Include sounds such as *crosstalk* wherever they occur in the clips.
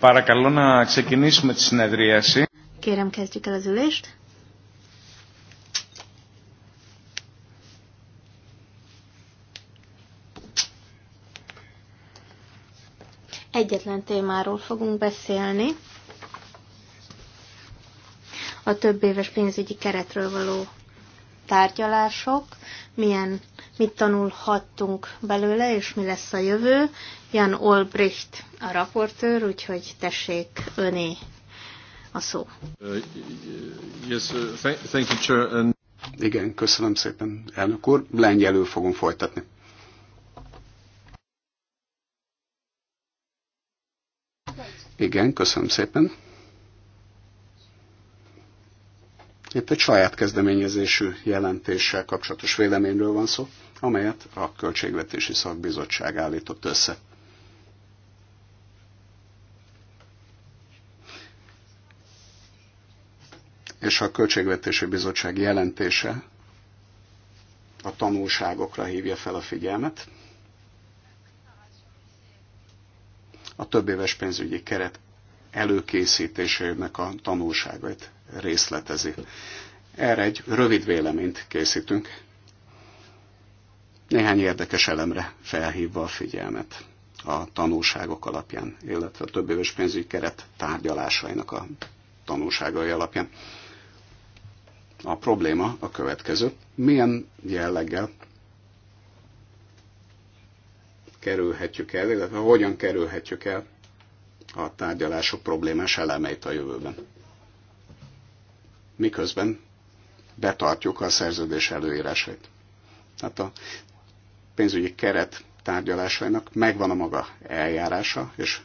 Παρακαλώ να ξεκινήσουμε τη συνεδρίαση. Kérem, kezdjük el az ülést. Egyetlen témáról fogunk beszélni, a több éves pénzügyi keretről való tárgyalások, milyen, mit tanulhattunk belőle, és mi lesz a jövő. Jan Olbricht a raportőr, úgyhogy tessék öné a szó. Uh, uh, Igen, köszönöm szépen, elnök úr. Lengyelül fogom folytatni. Igen, köszönöm szépen. Itt egy saját kezdeményezésű jelentéssel kapcsolatos véleményről van szó, amelyet a Költségvetési Szakbizottság állított össze. És a Költségvetési Bizottság jelentése a tanulságokra hívja fel a figyelmet. A több éves pénzügyi keret előkészítésének a tanulságait részletezi. Erre egy rövid véleményt készítünk, néhány érdekes elemre felhívva a figyelmet a tanulságok alapján, illetve a több éves pénzügyi keret tárgyalásainak a tanulságai alapján. A probléma a következő. Milyen jelleggel kerülhetjük el, illetve hogyan kerülhetjük el a tárgyalások problémás elemeit a jövőben miközben betartjuk a szerződés előírásait. Tehát a pénzügyi keret tárgyalásainak megvan a maga eljárása és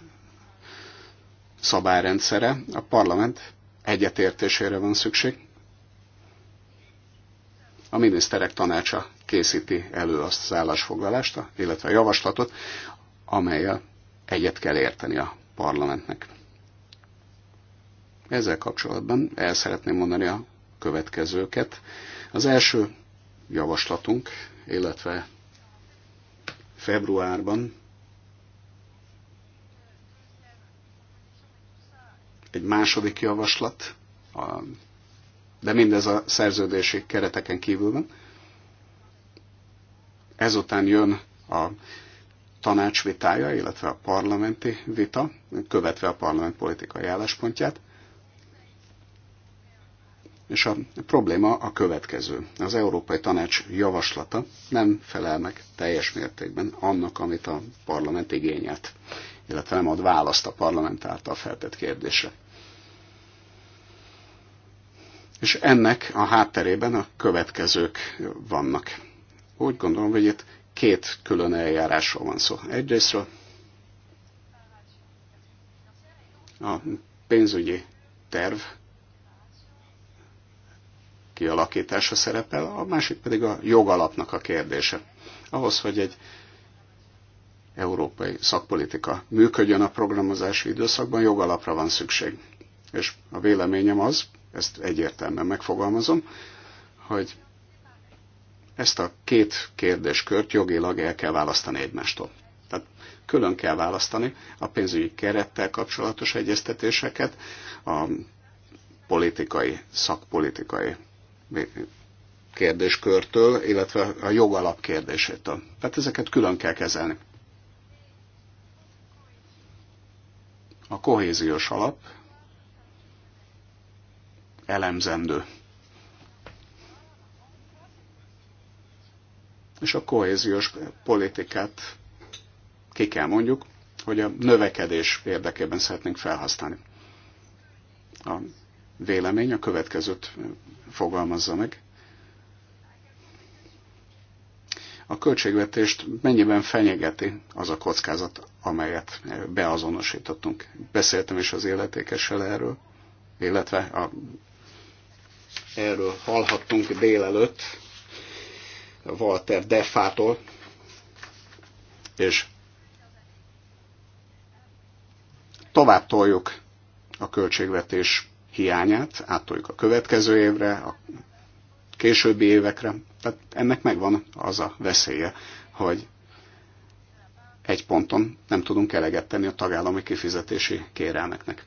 szabályrendszere, a parlament egyetértésére van szükség. A miniszterek tanácsa készíti elő azt az állásfoglalást, illetve a javaslatot, amelyel egyet kell érteni a parlamentnek. Ezzel kapcsolatban el szeretném mondani a következőket. Az első javaslatunk, illetve februárban egy második javaslat, de mindez a szerződési kereteken kívül van. Ezután jön a tanács vitája, illetve a parlamenti vita, követve a parlament politikai álláspontját. És a probléma a következő. Az Európai Tanács javaslata nem felel meg teljes mértékben annak, amit a parlament igényelt, illetve nem ad választ a parlament által feltett kérdésre. És ennek a hátterében a következők vannak. Úgy gondolom, hogy itt két külön eljárásról van szó. Egyrésztről a pénzügyi terv kialakítása szerepel, a másik pedig a jogalapnak a kérdése. Ahhoz, hogy egy európai szakpolitika működjön a programozási időszakban, jogalapra van szükség. És a véleményem az, ezt egyértelműen megfogalmazom, hogy ezt a két kérdéskört jogilag el kell választani egymástól. Tehát külön kell választani a pénzügyi kerettel kapcsolatos egyeztetéseket, a politikai, szakpolitikai kérdéskörtől, illetve a jogalap kérdésétől. Tehát ezeket külön kell kezelni. A kohéziós alap elemzendő. És a kohéziós politikát ki kell mondjuk, hogy a növekedés érdekében szeretnénk felhasználni. A vélemény a következőt fogalmazza meg. A költségvetést mennyiben fenyegeti az a kockázat, amelyet beazonosítottunk. Beszéltem is az életékessel erről, illetve a, erről hallhattunk délelőtt Walter Defától, és tovább toljuk a költségvetés hiányát áttoljuk a következő évre, a későbbi évekre. Tehát ennek megvan az a veszélye, hogy egy ponton nem tudunk eleget tenni a tagállami kifizetési kérelmeknek.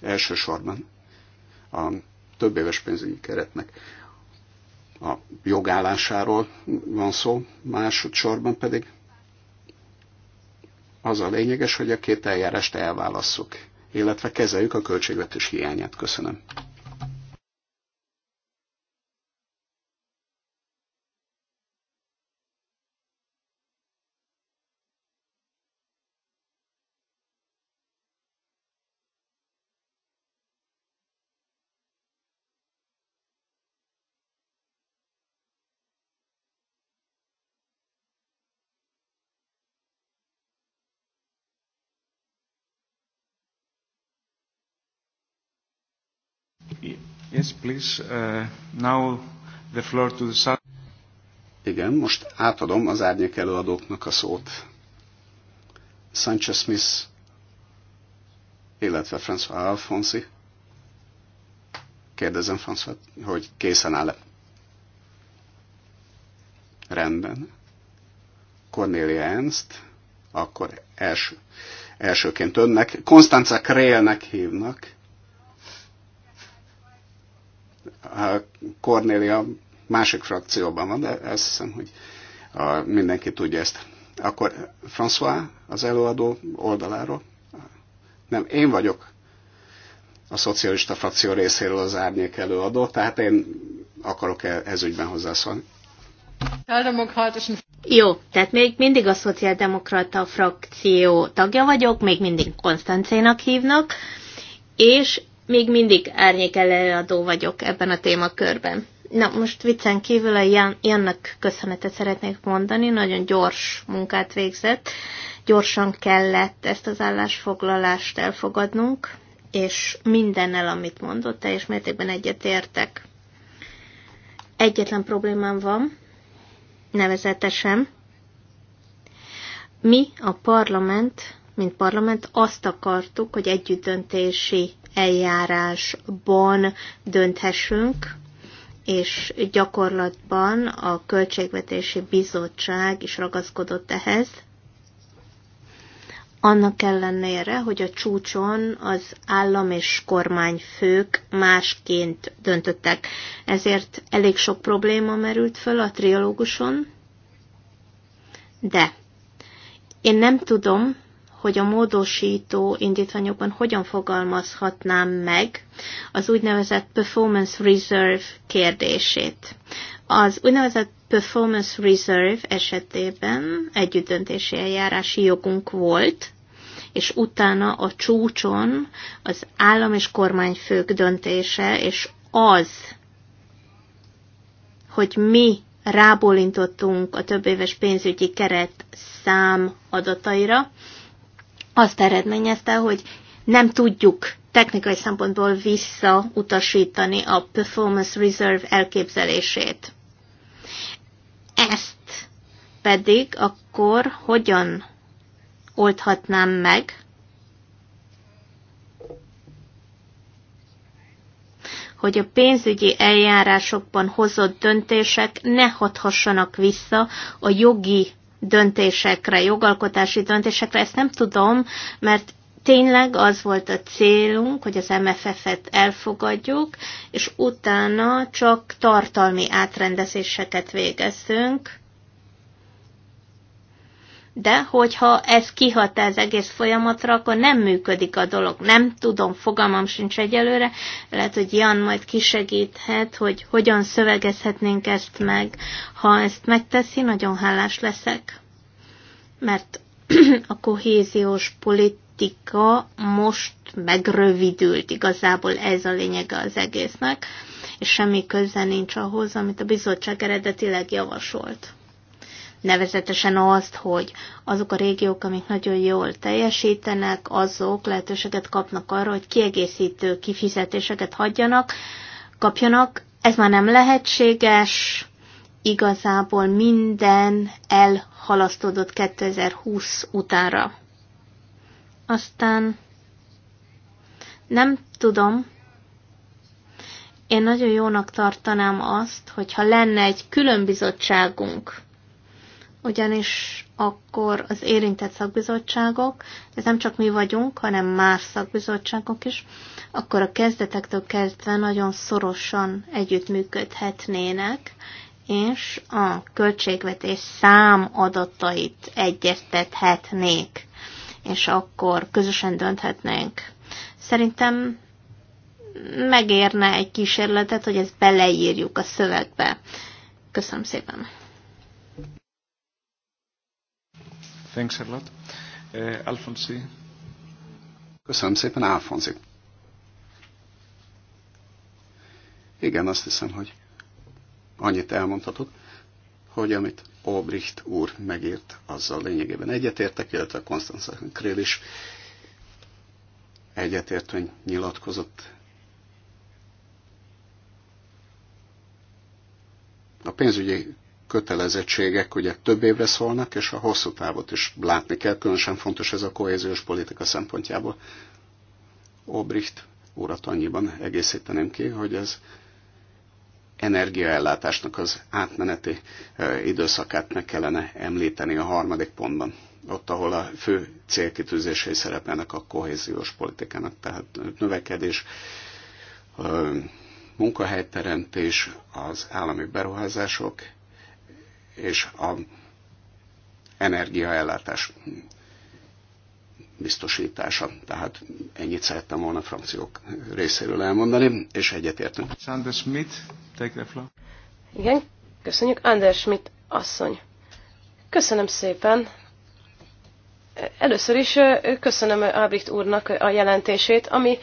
Elsősorban a több éves pénzügyi keretnek a jogállásáról van szó, másodszorban pedig az a lényeges, hogy a két eljárást elválasszuk, illetve kezeljük a költségvetés hiányát. Köszönöm. Yes, please. Uh, now the floor to the... Igen, most átadom az árnyék előadóknak a szót. Sanchez Smith, illetve François Alfonsi. Kérdezem François, hogy készen áll-e. Rendben. Cornelia Ernst, akkor első, elsőként önnek. Konstanza Krélnek hívnak Kornélia másik frakcióban van, de ezt hiszem, hogy a, mindenki tudja ezt. Akkor François az előadó oldaláról. Nem, én vagyok a szocialista frakció részéről az árnyék előadó, tehát én akarok -e ez ügyben hozzászólni. Jó, tehát még mindig a szociáldemokrata frakció tagja vagyok, még mindig Konstancénak hívnak, és még mindig árnyék előadó vagyok ebben a témakörben. Na, most viccen kívül a Jan, Jannak köszönetet szeretnék mondani, nagyon gyors munkát végzett, gyorsan kellett ezt az állásfoglalást elfogadnunk, és mindennel, amit mondott, teljes mértékben egyetértek. Egyetlen problémám van, nevezetesen, mi a parlament, mint parlament azt akartuk, hogy együttdöntési eljárásban dönthessünk, és gyakorlatban a Költségvetési Bizottság is ragaszkodott ehhez, annak ellenére, hogy a csúcson az állam és kormányfők másként döntöttek. Ezért elég sok probléma merült föl a triológuson. de én nem tudom, hogy a módosító indítványokban hogyan fogalmazhatnám meg az úgynevezett performance reserve kérdését. Az úgynevezett performance reserve esetében együttdöntési eljárási jogunk volt, és utána a csúcson az állam és kormányfők döntése, és az, hogy mi rábólintottunk a több éves pénzügyi keret szám adataira, azt eredményezte, hogy nem tudjuk technikai szempontból visszautasítani a Performance Reserve elképzelését. Ezt pedig akkor hogyan oldhatnám meg? hogy a pénzügyi eljárásokban hozott döntések ne hathassanak vissza a jogi döntésekre, jogalkotási döntésekre, ezt nem tudom, mert tényleg az volt a célunk, hogy az MFF-et elfogadjuk, és utána csak tartalmi átrendezéseket végezzünk de hogyha ez kihat az egész folyamatra, akkor nem működik a dolog. Nem tudom, fogalmam sincs egyelőre. Lehet, hogy Jan majd kisegíthet, hogy hogyan szövegezhetnénk ezt meg. Ha ezt megteszi, nagyon hálás leszek. Mert *clears throat* a kohéziós politika most megrövidült, igazából ez a lényege az egésznek, és semmi köze nincs ahhoz, amit a bizottság eredetileg javasolt nevezetesen azt, hogy azok a régiók, amik nagyon jól teljesítenek, azok lehetőséget kapnak arra, hogy kiegészítő kifizetéseket hagyjanak, kapjanak. Ez már nem lehetséges, igazából minden elhalasztódott 2020 utánra. Aztán nem tudom, én nagyon jónak tartanám azt, hogyha lenne egy külön bizottságunk, ugyanis akkor az érintett szakbizottságok, ez nem csak mi vagyunk, hanem más szakbizottságok is, akkor a kezdetektől kezdve nagyon szorosan együttműködhetnének, és a költségvetés szám adatait egyeztethetnék, és akkor közösen dönthetnénk. Szerintem megérne egy kísérletet, hogy ezt beleírjuk a szövegbe. Köszönöm szépen! Thanks a lot. Uh, Alfonsi. Köszönöm szépen, Alfonsi. Igen, azt hiszem, hogy annyit elmondhatod, hogy amit Obricht úr megírt, azzal lényegében egyetértek, illetve Konstantin Krél is egyetértően nyilatkozott. A pénzügyi kötelezettségek ugye több évre szólnak, és a hosszú távot is látni kell, különösen fontos ez a kohéziós politika szempontjából. Obricht urat annyiban egészíteném ki, hogy ez energiaellátásnak az átmeneti időszakát meg kellene említeni a harmadik pontban. Ott, ahol a fő célkitűzései szerepelnek a kohéziós politikának, tehát növekedés, munkahelyteremtés, az állami beruházások, és a energiaellátás biztosítása. Tehát ennyit szerettem volna a frakciók részéről elmondani, és egyetértünk. Anders Schmidt, take the floor. Igen, köszönjük. Anders Schmidt asszony. Köszönöm szépen. Először is köszönöm Ábricht úrnak a jelentését, ami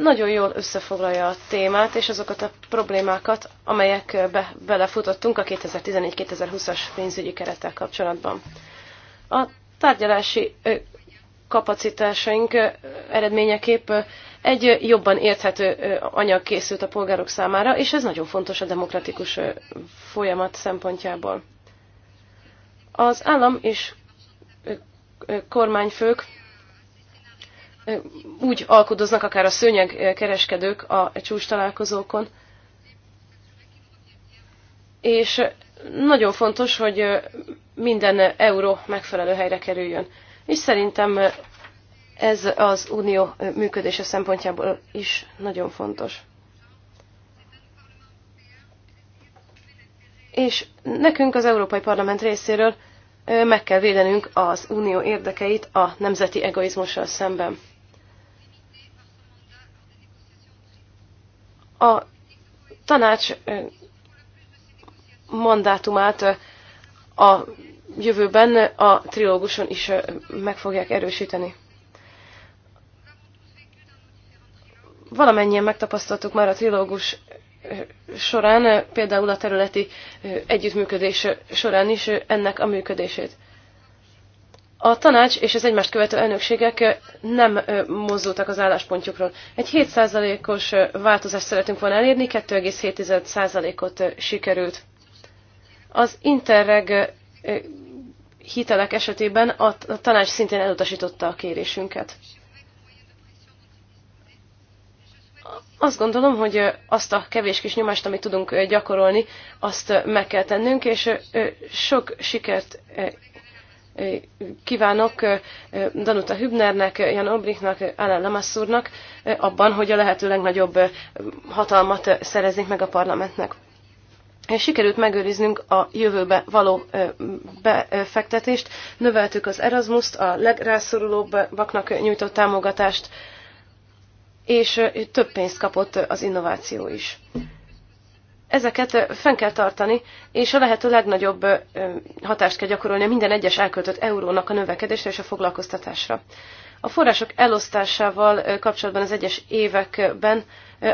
nagyon jól összefoglalja a témát és azokat a problémákat, amelyekbe belefutottunk a 2014-2020-as pénzügyi kerettel kapcsolatban. A tárgyalási kapacitásaink eredményeképp egy jobban érthető anyag készült a polgárok számára, és ez nagyon fontos a demokratikus folyamat szempontjából. Az állam és kormányfők úgy alkudoznak akár a kereskedők a csúcs találkozókon. És nagyon fontos, hogy minden euró megfelelő helyre kerüljön. És szerintem ez az unió működése szempontjából is nagyon fontos. És nekünk az Európai Parlament részéről meg kell védenünk az unió érdekeit a nemzeti egoizmussal szemben. a tanács mandátumát a jövőben a trilóguson is meg fogják erősíteni. Valamennyien megtapasztaltuk már a trilógus során, például a területi együttműködés során is ennek a működését. A tanács és az egymást követő elnökségek nem mozdultak az álláspontjukról. Egy 7%-os változást szeretünk volna elérni, 2,7%-ot sikerült. Az Interreg hitelek esetében a tanács szintén elutasította a kérésünket. Azt gondolom, hogy azt a kevés kis nyomást, amit tudunk gyakorolni, azt meg kell tennünk, és sok sikert kívánok Danuta Hübnernek, Jan Obrichnak, Alan Lamassurnak abban, hogy a lehető legnagyobb hatalmat szerezzünk meg a parlamentnek. Sikerült megőriznünk a jövőbe való befektetést, növeltük az Erasmus-t, a legrászorulóbbaknak nyújtott támogatást, és több pénzt kapott az innováció is ezeket fenn kell tartani, és a lehető legnagyobb hatást kell gyakorolni minden egyes elköltött eurónak a növekedésre és a foglalkoztatásra. A források elosztásával kapcsolatban az egyes években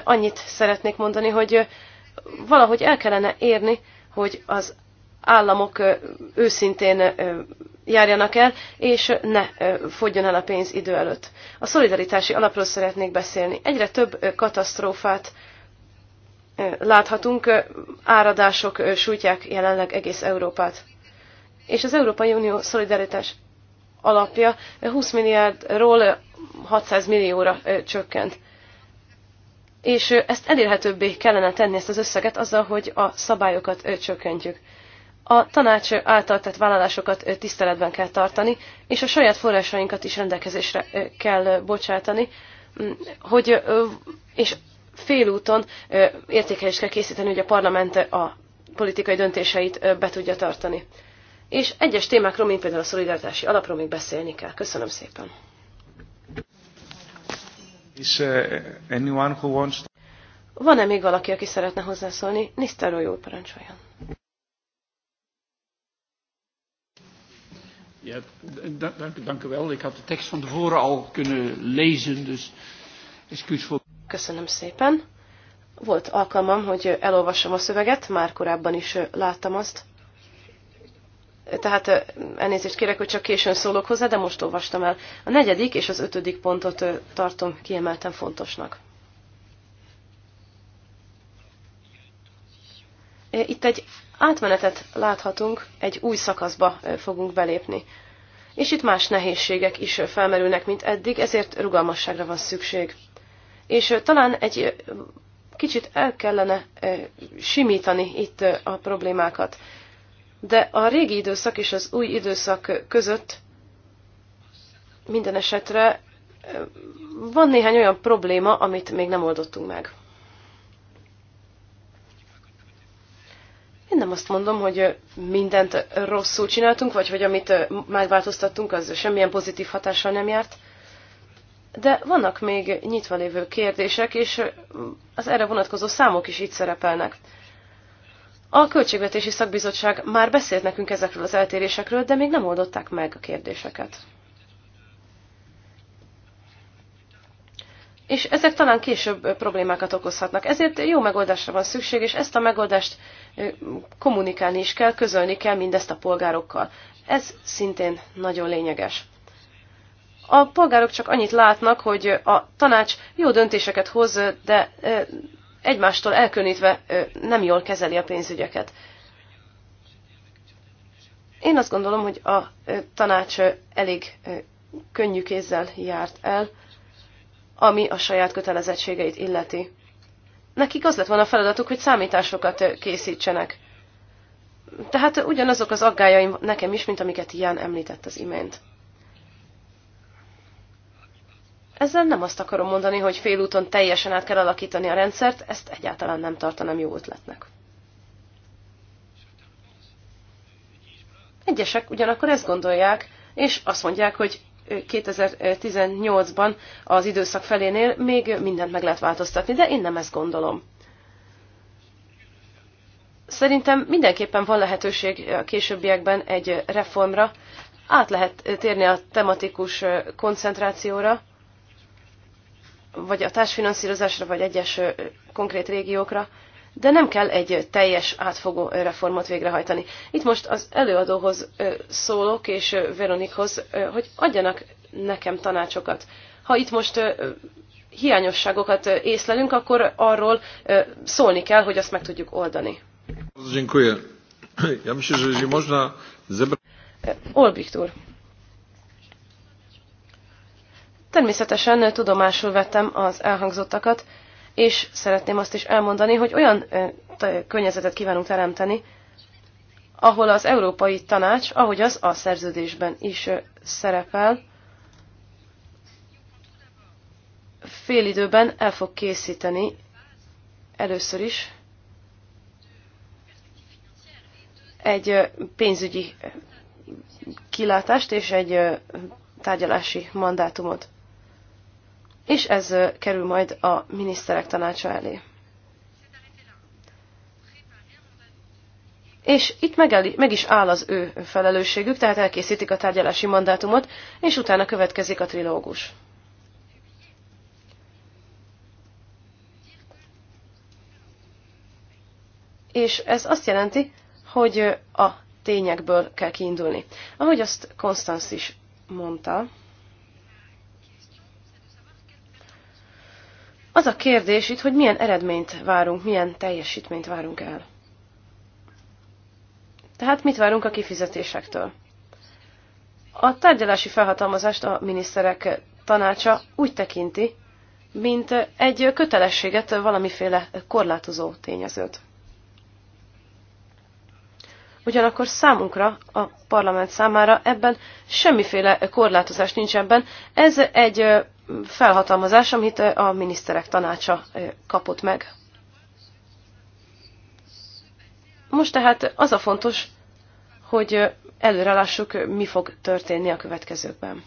annyit szeretnék mondani, hogy valahogy el kellene érni, hogy az államok őszintén járjanak el, és ne fogjon el a pénz idő előtt. A szolidaritási alapról szeretnék beszélni. Egyre több katasztrófát láthatunk, áradások sújtják jelenleg egész Európát. És az Európai Unió szolidaritás alapja 20 milliárdról 600 millióra csökkent. És ezt elérhetőbbé kellene tenni ezt az összeget azzal, hogy a szabályokat csökkentjük. A tanács által tett vállalásokat tiszteletben kell tartani, és a saját forrásainkat is rendelkezésre kell bocsátani, hogy, és félúton értékelést kell készíteni, hogy a parlament a politikai döntéseit be tudja tartani. És egyes témákról, mint például a szolidaritási alapról még beszélni kell. Köszönöm szépen. Wants... Van-e még valaki, aki szeretne hozzászólni? Nisztelő jól parancsoljon. Ja, dank, dank u wel. Ik had de tekst van tevoren al kunnen lezen, dus excuus voor... Köszönöm szépen. Volt alkalmam, hogy elolvassam a szöveget, már korábban is láttam azt. Tehát elnézést kérek, hogy csak későn szólok hozzá, de most olvastam el. A negyedik és az ötödik pontot tartom kiemelten fontosnak. Itt egy átmenetet láthatunk, egy új szakaszba fogunk belépni. És itt más nehézségek is felmerülnek, mint eddig, ezért rugalmasságra van szükség és talán egy kicsit el kellene simítani itt a problémákat. De a régi időszak és az új időszak között minden esetre van néhány olyan probléma, amit még nem oldottunk meg. Én nem azt mondom, hogy mindent rosszul csináltunk, vagy hogy amit megváltoztattunk, az semmilyen pozitív hatással nem járt. De vannak még nyitva lévő kérdések, és az erre vonatkozó számok is itt szerepelnek. A Költségvetési Szakbizottság már beszélt nekünk ezekről az eltérésekről, de még nem oldották meg a kérdéseket. És ezek talán később problémákat okozhatnak. Ezért jó megoldásra van szükség, és ezt a megoldást kommunikálni is kell, közölni kell mindezt a polgárokkal. Ez szintén nagyon lényeges. A polgárok csak annyit látnak, hogy a tanács jó döntéseket hoz, de egymástól elkülönítve nem jól kezeli a pénzügyeket. Én azt gondolom, hogy a tanács elég könnyű kézzel járt el, ami a saját kötelezettségeit illeti. Nekik az lett volna a feladatuk, hogy számításokat készítsenek. Tehát ugyanazok az aggájaim nekem is, mint amiket Ian említett az imént. Ezzel nem azt akarom mondani, hogy félúton teljesen át kell alakítani a rendszert, ezt egyáltalán nem tartanám jó ötletnek. Egyesek ugyanakkor ezt gondolják, és azt mondják, hogy 2018-ban az időszak felénél még mindent meg lehet változtatni, de én nem ezt gondolom. Szerintem mindenképpen van lehetőség a későbbiekben egy reformra, át lehet térni a tematikus koncentrációra, vagy a társfinanszírozásra, vagy egyes konkrét régiókra, de nem kell egy teljes átfogó reformot végrehajtani. Itt most az előadóhoz szólok, és Veronikhoz, hogy adjanak nekem tanácsokat. Ha itt most hiányosságokat észlelünk, akkor arról szólni kell, hogy azt meg tudjuk oldani. Dziękuję. Ja myślę, że można zebrać... Természetesen tudomásul vettem az elhangzottakat, és szeretném azt is elmondani, hogy olyan környezetet kívánunk teremteni, ahol az Európai Tanács, ahogy az a szerződésben is szerepel, időben el fog készíteni először is egy pénzügyi kilátást és egy tárgyalási mandátumot és ez kerül majd a miniszterek tanácsa elé. És itt meg, meg is áll az ő felelősségük, tehát elkészítik a tárgyalási mandátumot, és utána következik a trilógus. És ez azt jelenti, hogy a tényekből kell kiindulni. Ahogy azt Konstanz is mondta, Az a kérdés itt, hogy milyen eredményt várunk, milyen teljesítményt várunk el. Tehát mit várunk a kifizetésektől? A tárgyalási felhatalmazást a miniszterek tanácsa úgy tekinti, mint egy kötelességet, valamiféle korlátozó tényezőt. Ugyanakkor számunkra, a parlament számára ebben semmiféle korlátozás nincs ebben. Ez egy felhatalmazás, amit a miniszterek tanácsa kapott meg. Most tehát az a fontos, hogy előre lássuk, mi fog történni a következőkben.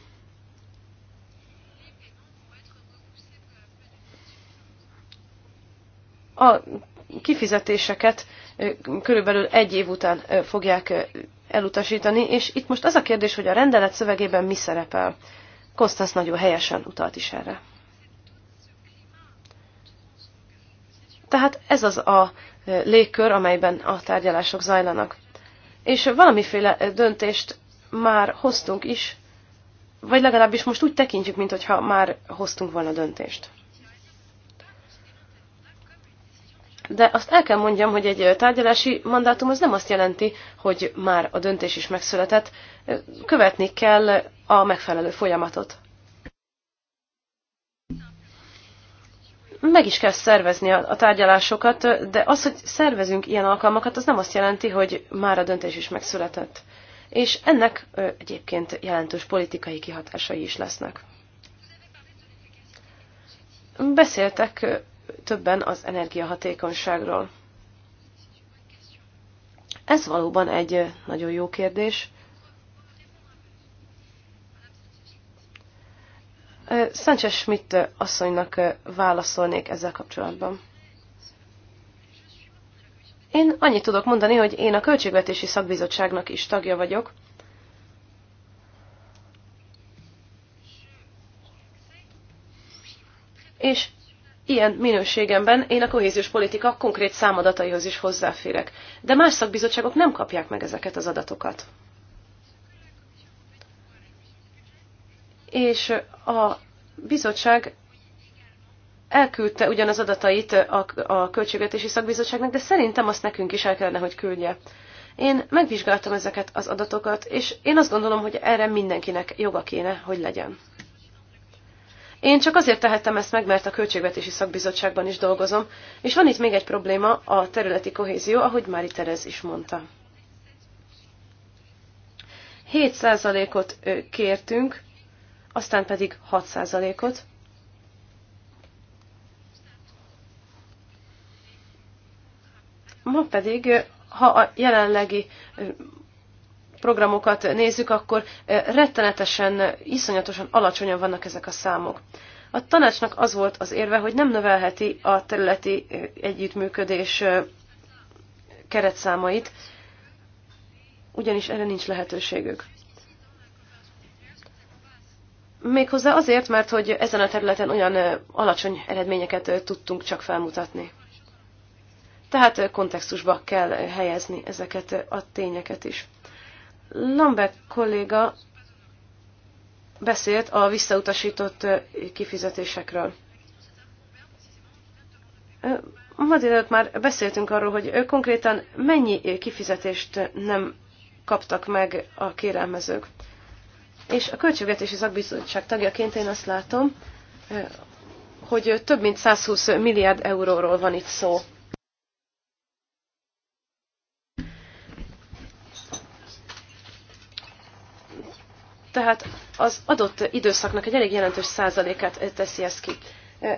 A kifizetéseket körülbelül egy év után fogják elutasítani, és itt most az a kérdés, hogy a rendelet szövegében mi szerepel. Kostasz nagyon helyesen utalt is erre. Tehát ez az a e, légkör, amelyben a tárgyalások zajlanak. És valamiféle e, döntést már hoztunk is, vagy legalábbis most úgy tekintjük, mintha már hoztunk volna döntést. De azt el kell mondjam, hogy egy tárgyalási mandátum az nem azt jelenti, hogy már a döntés is megszületett. Követni kell a megfelelő folyamatot. Meg is kell szervezni a tárgyalásokat, de az, hogy szervezünk ilyen alkalmakat, az nem azt jelenti, hogy már a döntés is megszületett. És ennek egyébként jelentős politikai kihatásai is lesznek. Beszéltek többen az energiahatékonyságról. Ez valóban egy nagyon jó kérdés. Sánchez Schmidt asszonynak válaszolnék ezzel kapcsolatban. Én annyit tudok mondani, hogy én a Költségvetési Szakbizottságnak is tagja vagyok, és Ilyen minőségemben én a kohéziós politika konkrét számadataihoz is hozzáférek, de más szakbizottságok nem kapják meg ezeket az adatokat. És a bizottság elküldte ugyan az adatait a, a Költségvetési Szakbizottságnak, de szerintem azt nekünk is el kellene, hogy küldje. Én megvizsgáltam ezeket az adatokat, és én azt gondolom, hogy erre mindenkinek joga kéne, hogy legyen. Én csak azért tehettem ezt meg, mert a Költségvetési Szakbizottságban is dolgozom, és van itt még egy probléma, a területi kohézió, ahogy Mári Terez is mondta. 7%-ot kértünk, aztán pedig 6%-ot. Ma pedig, ha a jelenlegi programokat nézzük, akkor eh, rettenetesen, iszonyatosan alacsonyan vannak ezek a számok. A tanácsnak az volt az érve, hogy nem növelheti a területi eh, együttműködés eh, keretszámait, ugyanis erre nincs lehetőségük. Méghozzá azért, mert hogy ezen a területen olyan alacsony eredményeket tudtunk csak felmutatni. Tehát kontextusba kell helyezni ezeket a tényeket is. Lambert kolléga beszélt a visszautasított kifizetésekről. Ma délelőtt már beszéltünk arról, hogy konkrétan mennyi kifizetést nem kaptak meg a kérelmezők. És a Költségvetési Szakbizottság tagjaként én azt látom, hogy több mint 120 milliárd euróról van itt szó. tehát az adott időszaknak egy elég jelentős százalékát eh, teszi ezt ki.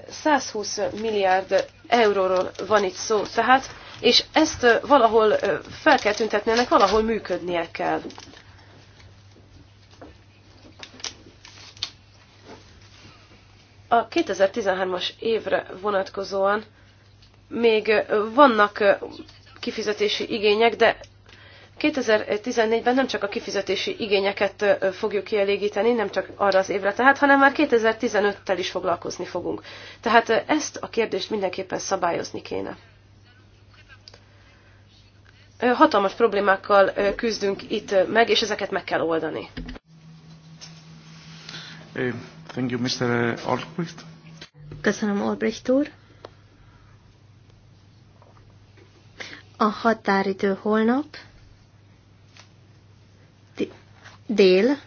120 eh, milliárd euróról van itt szó, tehát, és ezt eh, valahol fel kell tüntetni, ennek valahol működnie kell. A 2013-as évre vonatkozóan még vannak kifizetési igények, de 2014-ben nem csak a kifizetési igényeket fogjuk kielégíteni, nem csak arra az évre tehát, hanem már 2015-tel is foglalkozni fogunk. Tehát ezt a kérdést mindenképpen szabályozni kéne. Hatalmas problémákkal küzdünk itt meg, és ezeket meg kell oldani. Thank you, Mr. Albrecht. Köszönöm, Albrecht úr. A határidő holnap dél,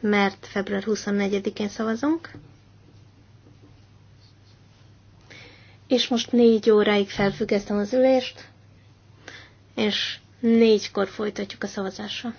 mert február 24-én szavazunk. És most négy óráig felfüggesztem az ülést, és négykor folytatjuk a szavazással.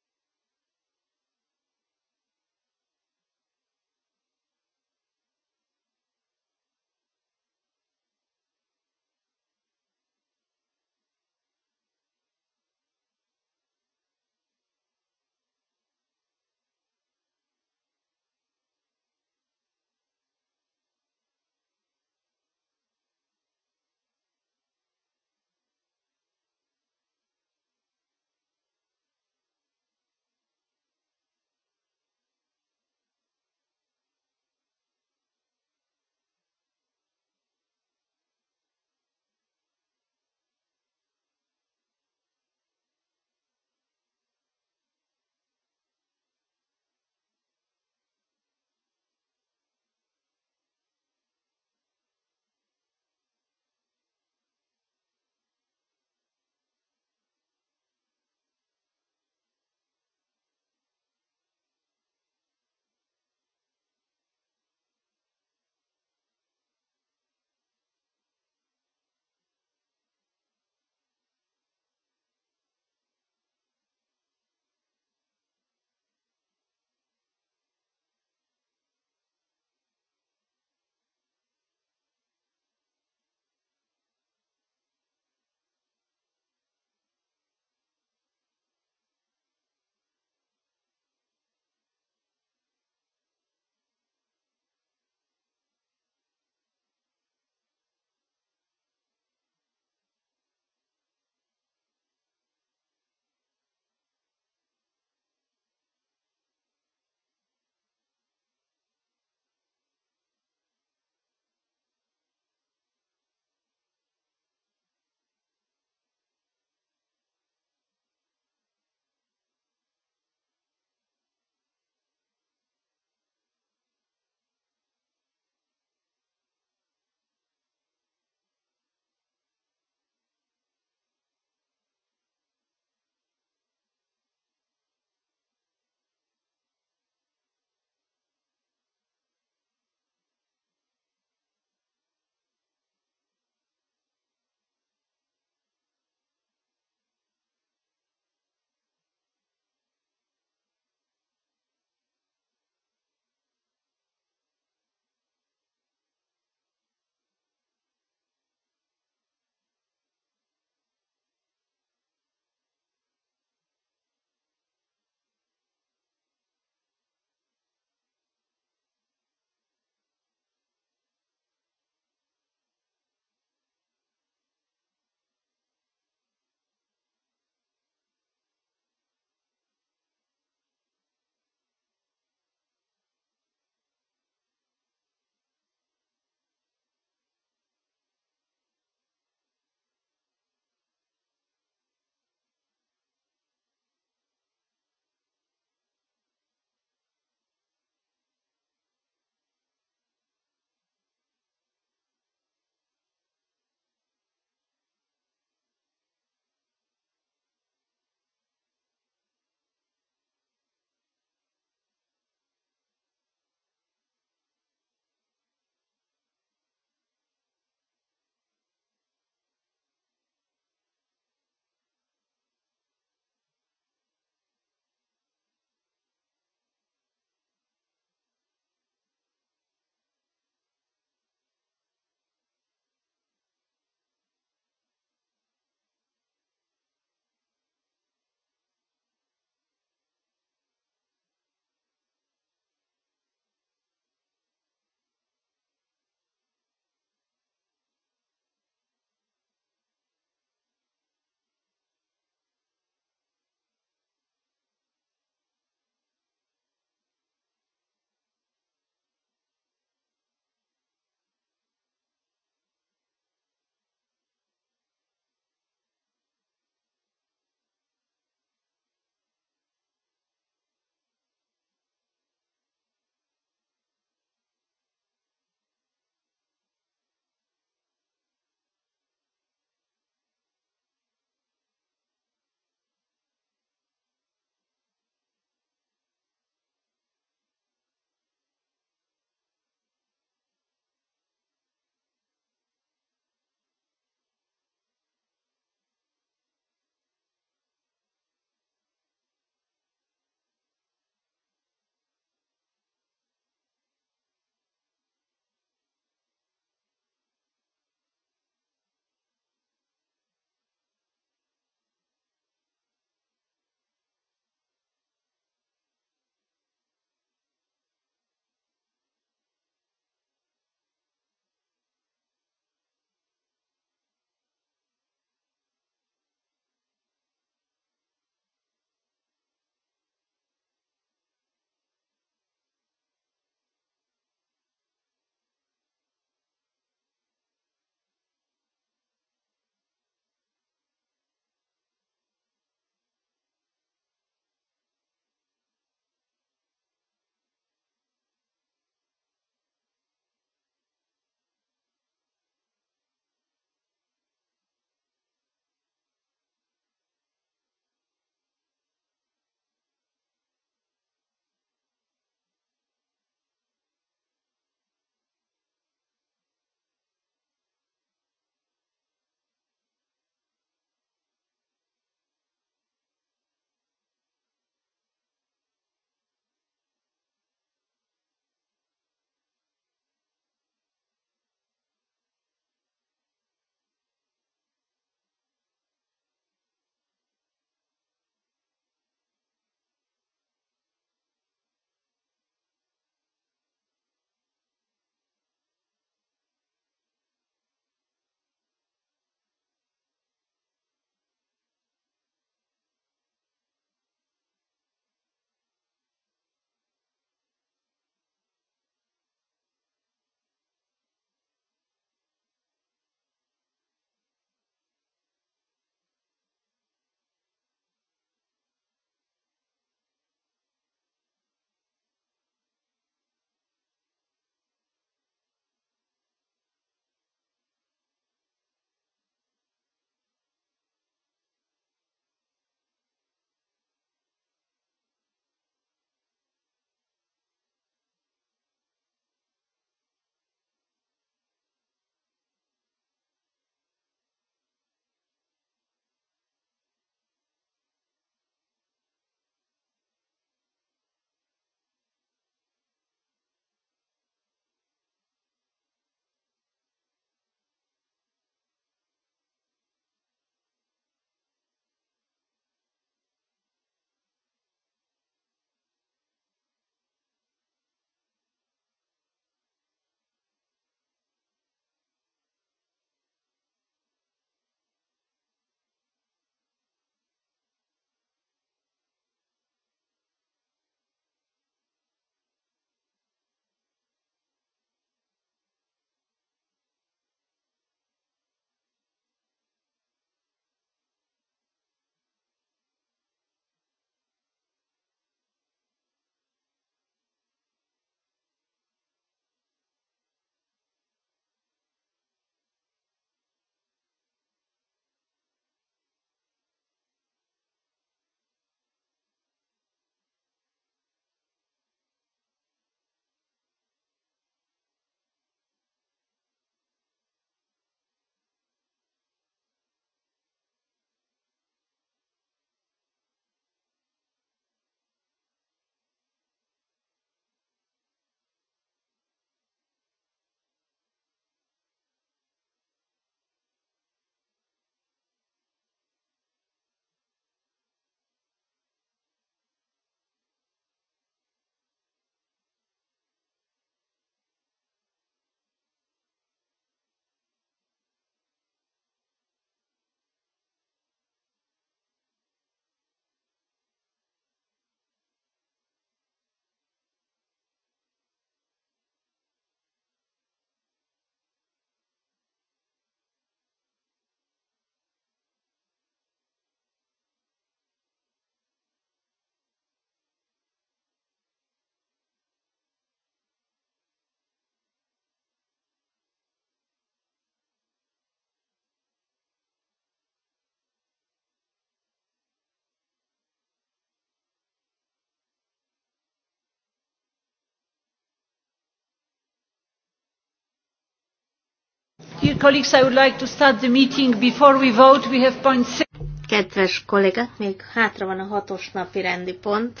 Dear colleagues, I would like to start the meeting before we vote. We have point six. Kedves kollégák, még hátra van a hatos napi rendi pont,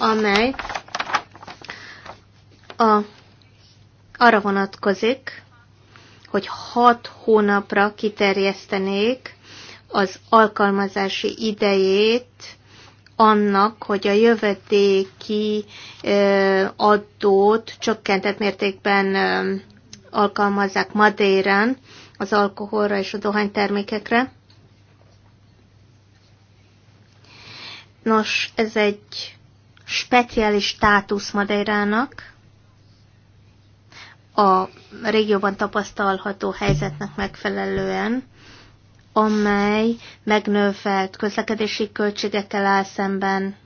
amely a, arra vonatkozik, hogy hat hónapra kiterjesztenék az alkalmazási idejét annak, hogy a jövedéki adót csökkentett mértékben alkalmazzák Madeirán az alkoholra és a dohánytermékekre. Nos, ez egy speciális státusz Madeirának, a régióban tapasztalható helyzetnek megfelelően, amely megnövelt közlekedési költségekkel áll szemben,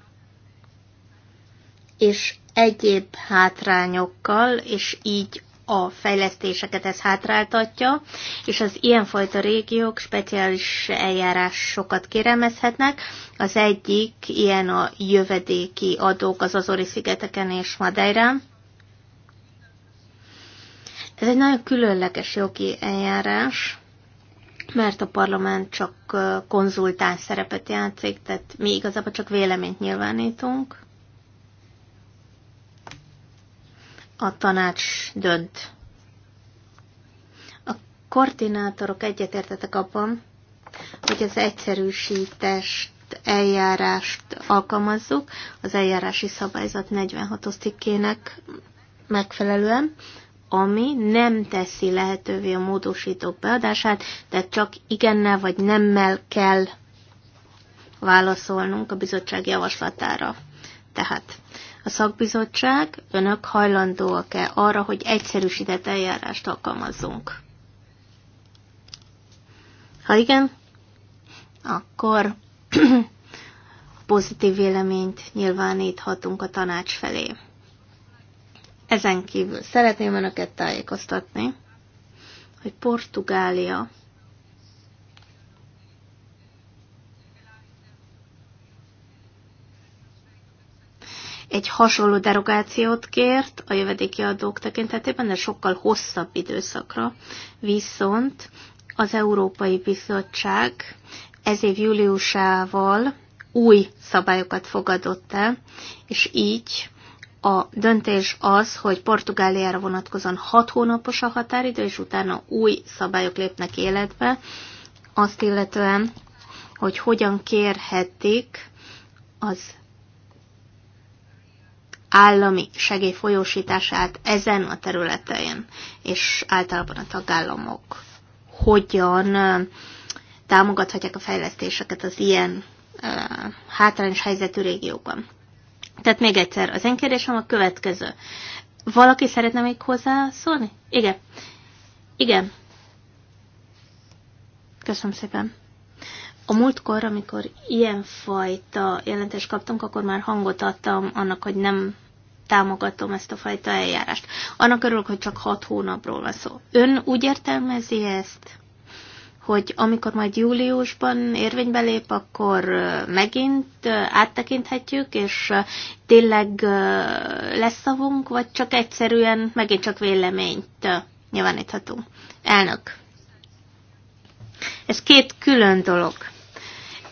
és egyéb hátrányokkal, és így a fejlesztéseket ez hátráltatja, és az ilyenfajta régiók speciális eljárásokat kérelmezhetnek. Az egyik ilyen a jövedéki adók az Azori-szigeteken és Madeirán. Ez egy nagyon különleges jogi eljárás, mert a parlament csak konzultáns szerepet játszik, tehát mi igazából csak véleményt nyilvánítunk. A tanács dönt. A koordinátorok egyetértetek abban, hogy az egyszerűsítést eljárást alkalmazzuk, az eljárási szabályzat 46-os cikkének megfelelően, ami nem teszi lehetővé a módosítók beadását, de csak igennel vagy nemmel kell válaszolnunk a bizottság javaslatára. Tehát a szakbizottság, önök hajlandóak-e arra, hogy egyszerűsített eljárást alkalmazzunk? Ha igen, akkor *clears throat* pozitív véleményt nyilváníthatunk a tanács felé. Ezen kívül szeretném Önöket tájékoztatni, hogy Portugália egy hasonló derogációt kért a jövedéki adók tekintetében, de sokkal hosszabb időszakra. Viszont az Európai Bizottság ez év júliusával új szabályokat fogadott el, és így a döntés az, hogy Portugáliára vonatkozóan 6 hónapos a határidő, és utána új szabályok lépnek életbe, azt illetően, hogy hogyan kérhetik az állami segély folyósítását ezen a területen, és általában a tagállamok hogyan támogathatják a fejlesztéseket az ilyen hátrányos helyzetű régióban. Tehát még egyszer, az én kérdésem a következő. Valaki szeretne még hozzászólni? Igen. Igen. Köszönöm szépen. A múltkor, amikor ilyenfajta jelentést kaptunk, akkor már hangot adtam annak, hogy nem támogatom ezt a fajta eljárást. Annak örülök, hogy csak hat hónapról van szó. Ön úgy értelmezi ezt? hogy amikor majd júliusban érvénybe lép, akkor megint áttekinthetjük, és tényleg lesz szavunk, vagy csak egyszerűen megint csak véleményt nyilváníthatunk. Elnök. Ez két külön dolog.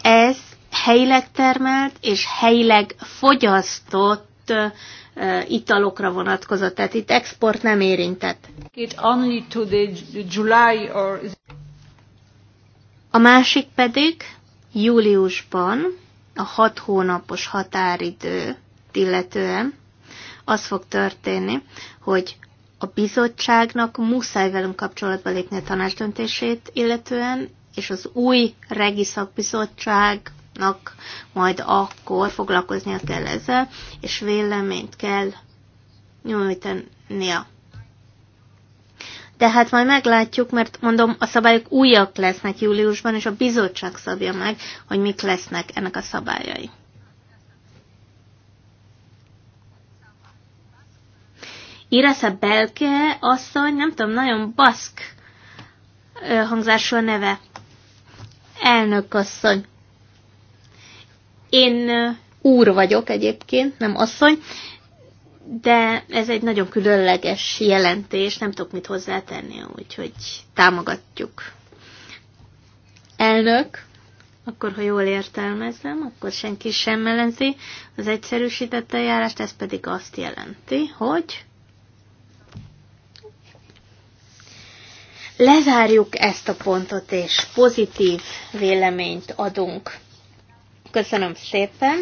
Ez helyileg termelt és helyileg fogyasztott italokra vonatkozott, tehát itt export nem érintett. It only to the July or... A másik pedig júliusban a hat hónapos határidő illetően az fog történni, hogy a bizottságnak muszáj velünk kapcsolatba lépni a tanács döntését illetően, és az új regiszakbizottságnak majd akkor foglalkoznia kell ezzel, és véleményt kell nyújtania de hát majd meglátjuk, mert mondom, a szabályok újak lesznek júliusban, és a bizottság szabja meg, hogy mik lesznek ennek a szabályai. a Belke asszony, nem tudom, nagyon baszk hangzású a neve. Elnök asszony. Én úr vagyok egyébként, nem asszony, de ez egy nagyon különleges jelentés, nem tudok mit hozzátenni, úgyhogy támogatjuk. Elnök, akkor ha jól értelmezem, akkor senki sem ellenzi az egyszerűsített eljárást, ez pedig azt jelenti, hogy lezárjuk ezt a pontot, és pozitív véleményt adunk. Köszönöm szépen!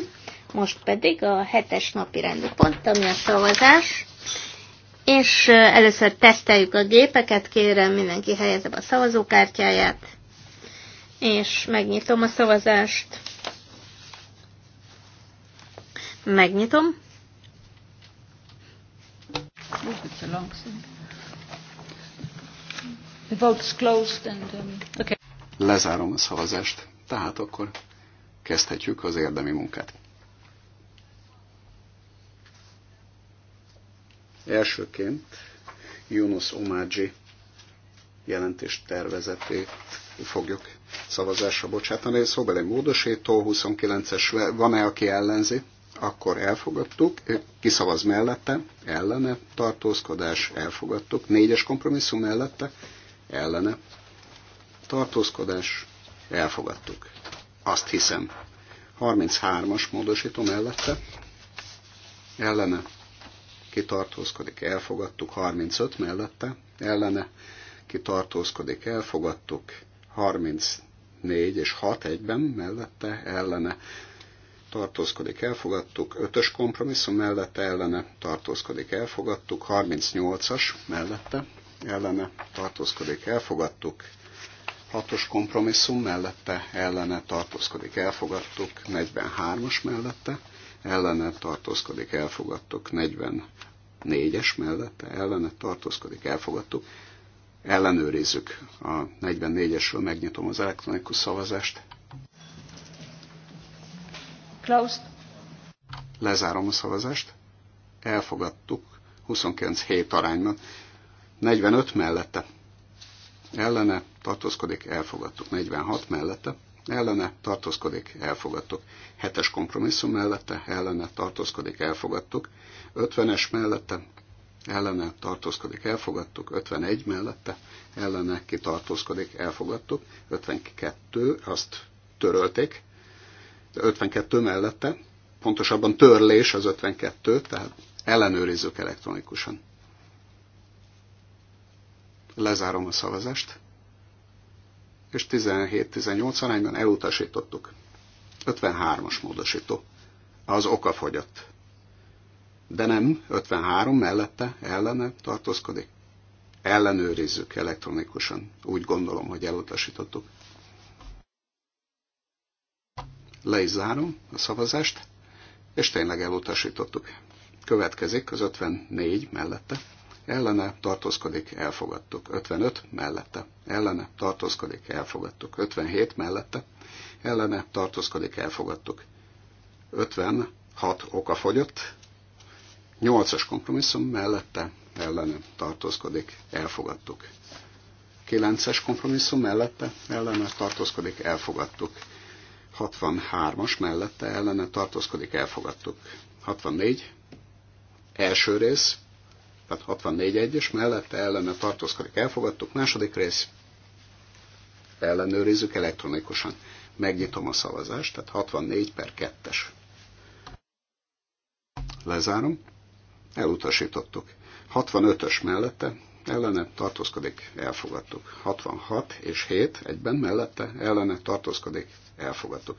Most pedig a hetes napi rendi pont, ami a szavazás. És először teszteljük a gépeket, kérem mindenki helyezze a szavazókártyáját. És megnyitom a szavazást. Megnyitom. The votes closed and, um, okay. Lezárom a szavazást, tehát akkor kezdhetjük az érdemi munkát. Elsőként Yunus Omadzsi jelentést tervezetét fogjuk szavazásra bocsátani. Szóbeli módosító 29-es, van-e, aki ellenzi? Akkor elfogadtuk. Kiszavaz mellette, ellene, tartózkodás, elfogadtuk. Négyes kompromisszum mellette, ellene, tartózkodás, elfogadtuk. Azt hiszem. 33-as módosító mellette, ellene, kitartózkodik, elfogadtuk, 35 mellette, ellene, kitartózkodik, elfogadtuk, 34 és 6 egyben mellette, ellene, tartózkodik, elfogadtuk, 5-ös kompromisszum mellette, ellene, tartózkodik, elfogadtuk, 38-as mellette, ellene, tartózkodik, elfogadtuk, 6-os kompromisszum mellette, ellene tartózkodik, elfogadtuk, 43-as mellette, ellene tartózkodik, elfogadtuk. 44-es mellette ellene tartózkodik, elfogadtuk. Ellenőrizzük a 44-esről, megnyitom az elektronikus szavazást. Closed. Lezárom a szavazást. Elfogadtuk 29-7 arányban. 45 mellette. Ellene tartózkodik, elfogadtuk. 46 mellette ellene tartózkodik, elfogadtuk. Hetes kompromisszum mellette ellene tartózkodik, elfogadtuk. 50-es mellette ellene tartózkodik, elfogadtuk. 51 mellette ellene kitartózkodik, elfogadtuk. 52, azt törölték. 52 mellette, pontosabban törlés az 52, tehát ellenőrizzük elektronikusan. Lezárom a szavazást és 17-18 arányban elutasítottuk. 53-as módosító. Az fogyott. De nem, 53 mellette, ellene tartózkodik. Ellenőrizzük elektronikusan. Úgy gondolom, hogy elutasítottuk. Le is zárom a szavazást, és tényleg elutasítottuk. Következik az 54 mellette ellene tartózkodik, elfogadtuk. 55 mellette, ellene tartózkodik, elfogadtuk. 57 mellette, ellene tartózkodik, elfogadtuk. 56 oka fogyott, 8-as kompromisszum mellette, ellene tartózkodik, elfogadtuk. 9-es kompromisszum mellette, ellene tartózkodik, elfogadtuk. 63-as mellette, ellene tartózkodik, elfogadtuk. 64 első rész tehát 64 egyes mellette ellene tartózkodik, elfogadtuk. Második rész, ellenőrizzük elektronikusan. Megnyitom a szavazást, tehát 64 per 2-es. Lezárom, elutasítottuk. 65-ös mellette ellene tartózkodik, elfogadtuk. 66 és 7 egyben mellette ellene tartózkodik, elfogadtuk.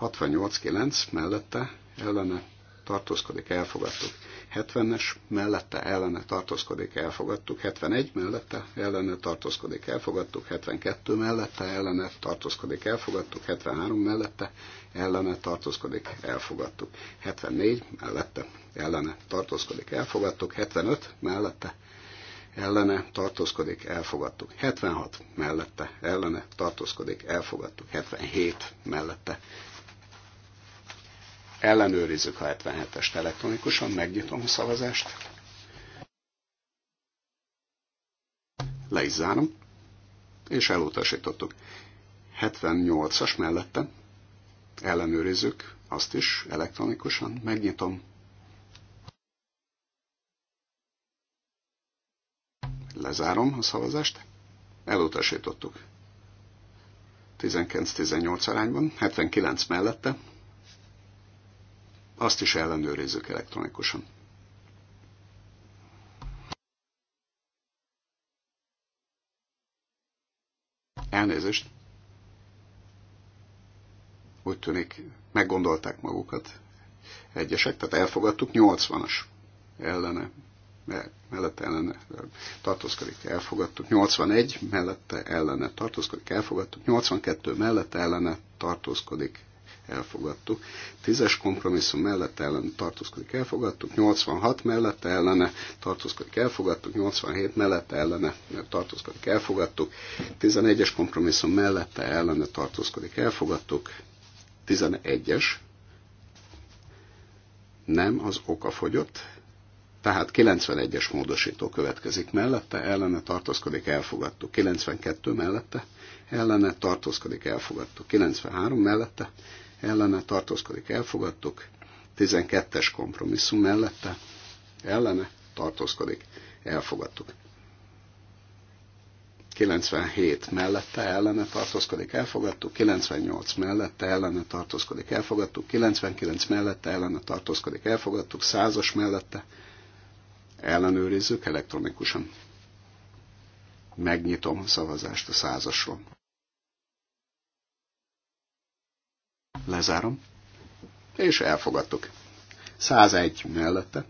68-9 mellette ellene tartózkodik, elfogadtuk. 70-es mellette ellene tartózkodik, elfogadtuk. 71 mellette ellene tartózkodik, elfogadtuk. 72 mellette ellene tartózkodik, elfogadtuk. 73 mellette ellene tartózkodik, elfogadtuk. 74 mellette ellene tartózkodik, elfogadtuk. 75 mellette ellene tartózkodik, elfogadtuk. 76 mellette ellene tartózkodik, elfogadtuk. 77 mellette Ellenőrizzük a 77-est elektronikusan, megnyitom a szavazást. Le is zárom, és elutasítottuk. 78-as mellette ellenőrizzük, azt is elektronikusan megnyitom. Lezárom a szavazást, elutasítottuk. 19-18 arányban, 79 mellette, azt is ellenőrizzük elektronikusan. Elnézést. Úgy tűnik, meggondolták magukat egyesek, tehát elfogadtuk 80-as ellene, mellette ellene tartózkodik, elfogadtuk, 81 mellette ellene tartózkodik, elfogadtuk, 82 mellette ellene tartózkodik, elfogadtuk. Tízes kompromisszum mellett ellen tartózkodik, elfogadtuk. 86 mellette ellene tartózkodik, elfogadtuk. 87 mellette ellene tartózkodik, elfogadtuk. 11-es kompromisszum mellette ellene tartózkodik, elfogadtuk. 11-es nem az oka fogyott, tehát 91-es módosító következik mellette, ellene tartózkodik, elfogadtuk. 92 mellette, ellene tartózkodik, elfogadtuk. 93 mellette, ellene tartózkodik, elfogadtuk. 12-es kompromisszum mellette ellene tartózkodik, elfogadtuk. 97 mellette ellene tartózkodik, elfogadtuk, 98 mellette ellene tartózkodik, elfogadtuk, 99 mellette ellene tartózkodik, elfogadtuk, 100-as mellette ellenőrizzük elektronikusan. Megnyitom a szavazást a százasról. Lezárom. És elfogadtuk. 101 mellette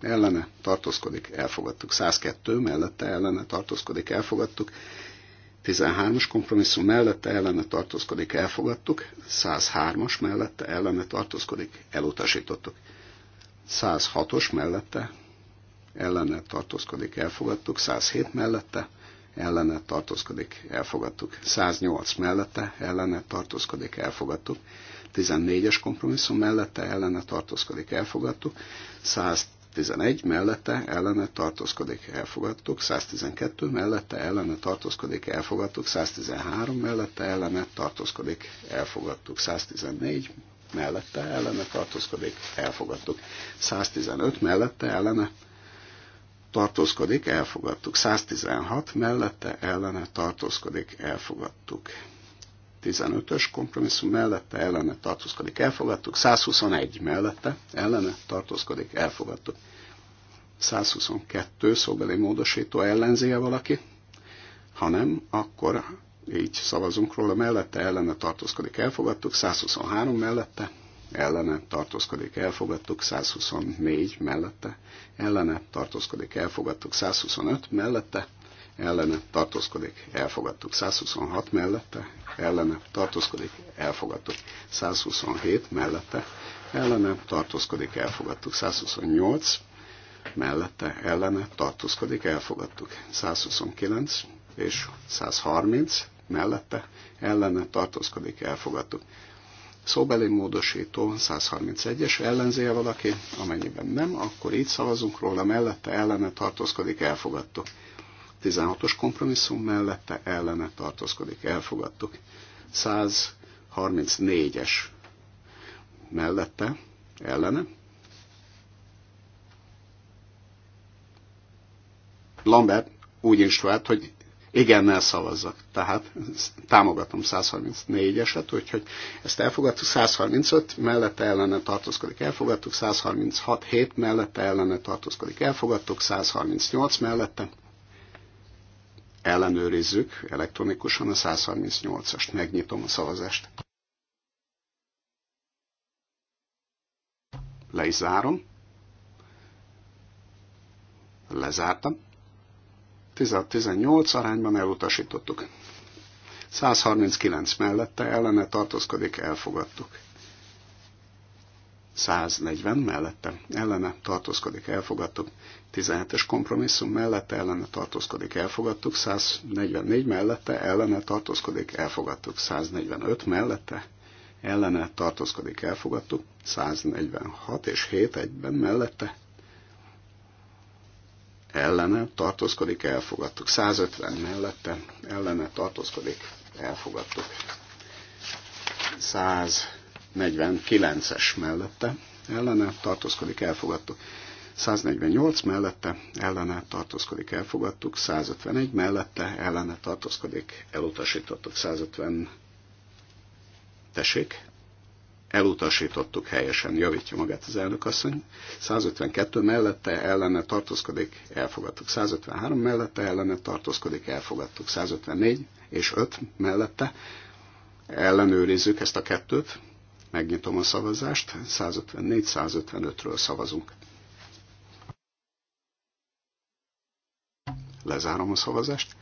ellene tartózkodik, elfogadtuk. 102 mellette ellene tartózkodik, elfogadtuk. 13-as kompromisszum mellette ellene tartózkodik, elfogadtuk. 103-as mellette ellene tartózkodik, elutasítottuk. 106-os mellette ellene tartózkodik, elfogadtuk. 107 mellette ellene tartózkodik, elfogadtuk. 108 mellette ellene tartózkodik, elfogadtuk. 14-es kompromisszum mellette ellene tartózkodik, elfogadtuk. 111 mellette ellene tartózkodik, elfogadtuk. 112 mellette ellene tartózkodik, elfogadtuk. 113 mellette ellene tartózkodik, elfogadtuk. 114 mellette ellene tartózkodik, elfogadtuk. 115 mellette ellene tartózkodik, elfogadtuk. 116 mellette ellene tartózkodik, elfogadtuk. 15-ös kompromisszum mellette ellene tartózkodik, elfogadtuk. 121 mellette ellene tartózkodik, elfogadtuk. 122 szóbeli módosító ellenzéje valaki, ha nem, akkor így szavazunk róla, mellette ellene tartózkodik, elfogadtuk, 123 mellette, ellene tartózkodik, elfogadtuk, 124 mellette, ellene tartózkodik, elfogadtuk, 125 mellette, ellene tartózkodik, elfogadtuk. 126 mellette, ellene tartózkodik, elfogadtuk. 127 mellette, ellene tartózkodik, elfogadtuk. 128 mellette, ellene tartózkodik, elfogadtuk. 129 és 130 mellette, ellene tartózkodik, elfogadtuk. Szóbeli módosító 131-es ellenzéje valaki, amennyiben nem, akkor így szavazunk róla, mellette ellene tartózkodik, elfogadtuk. 16-os kompromisszum mellette ellene tartózkodik. Elfogadtuk. 134-es mellette ellene. Lambert úgy instruált, hogy igennel szavazzak. Tehát támogatom 134-eset, úgyhogy ezt elfogadtuk, 135 mellette ellene tartózkodik, elfogadtuk, 136 7 mellette ellene tartózkodik, elfogadtuk, 138 mellette ellenőrizzük elektronikusan a 138-ast. Megnyitom a szavazást. Le is zárom. Lezártam. 18 arányban elutasítottuk. 139 mellette ellene tartózkodik, elfogadtuk. 140 mellette ellene tartózkodik, elfogadtuk. 17-es kompromisszum mellette ellene tartózkodik, elfogadtuk. 144 mellette ellene tartózkodik, elfogadtuk. 145 mellette ellene tartózkodik, elfogadtuk. 146 és 7 egyben mellette ellene tartózkodik, elfogadtuk. 150 mellette ellene tartózkodik, elfogadtuk. 100 149-es mellette ellene tartózkodik, elfogadtuk. 148 mellette ellene tartózkodik, elfogadtuk. 151 mellette ellene tartózkodik, elutasítottuk. 150 tessék, elutasítottuk helyesen, javítja magát az elnök asszony. 152 mellette ellene tartózkodik, elfogadtuk. 153 mellette ellene tartózkodik, elfogadtuk. 154 és 5 mellette ellenőrizzük ezt a kettőt. Megnyitom a szavazást, 154-155-ről szavazunk. Lezárom a szavazást,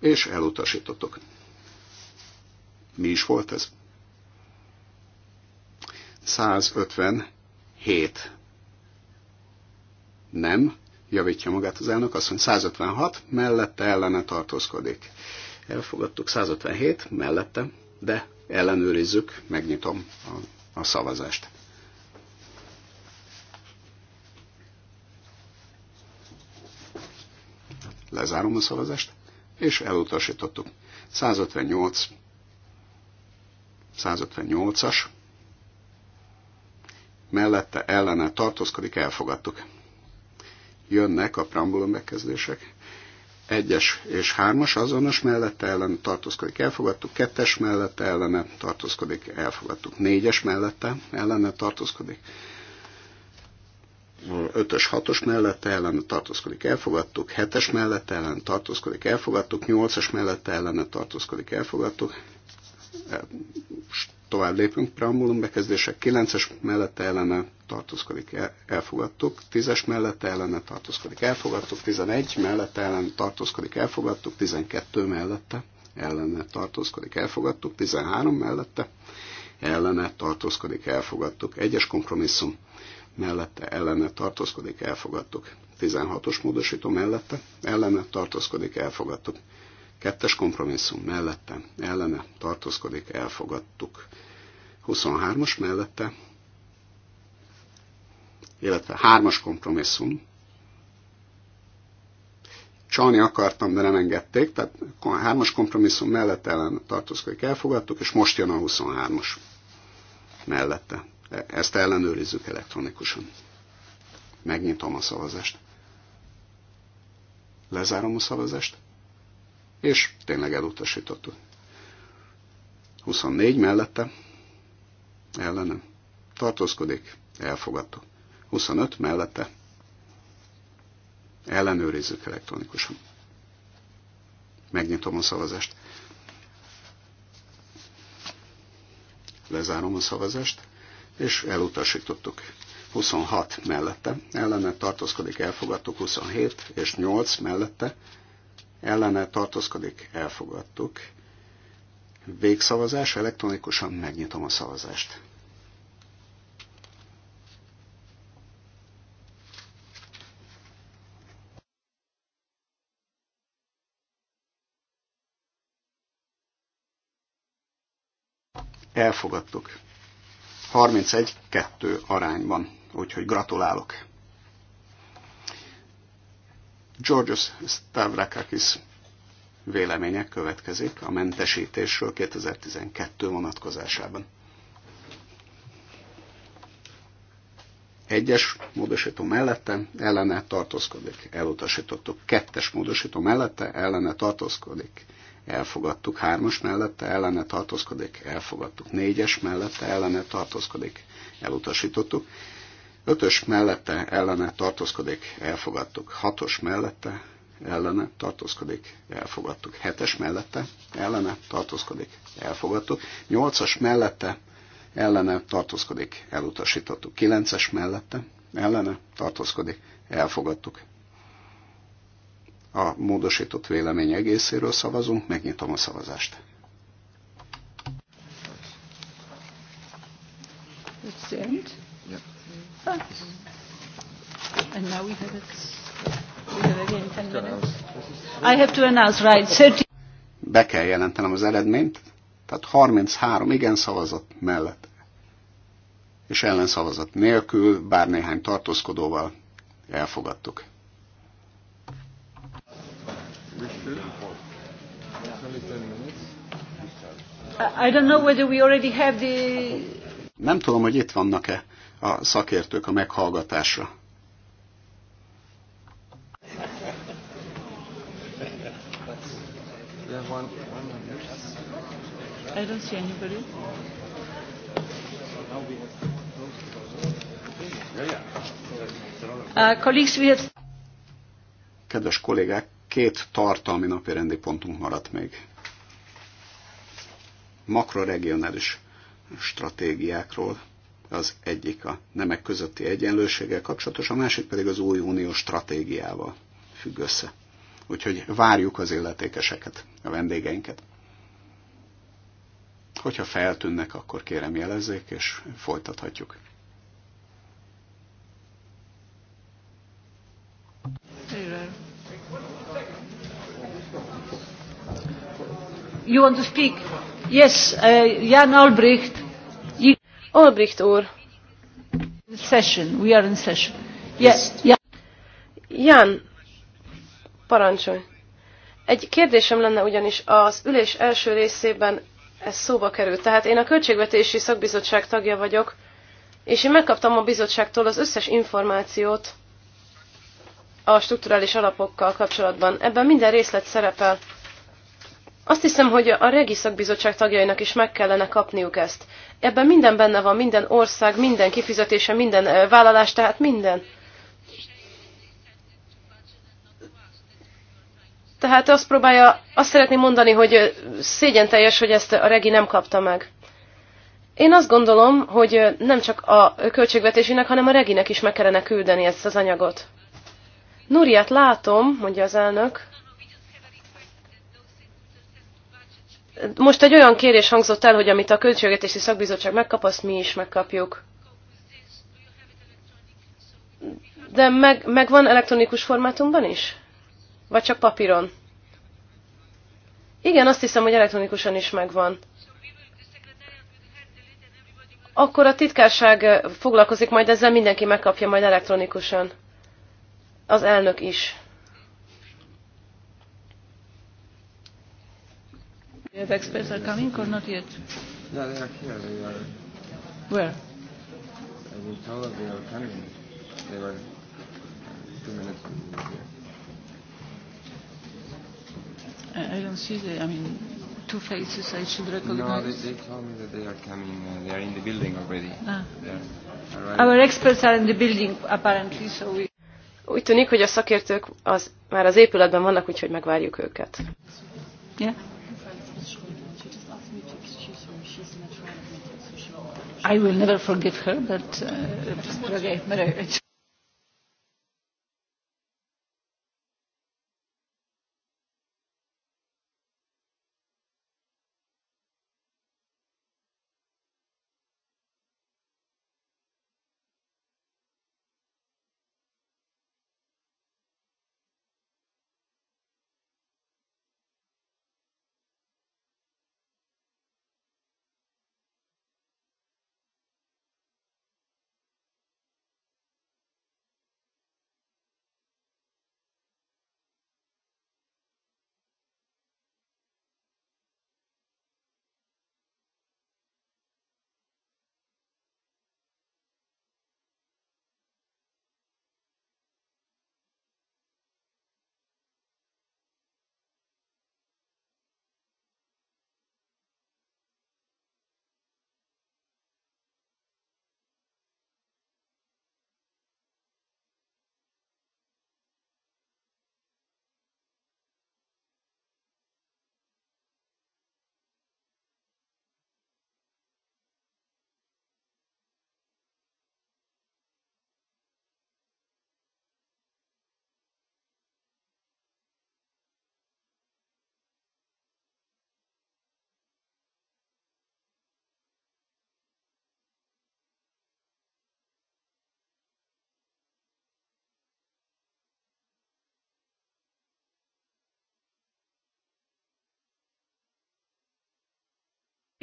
és elutasítotok. Mi is volt ez? 157. Nem, javítja magát az elnök, azt mondja 156, mellette ellene tartózkodik. Elfogadtuk 157, mellette, de ellenőrizzük, megnyitom a, a szavazást. Lezárom a szavazást, és elutasítottuk. 158, 158-as, mellette ellene tartózkodik, elfogadtuk. Jönnek a preambulum bekezdések, egyes és hármas azonos mellette ellen tartózkodik, elfogadtuk, kettes mellette ellene tartózkodik, elfogadtuk, négyes mellette ellene tartózkodik, ötös hatos mellette ellen tartózkodik, elfogadtuk, hetes mellette ellen tartózkodik, elfogadtuk, nyolcas mellette ellene tartózkodik, elfogadtuk, Tovább lépünk, preambulum bekezdések 9-es mellette ellene tartózkodik, elfogadtuk, 10-es mellette ellene tartózkodik, elfogadtuk, 11 mellette ellene tartózkodik, elfogadtuk, 12 mellette ellene tartózkodik, elfogadtuk, 13 mellette ellene tartózkodik, elfogadtuk, egyes kompromisszum mellette ellene tartózkodik, elfogadtuk, 16-os módosító mellette ellene tartózkodik, elfogadtuk, Kettes kompromisszum mellette, ellene tartózkodik, elfogadtuk. 23-as mellette, illetve 3-as kompromisszum. Csalni akartam, de nem engedték, tehát 3-as kompromisszum mellette ellen tartózkodik, elfogadtuk, és most jön a 23-as mellette. Ezt ellenőrizzük elektronikusan. Megnyitom a szavazást. Lezárom a szavazást és tényleg elutasítottuk. 24 mellette, ellenem, tartózkodik, elfogadtuk. 25 mellette, ellenőrizzük elektronikusan. Megnyitom a szavazást. Lezárom a szavazást, és elutasítottuk. 26 mellette, ellene tartózkodik, elfogadtuk 27, és 8 mellette, ellene tartózkodik, elfogadtuk. Végszavazás, elektronikusan megnyitom a szavazást. Elfogadtuk. 31-2 arányban, úgyhogy gratulálok. Georgios Stavrakakis vélemények következik a mentesítésről 2012 vonatkozásában. Egyes módosító mellette ellene tartózkodik, elutasítottuk. Kettes módosító mellette ellene tartózkodik, elfogadtuk. Hármas mellette ellene tartózkodik, elfogadtuk. Négyes mellette ellene tartózkodik, elutasítottuk. Ötös mellette ellene tartózkodik, elfogadtuk. Hatos mellette ellene tartózkodik, elfogadtuk. Hetes mellette ellene tartózkodik, elfogadtuk. Nyolcas mellette ellene tartózkodik, elutasítottuk. Kilences mellette ellene tartózkodik, elfogadtuk. A módosított vélemény egészéről szavazunk, megnyitom a szavazást. Köszönöm. And now we have it. We have again 10 minutes. I have to announce, right, 30. Be kell jelentenem az eredményt, tehát 33 igen szavazat mellett és ellenszavazat nélkül, bár néhány tartózkodóval elfogadtuk. I don't know whether we already have the... Nem tudom, hogy itt vannak-e a szakértők a meghallgatásra. I don't see anybody. Uh, Kedves kollégák, két tartalmi napi rendi pontunk maradt még. Makroregionális stratégiákról az egyik a nemek közötti egyenlőséggel kapcsolatos, a másik pedig az új uniós stratégiával függ össze. Úgyhogy várjuk az illetékeseket, a vendégeinket. Hogyha feltűnnek, akkor kérem jelezzék, és folytathatjuk. You want to speak? Yes, uh, Jan Albrecht. Albrecht úr. Session. We are in session. Yes. Yeah. Jan, parancsolj. Egy kérdésem lenne ugyanis az ülés első részében ez szóba került. Tehát én a Költségvetési Szakbizottság tagja vagyok, és én megkaptam a bizottságtól az összes információt a strukturális alapokkal kapcsolatban. Ebben minden részlet szerepel. Azt hiszem, hogy a Regi Szakbizottság tagjainak is meg kellene kapniuk ezt. Ebben minden benne van, minden ország, minden kifizetése, minden vállalás, tehát minden. Tehát azt próbálja, azt szeretném mondani, hogy szégyen teljes, hogy ezt a Regi nem kapta meg. Én azt gondolom, hogy nem csak a költségvetésének, hanem a Reginek is meg kellene küldeni ezt az anyagot. Nuriát látom, mondja az elnök. Most egy olyan kérés hangzott el, hogy amit a Költségvetési Szakbizottság megkap, azt mi is megkapjuk. De meg, megvan elektronikus formátumban is? Vagy csak papíron? Igen, azt hiszem, hogy elektronikusan is megvan. Akkor a titkárság foglalkozik majd ezzel, mindenki megkapja majd elektronikusan. Az elnök is. You have experts are coming or not yet? No, they are here. They are. Where? I will tell them they are coming. They were two minutes here. I don't see the. I mean, two faces. I should recognize. No, they, they told me that they are coming. Uh, they are in the building already. Ah. Our experts are in the building apparently, so we. Úgy tűnik, hogy a szakértők az, már az épületben vannak, úgyhogy megvárjuk őket. Yeah. I will never forgive her, but uh,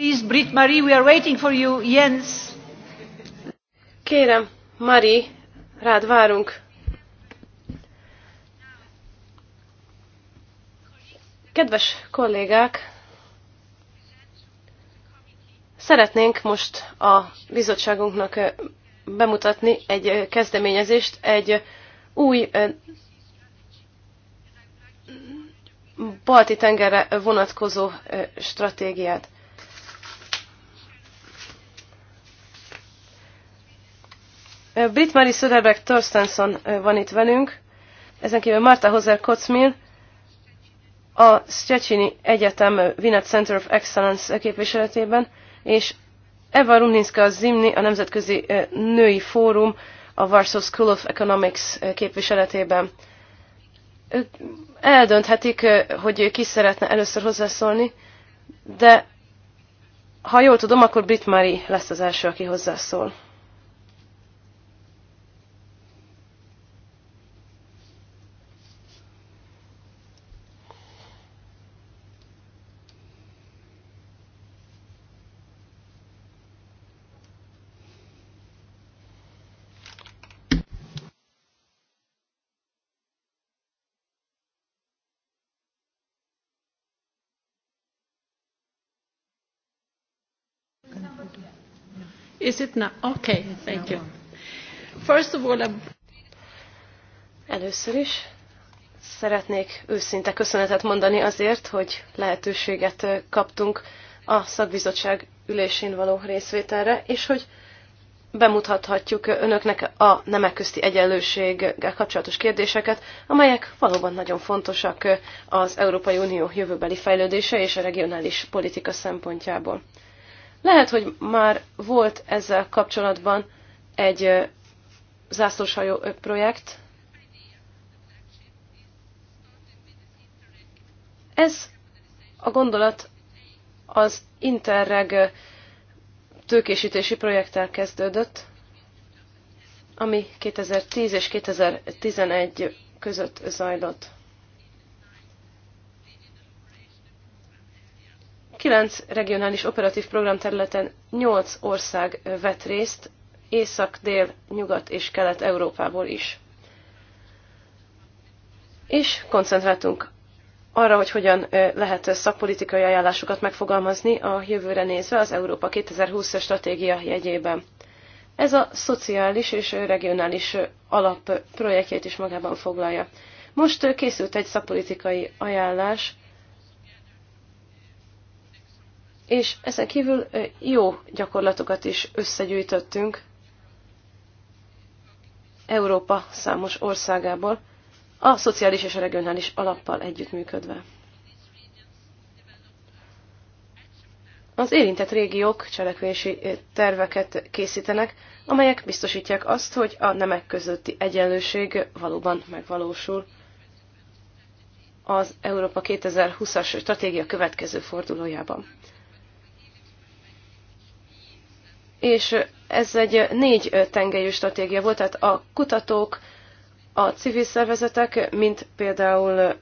Please, Brit Marie, we are waiting for you, Jens. Kérem, Mari, rád várunk. Kedves kollégák, szeretnénk most a bizottságunknak bemutatni egy kezdeményezést, egy új balti tengerre vonatkozó stratégiát. Brit Mari Söderberg Torstenson van itt velünk, ezen kívül Marta Hozer Kocmil, a Sztyecini Egyetem Vinet Center of Excellence képviseletében, és Eva Rumninska Zimni, a Nemzetközi Női Fórum, a Warsaw School of Economics képviseletében. Eldönthetik, hogy ki szeretne először hozzászólni, de ha jól tudom, akkor Brit Mari lesz az első, aki hozzászól. Is it now? thank you. First of all, Először is szeretnék őszinte köszönetet mondani azért, hogy lehetőséget kaptunk a szakbizottság ülésén való részvételre, és hogy bemutathatjuk önöknek a nemek közti egyenlőséggel kapcsolatos kérdéseket, amelyek valóban nagyon fontosak az Európai Unió jövőbeli fejlődése és a regionális politika szempontjából. Lehet, hogy már volt ezzel kapcsolatban egy zászlóshajó projekt. Ez a gondolat az Interreg tőkésítési projekttel kezdődött, ami 2010 és 2011 között zajlott. Kilenc regionális operatív programterületen nyolc ország vett részt, észak, dél, nyugat és kelet Európából is. És koncentráltunk arra, hogy hogyan lehet szakpolitikai ajánlásokat megfogalmazni a jövőre nézve az Európa 2020 stratégia jegyében. Ez a szociális és regionális alap is magában foglalja. Most készült egy szakpolitikai ajánlás és ezen kívül jó gyakorlatokat is összegyűjtöttünk Európa számos országából, a szociális és a regionális alappal együttműködve. Az érintett régiók cselekvési terveket készítenek, amelyek biztosítják azt, hogy a nemek közötti egyenlőség valóban megvalósul. Az Európa 2020-as stratégia következő fordulójában és ez egy négy tengelyű stratégia volt, tehát a kutatók, a civil szervezetek, mint például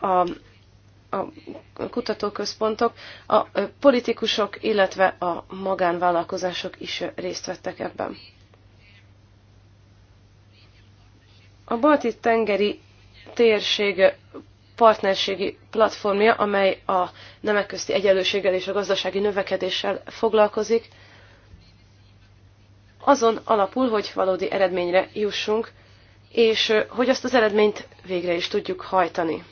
a, a kutatóközpontok, a politikusok, illetve a magánvállalkozások is részt vettek ebben. A balti tengeri térség partnerségi platformja, amely a nemek közti egyenlőséggel és a gazdasági növekedéssel foglalkozik, azon alapul, hogy valódi eredményre jussunk, és hogy azt az eredményt végre is tudjuk hajtani.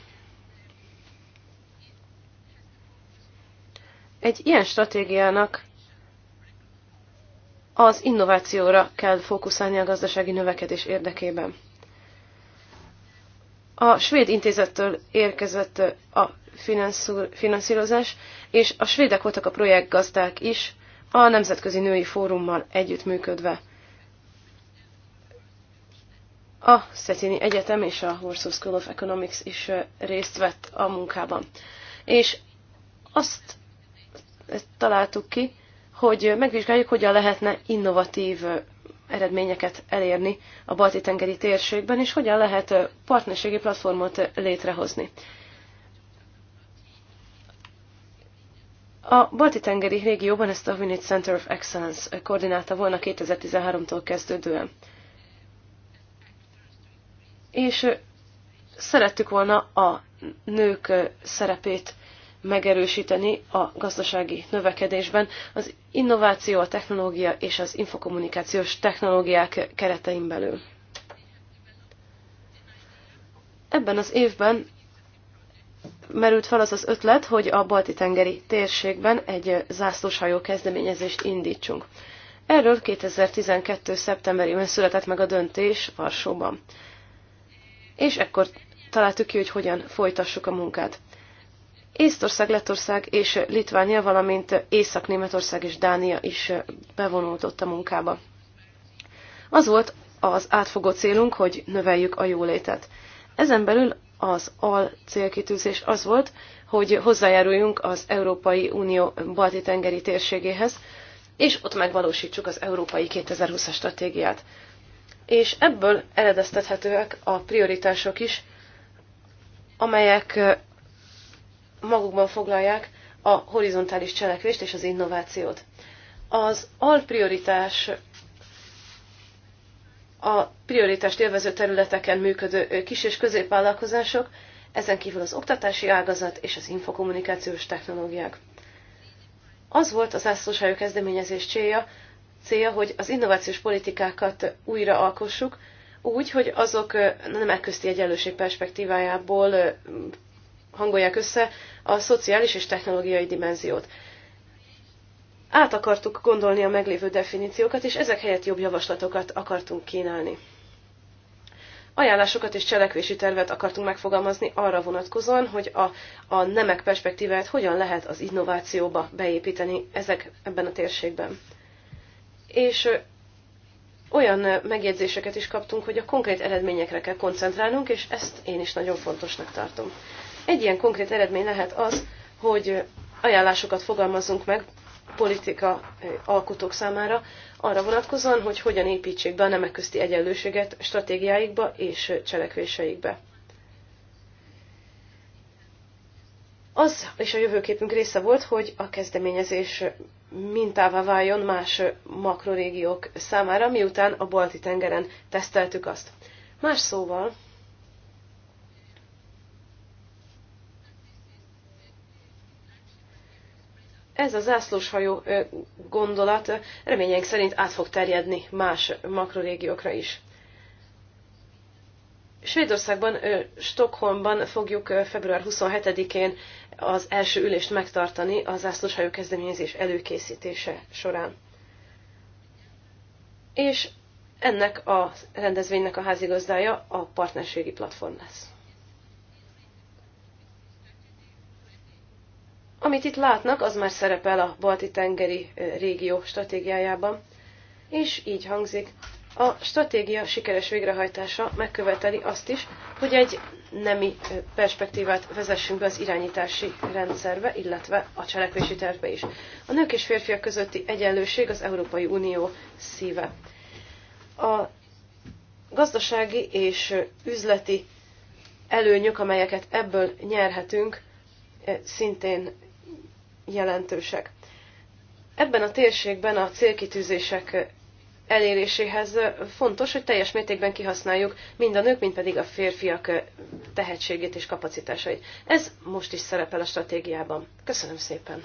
Egy ilyen stratégiának az innovációra kell fókuszálni a gazdasági növekedés érdekében. A svéd intézettől érkezett a finanszírozás, és a svédek voltak a projekt gazdák is, a Nemzetközi Női Fórummal együttműködve. A Szecini Egyetem és a Warsaw School of Economics is részt vett a munkában. És azt találtuk ki, hogy megvizsgáljuk, hogyan lehetne innovatív eredményeket elérni a balti-tengeri térségben, és hogyan lehet partnerségi platformot létrehozni. A Balti-tengeri régióban ezt a Winnet Center of Excellence koordinálta volna 2013-tól kezdődően. És szerettük volna a nők szerepét megerősíteni a gazdasági növekedésben az innováció, a technológia és az infokommunikációs technológiák keretein belül. Ebben az évben merült fel az az ötlet, hogy a Balti-tengeri térségben egy zászlóshajó kezdeményezést indítsunk. Erről 2012. szeptemberében született meg a döntés Varsóban. És ekkor találtuk ki, hogy hogyan folytassuk a munkát. Észtország, Lettország és Litvánia, valamint Észak-Németország és Dánia is bevonultott a munkába. Az volt az átfogó célunk, hogy növeljük a jólétet. Ezen belül az al célkitűzés az volt, hogy hozzájáruljunk az Európai Unió balti tengeri térségéhez, és ott megvalósítsuk az Európai 2020-as stratégiát. És ebből eredeztethetőek a prioritások is, amelyek magukban foglalják a horizontális cselekvést és az innovációt. Az alprioritás a prioritást élvező területeken működő kis- és középvállalkozások, ezen kívül az oktatási ágazat és az infokommunikációs technológiák. Az volt az ászlósájú kezdeményezés célja, célja, hogy az innovációs politikákat újra alkossuk, úgy, hogy azok nem elközti egyenlőség perspektívájából hangolják össze a szociális és technológiai dimenziót át akartuk gondolni a meglévő definíciókat, és ezek helyett jobb javaslatokat akartunk kínálni. Ajánlásokat és cselekvési tervet akartunk megfogalmazni arra vonatkozóan, hogy a, a nemek perspektívát hogyan lehet az innovációba beépíteni ezek ebben a térségben. És olyan megjegyzéseket is kaptunk, hogy a konkrét eredményekre kell koncentrálnunk, és ezt én is nagyon fontosnak tartom. Egy ilyen konkrét eredmény lehet az, hogy ajánlásokat fogalmazunk meg politika alkotók számára arra vonatkozóan, hogy hogyan építsék be a nemek közti egyenlőséget stratégiáikba és cselekvéseikbe. Az és a jövőképünk része volt, hogy a kezdeményezés mintává váljon más makrorégiók számára, miután a Balti tengeren teszteltük azt. Más szóval, ez a zászlóshajó gondolat reményeink szerint át fog terjedni más makrorégiókra is. Svédországban, Stockholmban fogjuk február 27-én az első ülést megtartani a zászlóshajó kezdeményezés előkészítése során. És ennek a rendezvénynek a házigazdája a partnerségi platform lesz. Amit itt látnak, az már szerepel a Balti-tengeri régió stratégiájában, és így hangzik. A stratégia sikeres végrehajtása megköveteli azt is, hogy egy nemi perspektívát vezessünk be az irányítási rendszerbe, illetve a cselekvési tervbe is. A nők és férfiak közötti egyenlőség az Európai Unió szíve. A gazdasági és üzleti előnyök, amelyeket ebből nyerhetünk, szintén jelentősek. Ebben a térségben a célkitűzések eléréséhez fontos, hogy teljes mértékben kihasználjuk mind a nők, mind pedig a férfiak tehetségét és kapacitásait. Ez most is szerepel a stratégiában. Köszönöm szépen!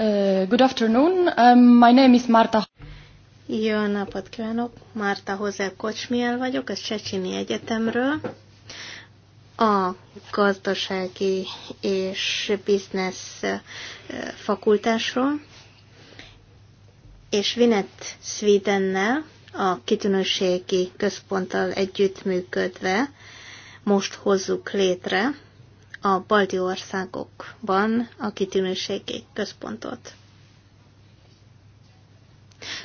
Uh, good afternoon. Um, my name is Marta. Jó napot kívánok! Márta Hozel Kocsmiel vagyok, a Csecsini Egyetemről. A gazdasági és biznesz uh, fakultásról, és Vinet Swedennel, a kitűnőségi központtal együttműködve most hozzuk létre a balti országokban a kitűnőségi központot.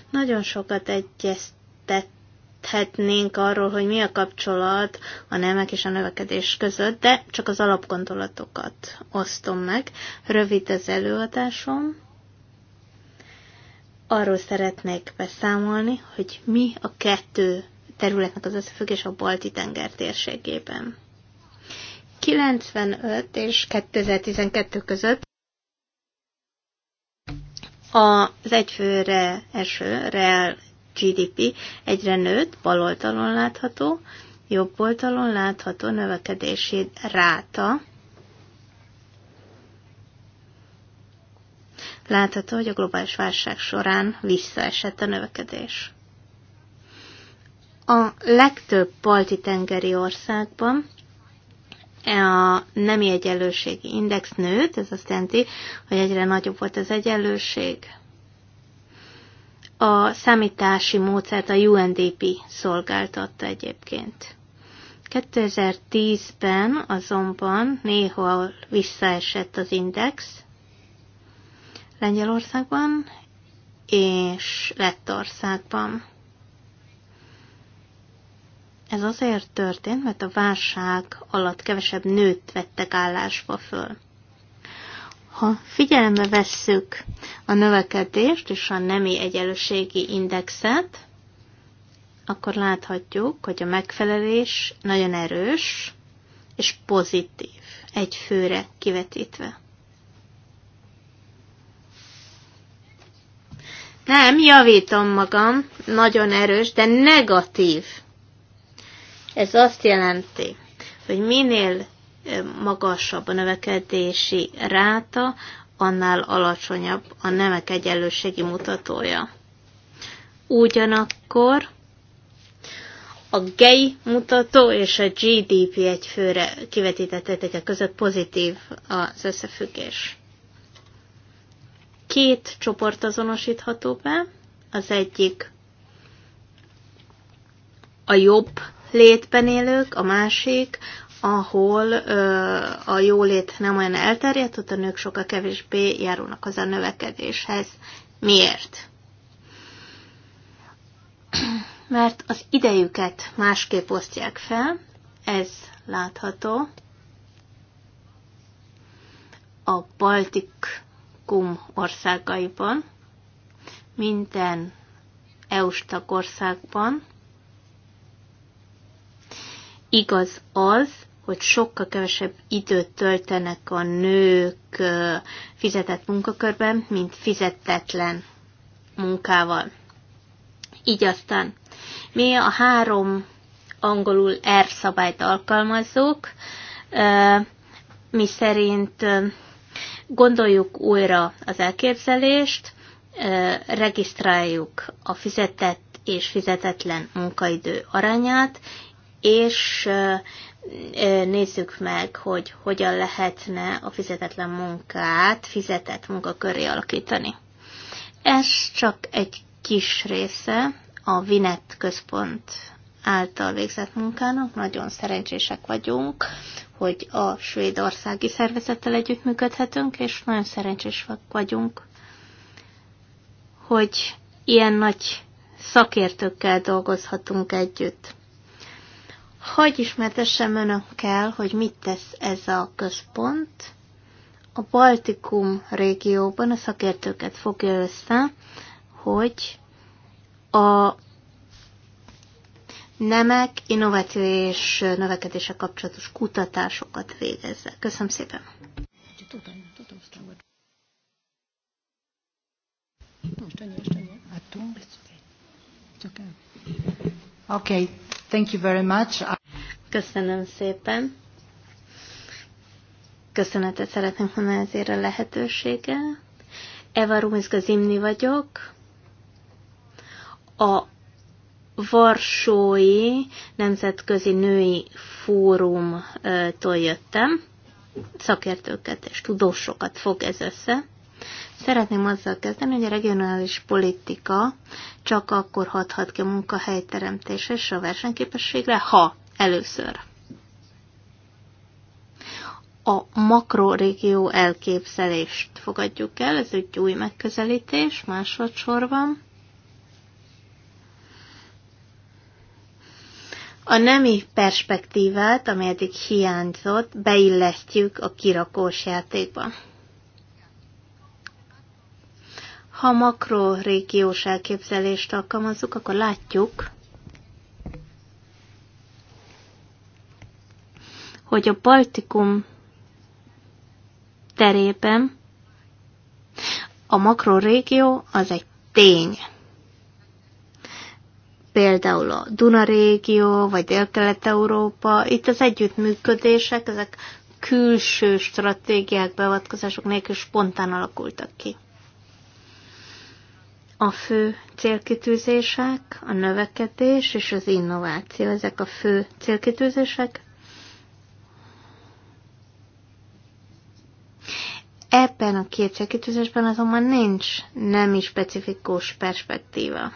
Nagyon sokat egyeztethetnénk arról, hogy mi a kapcsolat a nemek és a növekedés között, de csak az alapgondolatokat osztom meg. Rövid az előadásom. Arról szeretnék beszámolni, hogy mi a kettő területnek az összefüggés a balti tenger térségében. 95 és 2012 között az egyfőre eső real GDP egyre nőtt, bal oldalon látható, jobb oldalon látható növekedési ráta. Látható, hogy a globális válság során visszaesett a növekedés. A legtöbb balti tengeri országban E a nemi egyenlőségi index nőtt, ez azt jelenti, hogy egyre nagyobb volt az egyenlőség. A számítási módszert a UNDP szolgáltatta egyébként. 2010-ben azonban néha visszaesett az index Lengyelországban és Lettországban. Ez azért történt, mert a válság alatt kevesebb nőt vettek állásba föl. Ha figyelembe vesszük a növekedést és a nemi egyenlőségi indexet, akkor láthatjuk, hogy a megfelelés nagyon erős és pozitív, egy főre kivetítve. Nem, javítom magam, nagyon erős, de negatív ez azt jelenti, hogy minél magasabb a növekedési ráta, annál alacsonyabb a nemek egyenlőségi mutatója. Ugyanakkor a GEI mutató és a GDP egyfőre kivetített értéke között pozitív az összefüggés. Két csoport azonosítható be, az egyik a jobb létben élők, a másik, ahol ö, a jólét nem olyan elterjedt, ott a nők sokkal kevésbé járulnak az a növekedéshez. Miért? Mert az idejüket másképp osztják fel, ez látható. A Baltikum országaiban, minden EU-s tagországban Igaz az, hogy sokkal kevesebb időt töltenek a nők fizetett munkakörben, mint fizetetlen munkával. Így aztán mi a három angolul R szabályt alkalmazzuk, mi szerint gondoljuk újra az elképzelést, regisztráljuk a fizetett és fizetetlen munkaidő arányát, és nézzük meg, hogy hogyan lehetne a fizetetlen munkát fizetett munka köré alakítani. Ez csak egy kis része a Vinet központ által végzett munkának. Nagyon szerencsések vagyunk, hogy a svédországi szervezettel együttműködhetünk, és nagyon szerencsések vagyunk, hogy ilyen nagy szakértőkkel dolgozhatunk együtt. Hogy ismertessem önökkel, hogy mit tesz ez a központ. A Baltikum régióban a szakértőket fogja össze, hogy a nemek innováció és növekedése kapcsolatos kutatásokat végezze. Köszönöm szépen! Hát, okay. Thank you very much. Köszönöm szépen. Köszönetet szeretném mondani ezért a lehetőséget. Eva Rumizga Zimni vagyok. A Varsói Nemzetközi Női Fórumtól jöttem. Szakértőket és tudósokat fog ez össze. Szeretném azzal kezdeni, hogy a regionális politika csak akkor hathat ki a munkahelyteremtésre és a versenyképességre, ha először a makrorégió elképzelést fogadjuk el, ez egy új megközelítés, másodszorban. A nemi perspektívát, ami eddig hiányzott, beillesztjük a kirakós játékba. Ha makrorégiós elképzelést alkalmazzuk, akkor látjuk, hogy a Baltikum terében a makrorégió az egy tény. Például a Duna régió, vagy Dél-Kelet-Európa, itt az együttműködések, ezek külső stratégiák, beavatkozások nélkül spontán alakultak ki a fő célkitűzések, a növekedés és az innováció, ezek a fő célkitűzések. Ebben a két célkitűzésben azonban nincs nemi specifikus perspektíva.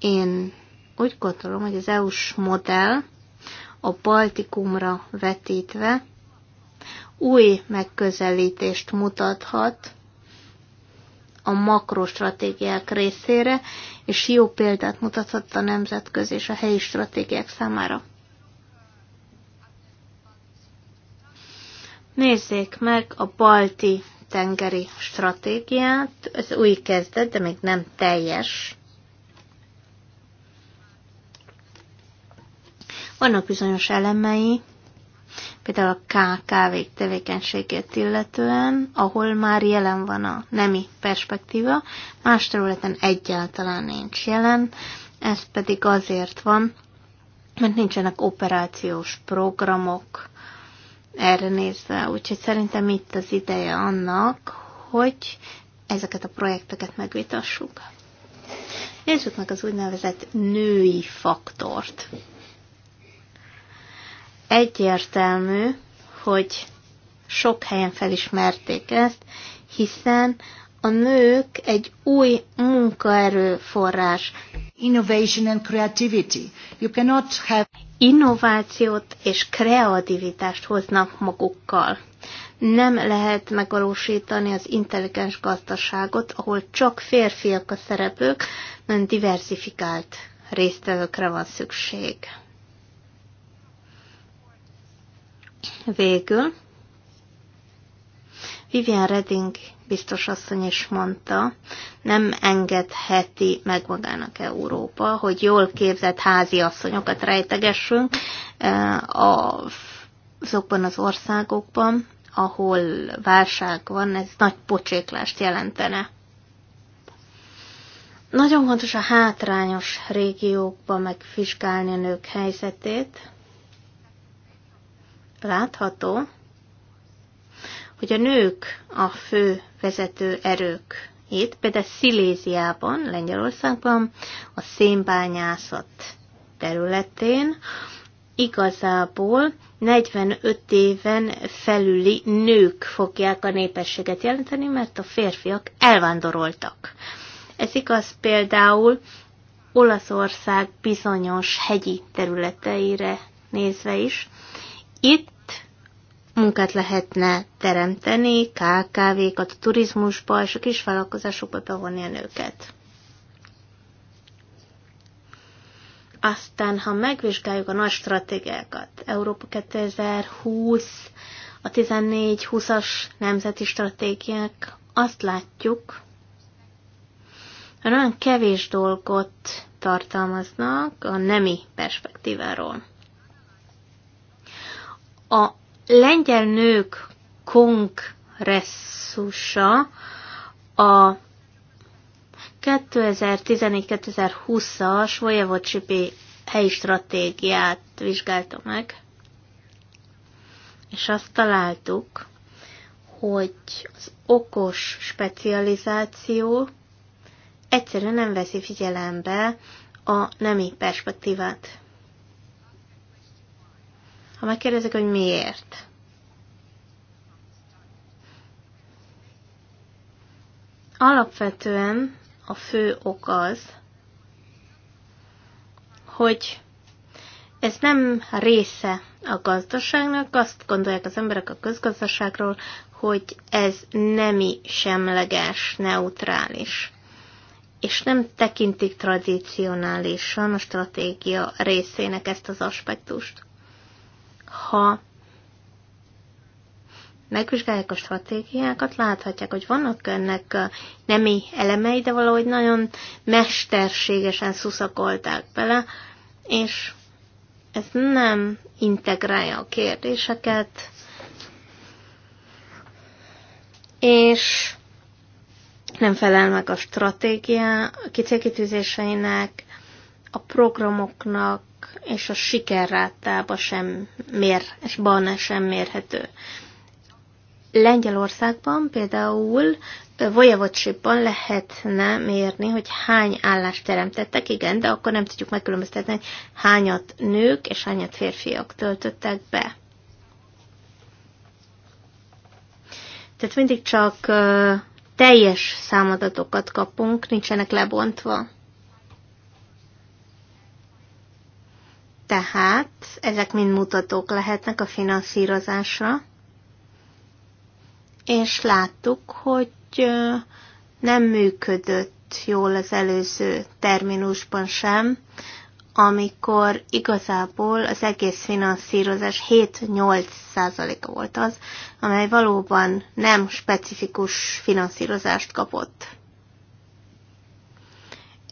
Én úgy gondolom, hogy az EU-s modell a Baltikumra vetítve új megközelítést mutathat a makrostratégiák részére, és jó példát mutathat a nemzetközi és a helyi stratégiák számára. Nézzék meg a balti tengeri stratégiát. Ez új kezdet, de még nem teljes. Vannak bizonyos elemei, például a KKV tevékenységét illetően, ahol már jelen van a nemi perspektíva, más területen egyáltalán nincs jelen, ez pedig azért van, mert nincsenek operációs programok erre nézve. Úgyhogy szerintem itt az ideje annak, hogy ezeket a projekteket megvitassuk. Nézzük meg az úgynevezett női faktort egyértelmű, hogy sok helyen felismerték ezt, hiszen a nők egy új munkaerőforrás. Innovation and creativity. You cannot have... Innovációt és kreativitást hoznak magukkal. Nem lehet megvalósítani az intelligens gazdaságot, ahol csak férfiak a szereplők, nem diversifikált résztvevőkre van szükség. Végül Vivian Redding biztos asszony is mondta, nem engedheti meg magának Európa, hogy jól képzett házi asszonyokat rejtegessünk eh, azokban az országokban, ahol válság van, ez nagy pocséklást jelentene. Nagyon fontos a hátrányos régiókban megvizsgálni a nők helyzetét, látható, hogy a nők a fő vezető erők itt, például Sziléziában, Lengyelországban, a szénbányászat területén igazából 45 éven felüli nők fogják a népességet jelenteni, mert a férfiak elvándoroltak. Ez igaz például Olaszország bizonyos hegyi területeire nézve is, itt munkát lehetne teremteni, KKV-kat turizmusba és a kisvállalkozásokba bevonni a nőket. Aztán, ha megvizsgáljuk a nagy stratégiákat, Európa 2020, a 14-20-as nemzeti stratégiák, azt látjuk, hogy nagyon kevés dolgot tartalmaznak a nemi perspektíváról. A lengyel nők kongresszusa a 2014-2020-as Vojevocsipi helyi stratégiát vizsgálta meg, és azt találtuk, hogy az okos specializáció egyszerűen nem veszi figyelembe a nemi perspektívát ha megkérdezik, hogy miért. Alapvetően a fő ok az, hogy ez nem része a gazdaságnak, azt gondolják az emberek a közgazdaságról, hogy ez nemi semleges, neutrális. És nem tekintik tradicionálisan a stratégia részének ezt az aspektust ha megvizsgálják a stratégiákat, láthatják, hogy vannak ennek nemi elemei, de valahogy nagyon mesterségesen szuszakolták bele, és ez nem integrálja a kérdéseket, és nem felel meg a stratégia a kicélkitűzéseinek, a programoknak, és a sikerrátába sem mér, és ban sem mérhető. Lengyelországban például Vojevodshipban lehetne mérni, hogy hány állást teremtettek, igen, de akkor nem tudjuk megkülönböztetni, hogy hányat nők és hányat férfiak töltöttek be. Tehát mindig csak teljes számadatokat kapunk, nincsenek lebontva. Tehát ezek mind mutatók lehetnek a finanszírozásra, és láttuk, hogy nem működött jól az előző terminusban sem, amikor igazából az egész finanszírozás 7-8 százaléka volt az, amely valóban nem specifikus finanszírozást kapott.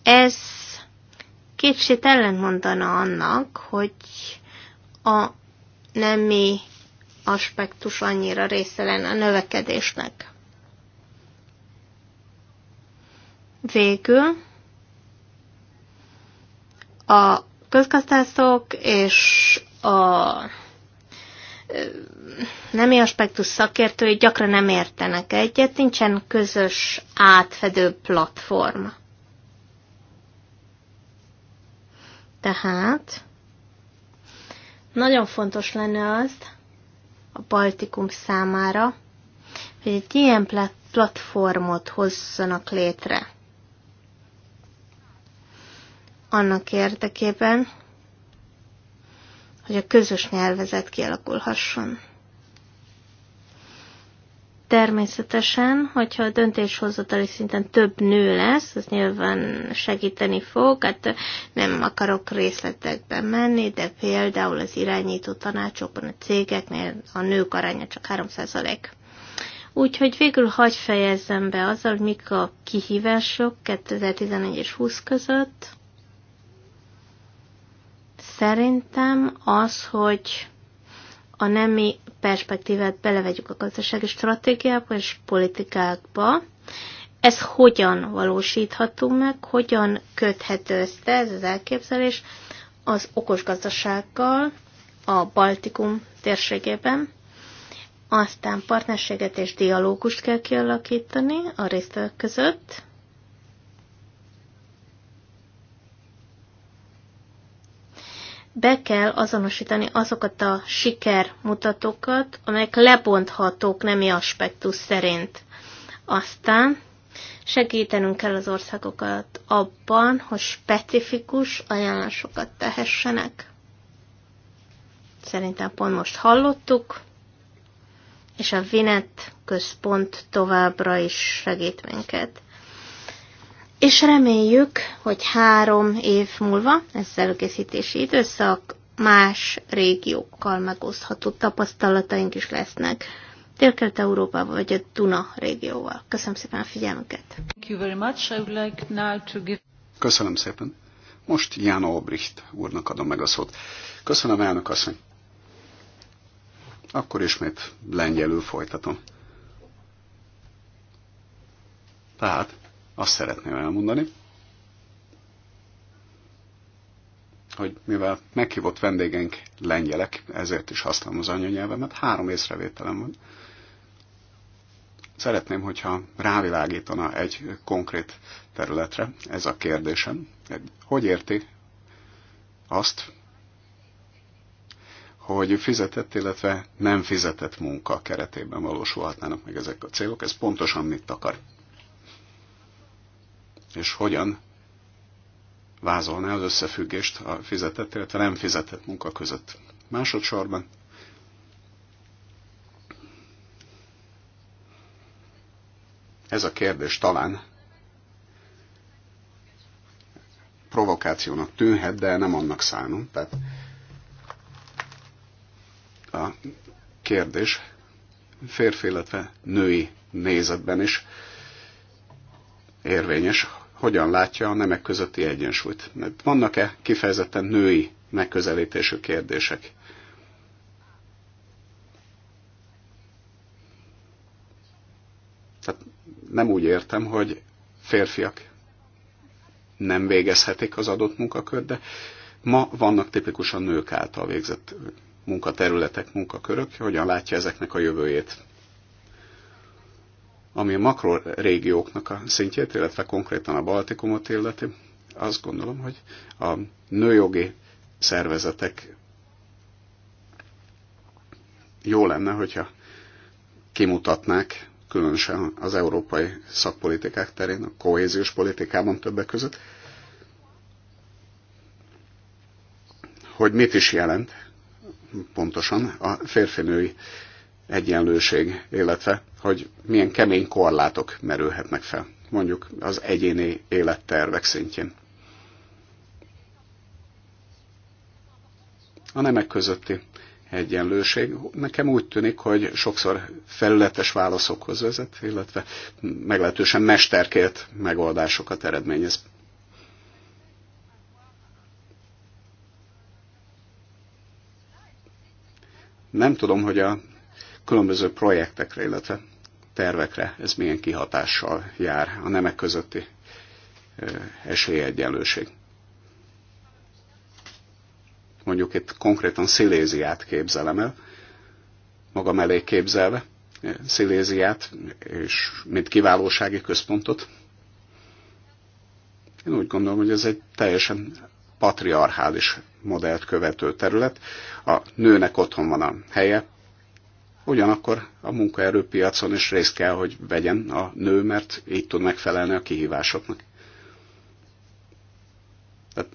Ez kicsit ellentmondana annak, hogy a nemi aspektus annyira része lenne a növekedésnek. Végül a közgazdászok és a nemi aspektus szakértői gyakran nem értenek egyet, nincsen közös átfedő platforma. Tehát nagyon fontos lenne az a Baltikum számára, hogy egy ilyen platformot hozzanak létre. Annak érdekében, hogy a közös nyelvezet kialakulhasson. Természetesen, hogyha a döntéshozatali szinten több nő lesz, az nyilván segíteni fog. Hát nem akarok részletekben menni, de például az irányító tanácsokban, a cégeknél a nők aránya csak 3%. Úgyhogy végül hagy fejezzem be azzal, hogy mik a kihívások 2011 és 20 között. Szerintem az, hogy a nemi perspektívát belevegyük a gazdasági stratégiába és politikákba. Ez hogyan valósítható meg, hogyan köthető össze ez az elképzelés az okos gazdasággal a Baltikum térségében, aztán partnerséget és dialógust kell kialakítani a résztvevők között, be kell azonosítani azokat a sikermutatókat, amelyek lebonthatók nemi aspektus szerint. Aztán segítenünk kell az országokat abban, hogy specifikus ajánlásokat tehessenek. Szerintem pont most hallottuk, és a Vinet központ továbbra is segít minket és reméljük, hogy három év múlva, ez előkészítési időszak, más régiókkal megosztható tapasztalataink is lesznek. Dél-Kelet-Európával vagy a Duna régióval. Köszönöm szépen a figyelmüket. Köszönöm szépen. Most Ján Obricht úrnak adom meg a szót. Köszönöm, elnök asszony. Akkor ismét lengyelül folytatom. Tehát azt szeretném elmondani, hogy mivel meghívott vendégeink lengyelek, ezért is használom az anyanyelvemet, három észrevételem van. Szeretném, hogyha rávilágítana egy konkrét területre ez a kérdésem. Hogy érti azt, hogy fizetett, illetve nem fizetett munka keretében valósulhatnának meg ezek a célok? Ez pontosan mit akar? és hogyan vázolná az összefüggést a fizetett, illetve nem fizetett munka között. Másodszorban ez a kérdés talán provokációnak tűnhet, de nem annak szánom. Tehát a kérdés férfi, illetve női nézetben is érvényes, hogyan látja a nemek közötti egyensúlyt. Vannak-e kifejezetten női megközelítésű kérdések? Tehát nem úgy értem, hogy férfiak nem végezhetik az adott munkakört, de ma vannak tipikusan nők által végzett munkaterületek, munkakörök. Hogyan látja ezeknek a jövőjét? ami a makrorégióknak a szintjét, illetve konkrétan a Baltikumot illeti, azt gondolom, hogy a nőjogi szervezetek jó lenne, hogyha kimutatnák, különösen az európai szakpolitikák terén, a kohéziós politikában többek között, hogy mit is jelent pontosan a férfinői egyenlőség, illetve hogy milyen kemény korlátok merülhetnek fel, mondjuk az egyéni élettervek szintjén. A nemek közötti egyenlőség nekem úgy tűnik, hogy sokszor felületes válaszokhoz vezet, illetve meglehetősen mesterkélt megoldásokat eredményez. Nem tudom, hogy a különböző projektekre, illetve tervekre ez milyen kihatással jár a nemek közötti esélyegyenlőség. Mondjuk itt konkrétan Sziléziát képzelem el, magam elé képzelve Sziléziát, és mint kiválósági központot. Én úgy gondolom, hogy ez egy teljesen patriarchális modellt követő terület. A nőnek otthon van a helye, ugyanakkor a munkaerőpiacon is részt kell, hogy vegyen a nő, mert így tud megfelelni a kihívásoknak. Tehát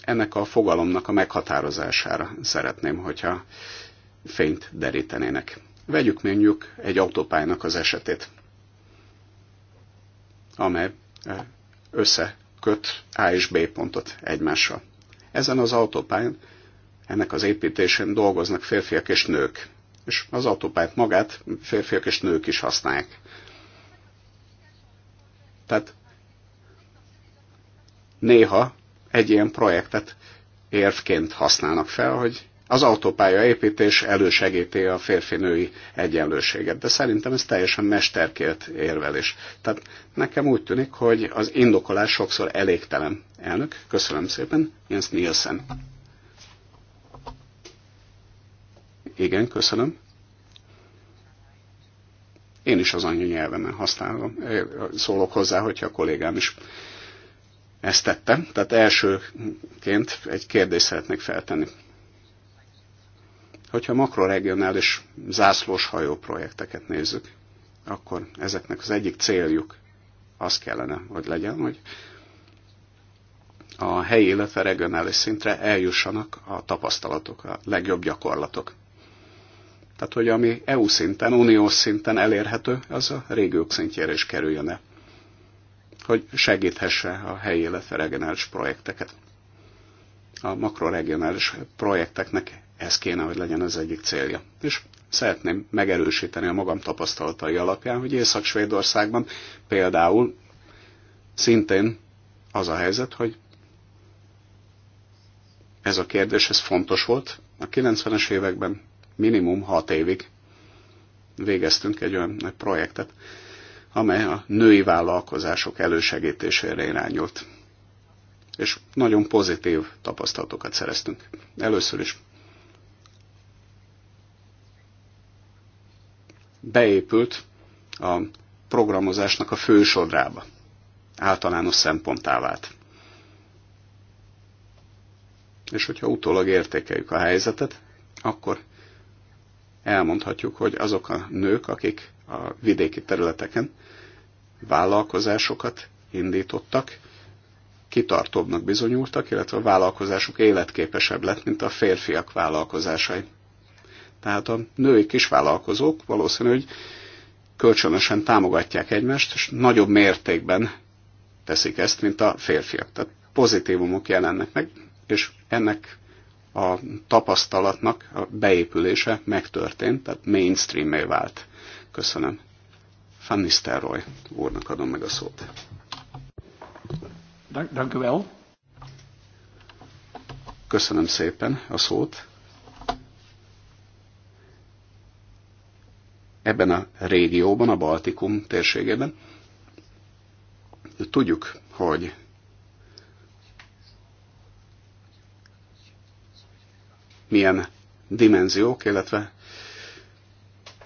ennek a fogalomnak a meghatározására szeretném, hogyha fényt derítenének. Vegyük mondjuk egy autópályának az esetét, amely eh, összeköt A és B pontot egymással. Ezen az autópályán, ennek az építésén dolgoznak férfiak és nők és az autópályát magát férfiak és nők is használják. Tehát néha egy ilyen projektet érvként használnak fel, hogy az autópálya építés elősegíti a férfi-női egyenlőséget, de szerintem ez teljesen mesterkélt érvelés. Tehát nekem úgy tűnik, hogy az indokolás sokszor elégtelen. Elnök, köszönöm szépen, Jens Nielsen. Igen, Én is az anyanyelvemen használom, szólok hozzá, hogyha a kollégám is ezt tette. Tehát elsőként egy kérdést szeretnék feltenni. Hogyha makroregionális zászlós hajó projekteket nézzük, akkor ezeknek az egyik céljuk az kellene, hogy legyen, hogy a helyi, illetve regionális szintre eljussanak a tapasztalatok, a legjobb gyakorlatok. Tehát, hogy ami EU szinten, uniós szinten elérhető, az a régiók szintjére is kerüljön -e, hogy segíthesse a helyi, illetve regionális projekteket. A makroregionális projekteknek ez kéne, hogy legyen az egyik célja. És szeretném megerősíteni a magam tapasztalatai alapján, hogy Észak-Svédországban például szintén az a helyzet, hogy ez a kérdés, ez fontos volt a 90-es években, minimum 6 évig végeztünk egy olyan projektet, amely a női vállalkozások elősegítésére irányult. És nagyon pozitív tapasztalatokat szereztünk. Először is beépült a programozásnak a fősodrába. Általános szemponttá vált. És hogyha utólag értékeljük a helyzetet, akkor elmondhatjuk, hogy azok a nők, akik a vidéki területeken vállalkozásokat indítottak, kitartóbbnak bizonyultak, illetve a vállalkozásuk életképesebb lett, mint a férfiak vállalkozásai. Tehát a női kisvállalkozók valószínű, hogy kölcsönösen támogatják egymást, és nagyobb mértékben teszik ezt, mint a férfiak. Tehát pozitívumok jelennek meg, és ennek a tapasztalatnak a beépülése megtörtént, tehát mainstream vált. Köszönöm. Van Nistelrooy úrnak adom meg a szót. Köszönöm szépen a szót. Ebben a régióban, a Baltikum térségében tudjuk, hogy milyen dimenziók, illetve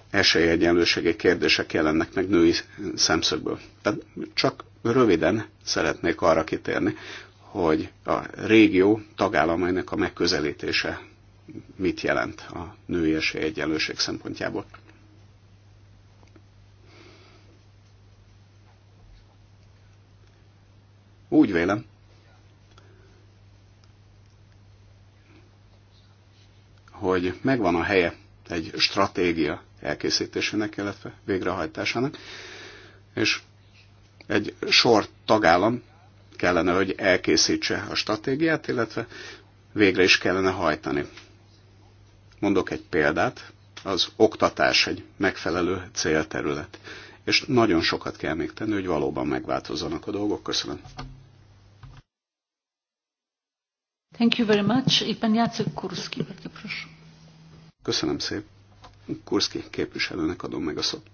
esélyegyenlőségi kérdések jelennek meg női szemszögből. Tehát csak röviden szeretnék arra kitérni, hogy a régió tagállamainak a megközelítése mit jelent a női esélyegyenlőség szempontjából. Úgy vélem, hogy megvan a helye egy stratégia elkészítésének, illetve végrehajtásának, és egy sor tagállam kellene, hogy elkészítse a stratégiát, illetve végre is kellene hajtani. Mondok egy példát, az oktatás egy megfelelő célterület, és nagyon sokat kell még tenni, hogy valóban megváltozzanak a dolgok. Köszönöm. Thank you very much. I pan Jacek Kurski, bardzo proszę. Köszönöm szépen. Kurski képviselőnek adom meg a szót.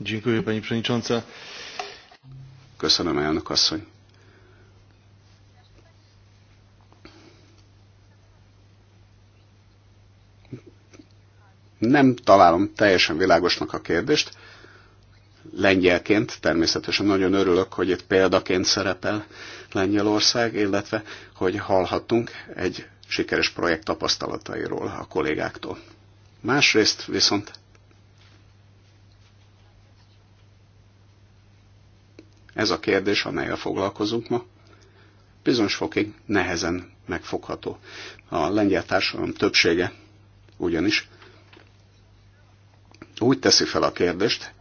Dziękuję, pani przewodnicząca. Köszönöm, elnök asszony. Nem találom teljesen világosnak a kérdést lengyelként természetesen nagyon örülök, hogy itt példaként szerepel Lengyelország, illetve hogy hallhattunk egy sikeres projekt tapasztalatairól a kollégáktól. Másrészt viszont ez a kérdés, amelyel foglalkozunk ma, bizonyos fokig nehezen megfogható. A lengyel társadalom többsége ugyanis úgy teszi fel a kérdést,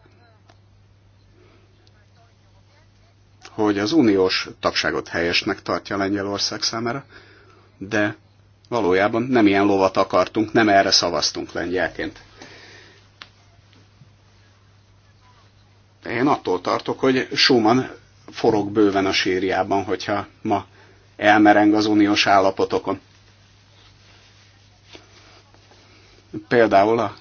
hogy az uniós tagságot helyesnek tartja Lengyelország számára, de valójában nem ilyen lovat akartunk, nem erre szavaztunk lengyelként. Én attól tartok, hogy Schumann forog bőven a sírjában, hogyha ma elmereng az uniós állapotokon. Például a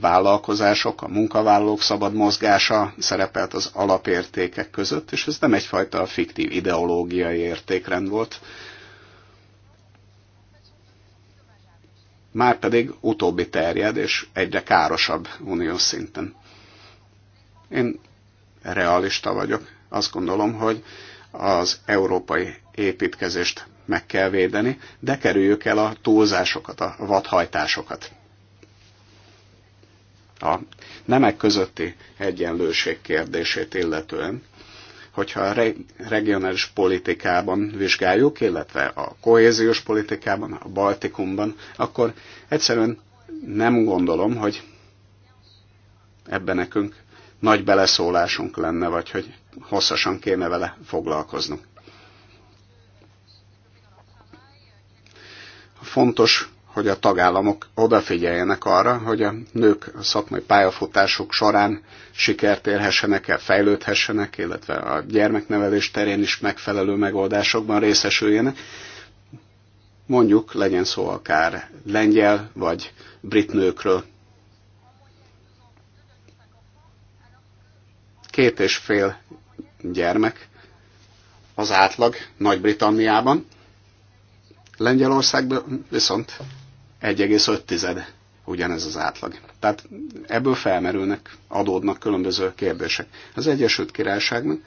vállalkozások, a munkavállalók szabad mozgása szerepelt az alapértékek között, és ez nem egyfajta fiktív ideológiai értékrend volt. Márpedig utóbbi terjed, és egyre károsabb uniós szinten. Én realista vagyok. Azt gondolom, hogy az európai építkezést meg kell védeni, de kerüljük el a túlzásokat, a vadhajtásokat a nemek közötti egyenlőség kérdését illetően, hogyha a regionális politikában vizsgáljuk, illetve a kohéziós politikában, a Baltikumban, akkor egyszerűen nem gondolom, hogy ebben nekünk nagy beleszólásunk lenne, vagy hogy hosszasan kéne vele foglalkoznunk. Fontos hogy a tagállamok odafigyeljenek arra, hogy a nők szakmai pályafutásuk során sikert érhessenek el, fejlődhessenek, illetve a gyermeknevelés terén is megfelelő megoldásokban részesüljenek. Mondjuk legyen szó akár lengyel vagy brit nőkről. Két és fél gyermek az átlag Nagy-Britanniában, Lengyelországban viszont 1,5 ugyanez az átlag. Tehát ebből felmerülnek, adódnak különböző kérdések. Az Egyesült Királyságnak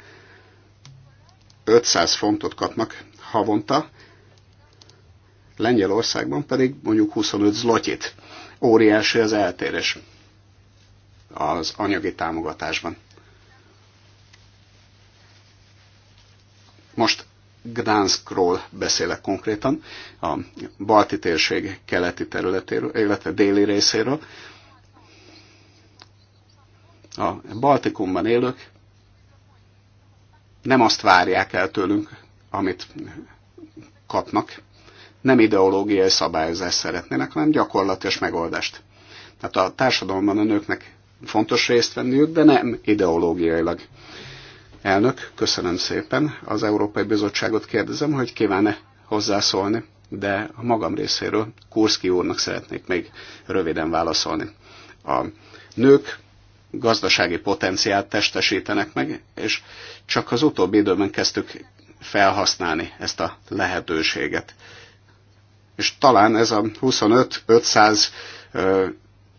500 fontot kapnak havonta, Lengyelországban pedig mondjuk 25 zlotyit. Óriási az eltérés az anyagi támogatásban. Most Gdanskról beszélek konkrétan, a balti térség keleti területéről, illetve déli részéről. A Baltikumban élők nem azt várják el tőlünk, amit kapnak, nem ideológiai szabályozást szeretnének, hanem gyakorlatilag megoldást. Tehát a társadalomban a nőknek fontos részt venniük, de nem ideológiailag Elnök, köszönöm szépen. Az Európai Bizottságot kérdezem, hogy kíván-e hozzászólni, de a magam részéről Kurszki úrnak szeretnék még röviden válaszolni. A nők gazdasági potenciált testesítenek meg, és csak az utóbbi időben kezdtük felhasználni ezt a lehetőséget. És talán ez a 25-500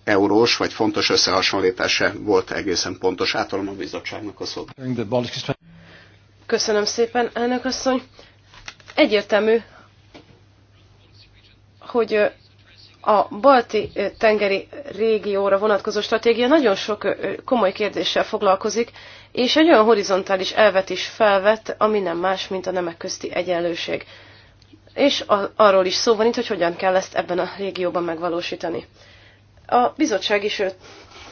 eurós vagy fontos összehasonlítása volt egészen pontos. Átolom a bizottságnak a szót. Köszönöm szépen, elnök asszony. Egyértelmű, hogy a balti tengeri régióra vonatkozó stratégia nagyon sok komoly kérdéssel foglalkozik, és egy olyan horizontális elvet is felvett, ami nem más, mint a nemek közti egyenlőség. És arról is szó van itt, hogy hogyan kell ezt ebben a régióban megvalósítani. A bizottság is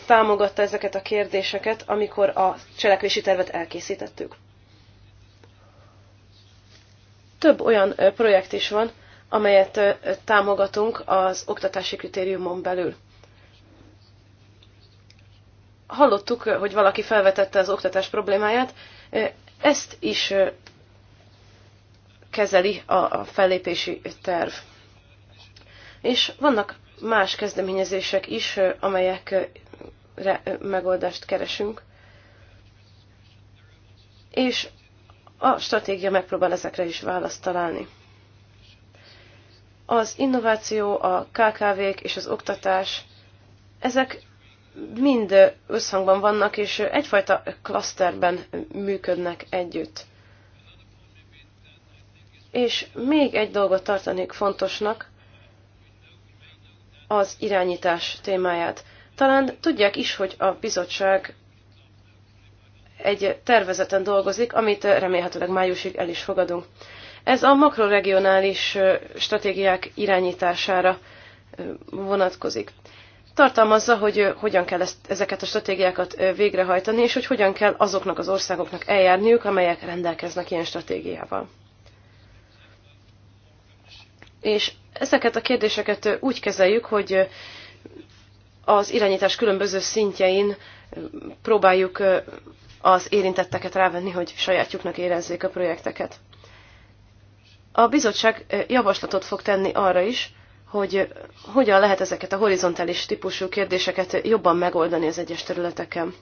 támogatta ezeket a kérdéseket, amikor a cselekvési tervet elkészítettük. Több olyan projekt is van, amelyet támogatunk az oktatási kritériumon belül. Hallottuk, hogy valaki felvetette az oktatás problémáját, ezt is kezeli a fellépési terv. És vannak más kezdeményezések is, amelyekre megoldást keresünk. És a stratégia megpróbál ezekre is választ találni. Az innováció, a KKV-k és az oktatás, ezek mind összhangban vannak, és egyfajta klaszterben működnek együtt. És még egy dolgot tartanék fontosnak, az irányítás témáját. Talán tudják is, hogy a bizottság egy tervezeten dolgozik, amit remélhetőleg májusig el is fogadunk. Ez a makroregionális stratégiák irányítására vonatkozik. Tartalmazza, hogy hogyan kell ezt, ezeket a stratégiákat végrehajtani, és hogy hogyan kell azoknak az országoknak eljárniuk, amelyek rendelkeznek ilyen stratégiával és ezeket a kérdéseket úgy kezeljük, hogy az irányítás különböző szintjein próbáljuk az érintetteket rávenni, hogy sajátjuknak érezzék a projekteket. A bizottság javaslatot fog tenni arra is, hogy hogyan lehet ezeket a horizontális típusú kérdéseket jobban megoldani az egyes területeken.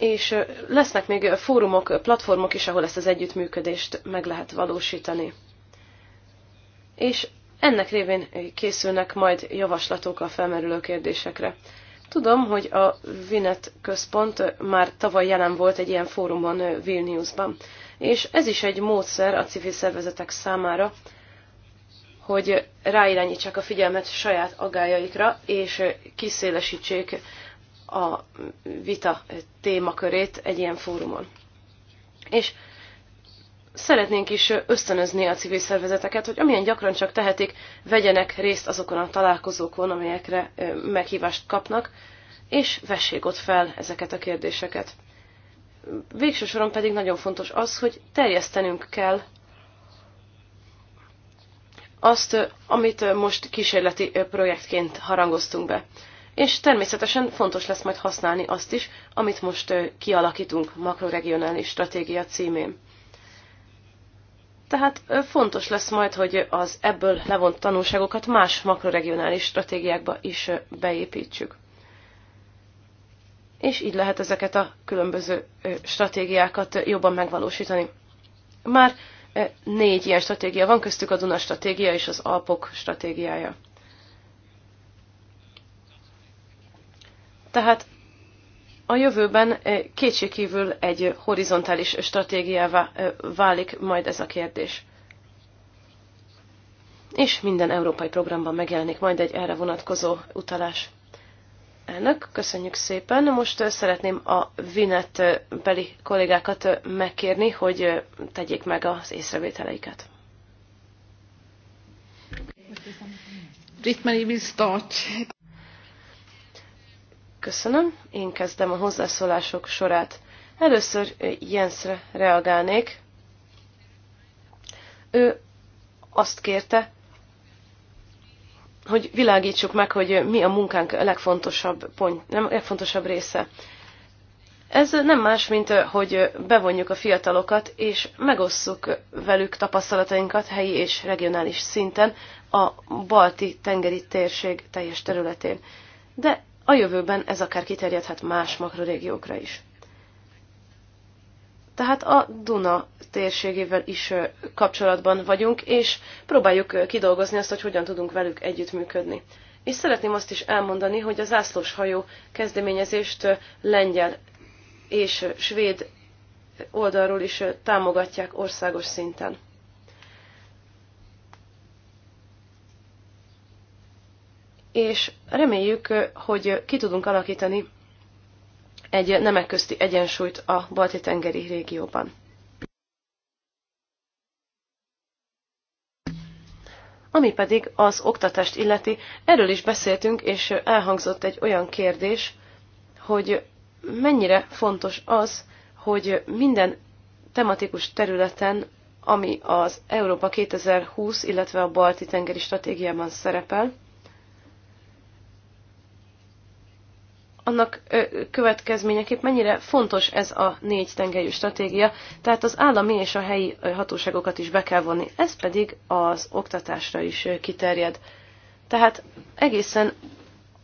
és lesznek még fórumok, platformok is, ahol ezt az együttműködést meg lehet valósítani. És ennek révén készülnek majd javaslatok a felmerülő kérdésekre. Tudom, hogy a Vinet központ már tavaly jelen volt egy ilyen fórumon Vilniusban, és ez is egy módszer a civil szervezetek számára, hogy ráirányítsák a figyelmet saját agájaikra, és kiszélesítsék a vita témakörét egy ilyen fórumon. És szeretnénk is ösztönözni a civil szervezeteket, hogy amilyen gyakran csak tehetik, vegyenek részt azokon a találkozókon, amelyekre meghívást kapnak, és vessék ott fel ezeket a kérdéseket. Végső soron pedig nagyon fontos az, hogy terjesztenünk kell azt, amit most kísérleti projektként harangoztunk be és természetesen fontos lesz majd használni azt is, amit most kialakítunk makroregionális stratégia címén. Tehát fontos lesz majd, hogy az ebből levont tanulságokat más makroregionális stratégiákba is beépítsük. És így lehet ezeket a különböző stratégiákat jobban megvalósítani. Már négy ilyen stratégia van, köztük a Duna stratégia és az Alpok stratégiája. Tehát a jövőben eh, kétségkívül egy horizontális stratégiává eh, válik majd ez a kérdés. És minden európai programban megjelenik majd egy erre vonatkozó utalás. Elnök, köszönjük szépen. Most eh, szeretném a Vinet beli kollégákat megkérni, hogy tegyék meg az észrevételeiket. Britt-Marie start. Köszönöm. Én kezdem a hozzászólások sorát. Először Jensre reagálnék. Ő azt kérte, hogy világítsuk meg, hogy mi a munkánk legfontosabb, pont, nem, legfontosabb része. Ez nem más, mint hogy bevonjuk a fiatalokat, és megosszuk velük tapasztalatainkat helyi és regionális szinten a balti tengeri térség teljes területén. De a jövőben ez akár kiterjedhet más makrorégiókra is. Tehát a Duna térségével is kapcsolatban vagyunk, és próbáljuk kidolgozni azt, hogy hogyan tudunk velük együttműködni. És szeretném azt is elmondani, hogy a zászlós hajó kezdeményezést lengyel és svéd oldalról is támogatják országos szinten. és reméljük, hogy ki tudunk alakítani egy nemek közti egyensúlyt a Balti-tengeri régióban. Ami pedig az oktatást illeti, erről is beszéltünk, és elhangzott egy olyan kérdés, hogy mennyire fontos az, hogy minden tematikus területen, ami az Európa 2020, illetve a Balti tengeri stratégiában szerepel, annak következményeképp mennyire fontos ez a négy tengelyű stratégia, tehát az állami és a helyi hatóságokat is be kell vonni, ez pedig az oktatásra is kiterjed. Tehát egészen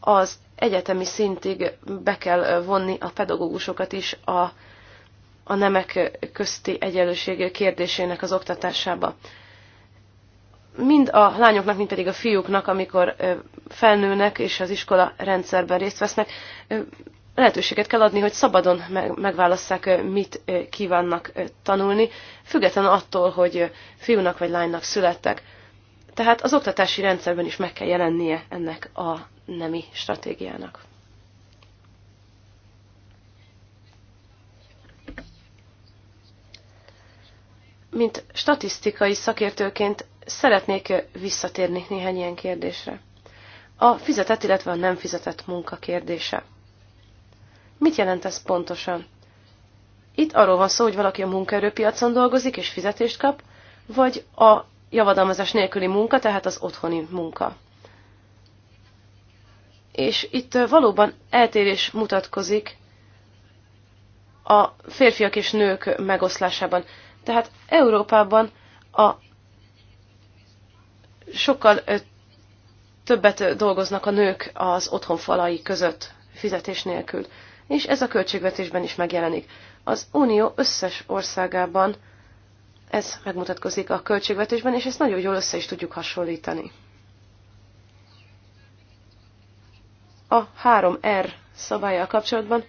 az egyetemi szintig be kell vonni a pedagógusokat is a, a nemek közti egyenlőség kérdésének az oktatásába mind a lányoknak, mind pedig a fiúknak, amikor felnőnek és az iskola rendszerben részt vesznek, lehetőséget kell adni, hogy szabadon megválasszák, mit kívánnak tanulni, független attól, hogy fiúnak vagy lánynak születtek. Tehát az oktatási rendszerben is meg kell jelennie ennek a nemi stratégiának. Mint statisztikai szakértőként szeretnék visszatérni néhány ilyen kérdésre. A fizetett, illetve a nem fizetett munka kérdése. Mit jelent ez pontosan? Itt arról van szó, hogy valaki a munkaerőpiacon dolgozik és fizetést kap, vagy a javadalmazás nélküli munka, tehát az otthoni munka. És itt valóban eltérés mutatkozik a férfiak és nők megoszlásában. Tehát Európában a sokkal többet dolgoznak a nők az otthon falai között fizetés nélkül, és ez a költségvetésben is megjelenik. Az Unió összes országában ez megmutatkozik a költségvetésben, és ezt nagyon jól össze is tudjuk hasonlítani. A 3R szabályjal kapcsolatban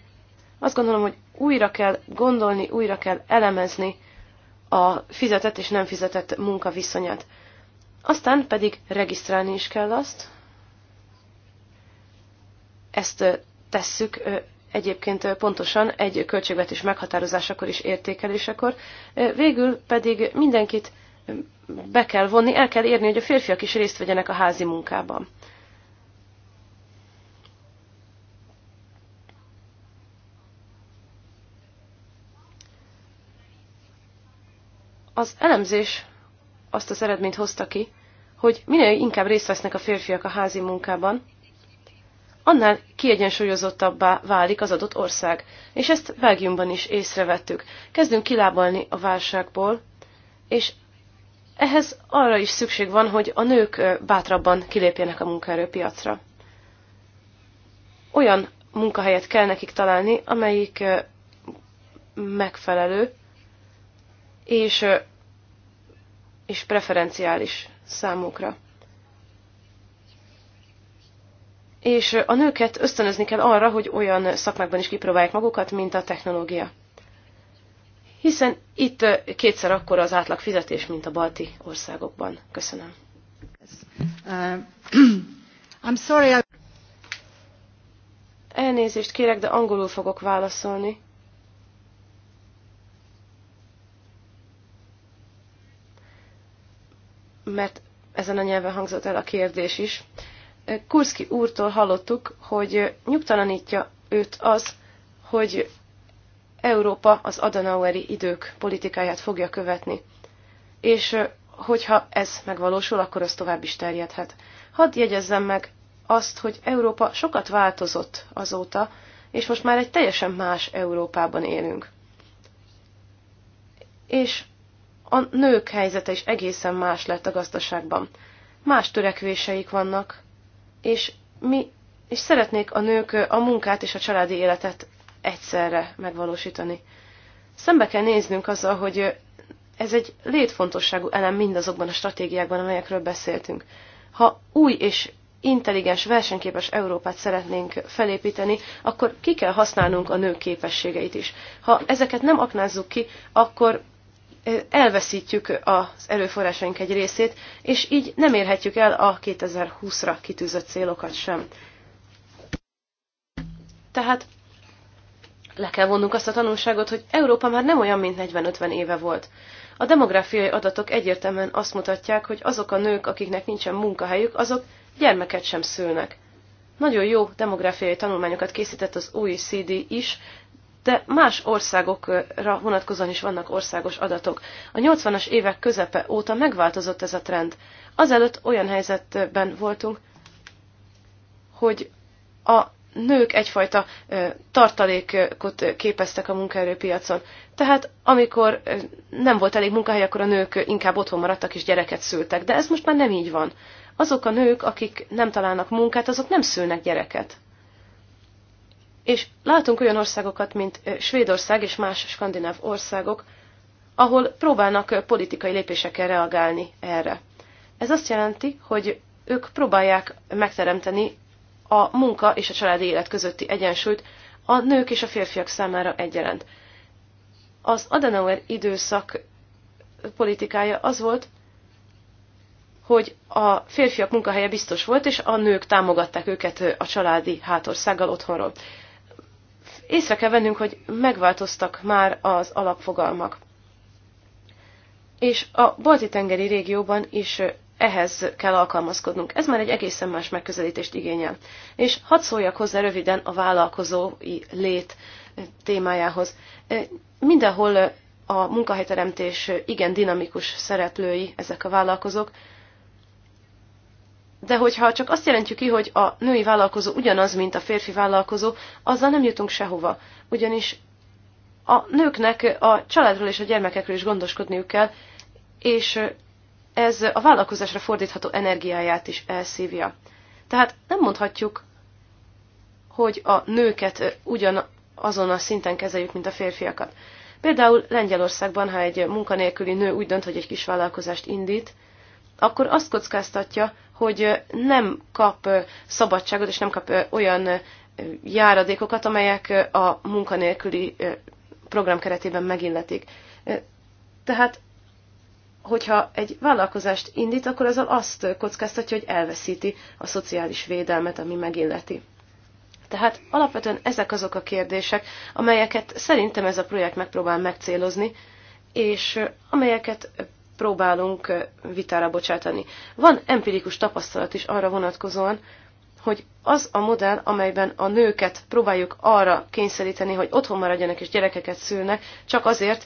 azt gondolom, hogy újra kell gondolni, újra kell elemezni a fizetett és nem fizetett munka viszonyát. Aztán pedig regisztrálni is kell azt. Ezt tesszük egyébként pontosan egy költségvetés meghatározásakor és értékelésekor. Végül pedig mindenkit be kell vonni, el kell érni, hogy a férfiak is részt vegyenek a házi munkában. Az elemzés azt az eredményt hozta ki, hogy minél inkább részt vesznek a férfiak a házi munkában, annál kiegyensúlyozottabbá válik az adott ország, és ezt Belgiumban is észrevettük. Kezdünk kilábalni a válságból, és ehhez arra is szükség van, hogy a nők bátrabban kilépjenek a munkaerőpiacra. Olyan munkahelyet kell nekik találni, amelyik megfelelő, és és preferenciális számukra. És a nőket ösztönözni kell arra, hogy olyan szakmákban is kipróbálják magukat, mint a technológia. Hiszen itt kétszer akkor az átlag fizetés, mint a balti országokban. Köszönöm. Uh, *clears throat* I'm sorry. Elnézést kérek, de angolul fogok válaszolni. mert ezen a nyelven hangzott el a kérdés is. Kurszki úrtól hallottuk, hogy nyugtalanítja őt az, hogy Európa az Adenaueri idők politikáját fogja követni. És hogyha ez megvalósul, akkor az tovább is terjedhet. Hadd jegyezzem meg azt, hogy Európa sokat változott azóta, és most már egy teljesen más Európában élünk. És a nők helyzete is egészen más lett a gazdaságban. Más törekvéseik vannak, és mi, és szeretnék a nők a munkát és a családi életet egyszerre megvalósítani. Szembe kell néznünk azzal, hogy ez egy létfontosságú elem mindazokban a stratégiákban, amelyekről beszéltünk. Ha új és intelligens, versenyképes Európát szeretnénk felépíteni, akkor ki kell használnunk a nők képességeit is. Ha ezeket nem aknázzuk ki, akkor elveszítjük az erőforrásaink egy részét, és így nem érhetjük el a 2020-ra kitűzött célokat sem. Tehát le kell vonnunk azt a tanulságot, hogy Európa már nem olyan, mint 40-50 éve volt. A demográfiai adatok egyértelműen azt mutatják, hogy azok a nők, akiknek nincsen munkahelyük, azok gyermeket sem szülnek. Nagyon jó demográfiai tanulmányokat készített az OECD is, de más országokra vonatkozóan is vannak országos adatok. A 80-as évek közepe óta megváltozott ez a trend. Azelőtt olyan helyzetben voltunk, hogy a nők egyfajta tartalékot képeztek a munkaerőpiacon. Tehát amikor nem volt elég munkahely, akkor a nők inkább otthon maradtak és gyereket szültek. De ez most már nem így van. Azok a nők, akik nem találnak munkát, azok nem szülnek gyereket. És látunk olyan országokat, mint Svédország és más skandináv országok, ahol próbálnak politikai lépésekkel reagálni erre. Ez azt jelenti, hogy ők próbálják megteremteni a munka és a családi élet közötti egyensúlyt a nők és a férfiak számára egyaránt. Az Adenauer időszak politikája az volt, hogy a férfiak munkahelye biztos volt, és a nők támogatták őket a családi hátországgal otthonról észre kell vennünk, hogy megváltoztak már az alapfogalmak. És a balti-tengeri régióban is ehhez kell alkalmazkodnunk. Ez már egy egészen más megközelítést igényel. És hadd szóljak hozzá röviden a vállalkozói lét témájához. Mindenhol a munkahelyteremtés igen dinamikus szereplői ezek a vállalkozók, de hogyha csak azt jelentjük ki, hogy a női vállalkozó ugyanaz, mint a férfi vállalkozó, azzal nem jutunk sehova. Ugyanis a nőknek a családról és a gyermekekről is gondoskodniuk kell, és ez a vállalkozásra fordítható energiáját is elszívja. Tehát nem mondhatjuk, hogy a nőket ugyanazon a szinten kezeljük, mint a férfiakat. Például Lengyelországban, ha egy munkanélküli nő úgy dönt, hogy egy kis vállalkozást indít, akkor azt kockáztatja, hogy nem kap szabadságot, és nem kap olyan járadékokat, amelyek a munkanélküli program keretében megilletik. Tehát, hogyha egy vállalkozást indít, akkor azzal azt kockáztatja, hogy elveszíti a szociális védelmet, ami megilleti. Tehát alapvetően ezek azok a kérdések, amelyeket szerintem ez a projekt megpróbál megcélozni, és amelyeket próbálunk vitára bocsátani. Van empirikus tapasztalat is arra vonatkozóan, hogy az a modell, amelyben a nőket próbáljuk arra kényszeríteni, hogy otthon maradjanak és gyerekeket szülnek, csak azért,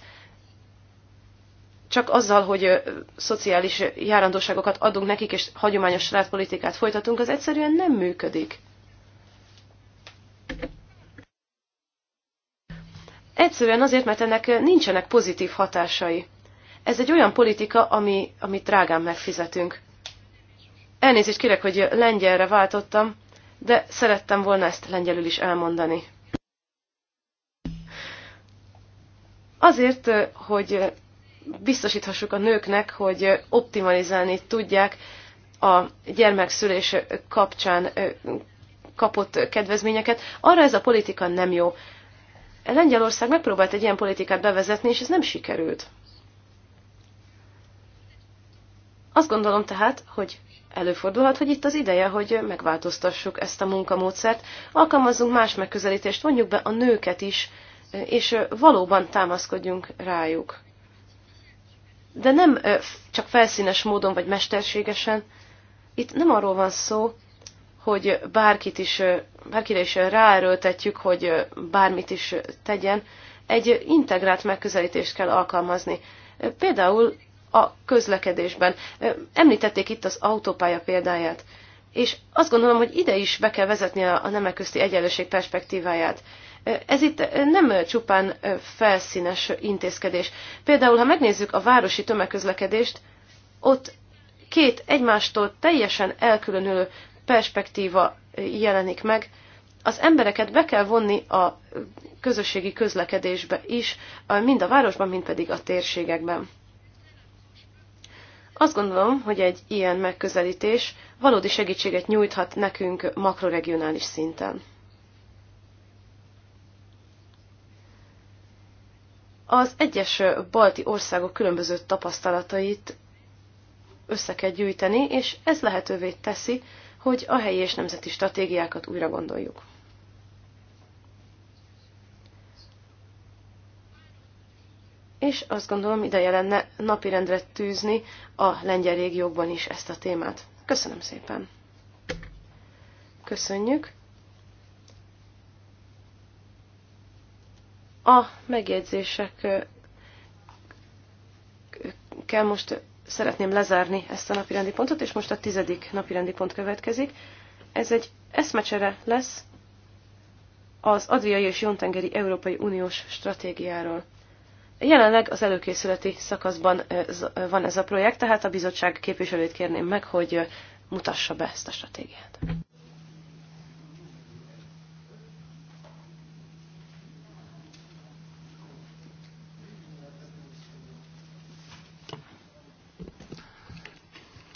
csak azzal, hogy szociális járandóságokat adunk nekik, és hagyományos rátpolitikát folytatunk, az egyszerűen nem működik. Egyszerűen azért, mert ennek nincsenek pozitív hatásai. Ez egy olyan politika, ami, amit drágán megfizetünk. Elnézést kérek, hogy lengyelre váltottam, de szerettem volna ezt lengyelül is elmondani. Azért, hogy biztosíthassuk a nőknek, hogy optimalizálni tudják a gyermekszülés kapcsán kapott kedvezményeket, arra ez a politika nem jó. Lengyelország megpróbált egy ilyen politikát bevezetni, és ez nem sikerült. Azt gondolom tehát, hogy előfordulhat, hogy itt az ideje, hogy megváltoztassuk ezt a munkamódszert, alkalmazzunk más megközelítést, vonjuk be a nőket is, és valóban támaszkodjunk rájuk. De nem csak felszínes módon vagy mesterségesen, itt nem arról van szó, hogy bárkit is, bárkire is ráerőltetjük, hogy bármit is tegyen, egy integrált megközelítést kell alkalmazni. Például a közlekedésben. Említették itt az autópálya példáját. És azt gondolom, hogy ide is be kell vezetni a nemek közti egyenlőség perspektíváját. Ez itt nem csupán felszínes intézkedés. Például, ha megnézzük a városi tömegközlekedést, ott két egymástól teljesen elkülönülő perspektíva jelenik meg. Az embereket be kell vonni a közösségi közlekedésbe is, mind a városban, mind pedig a térségekben. Azt gondolom, hogy egy ilyen megközelítés valódi segítséget nyújthat nekünk makroregionális szinten. Az egyes balti országok különböző tapasztalatait össze kell gyűjteni, és ez lehetővé teszi, hogy a helyi és nemzeti stratégiákat újra gondoljuk. és azt gondolom ideje lenne napirendre tűzni a lengyel régiókban is ezt a témát. Köszönöm szépen! Köszönjük! A kell most szeretném lezárni ezt a napirendi pontot, és most a tizedik napirendi pont következik. Ez egy eszmecsere lesz az Adriai és Jontengeri Európai Uniós Stratégiáról. Jelenleg az előkészületi szakaszban van ez a projekt, tehát a bizottság képviselőt kérném meg, hogy mutassa be ezt a stratégiát.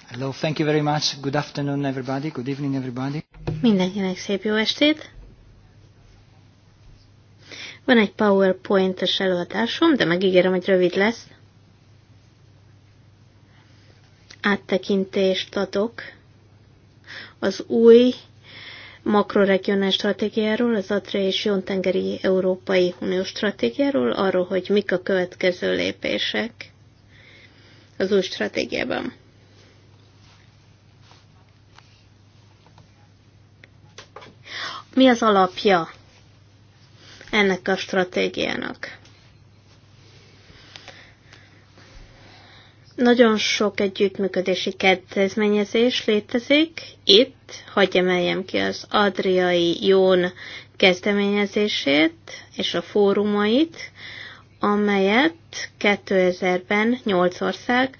Hello, thank you very much. Good afternoon, everybody. Good evening, everybody. Mindenkinek szép jó estét. Van egy PowerPoint-es előadásom, de megígérem, hogy rövid lesz. Áttekintést adok az új makroregionális stratégiáról, az Atre és Jontengeri Európai Unió stratégiáról, arról, hogy mik a következő lépések az új stratégiában. Mi az alapja ennek a stratégiának. Nagyon sok együttműködési kedvezményezés létezik. Itt, hagyj emeljem ki az Adriai Jón kezdeményezését és a fórumait, amelyet 2000-ben 8 ország,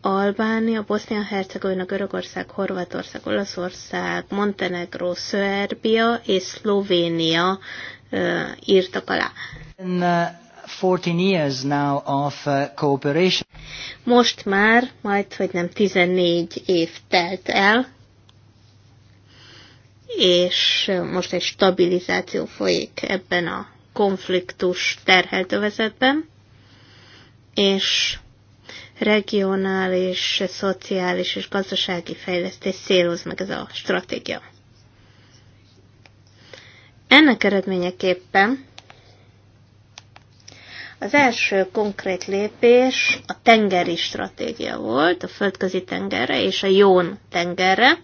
Albánia, Bosznia-Hercegovina, Görögország, Horvátország, Olaszország, Montenegró, Szerbia és Szlovénia írtak alá. 14 uh, years now of uh, cooperation. Most már, majd hogy nem 14 év telt el, és most egy stabilizáció folyik ebben a konfliktus terhelt övezetben, és regionális, szociális és gazdasági fejlesztés céloz meg ez a stratégia. Ennek eredményeképpen az első konkrét lépés a tengeri stratégia volt, a földközi tengerre és a Jón tengerre,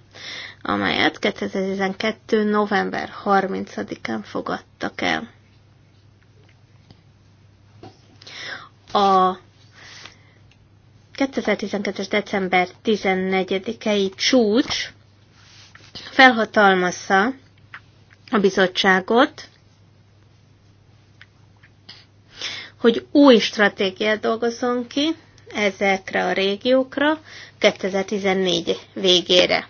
amelyet 2012. november 30-án fogadtak el. A 2012. december 14-i csúcs felhatalmazza a bizottságot, hogy új stratégiát dolgozzon ki ezekre a régiókra 2014 végére.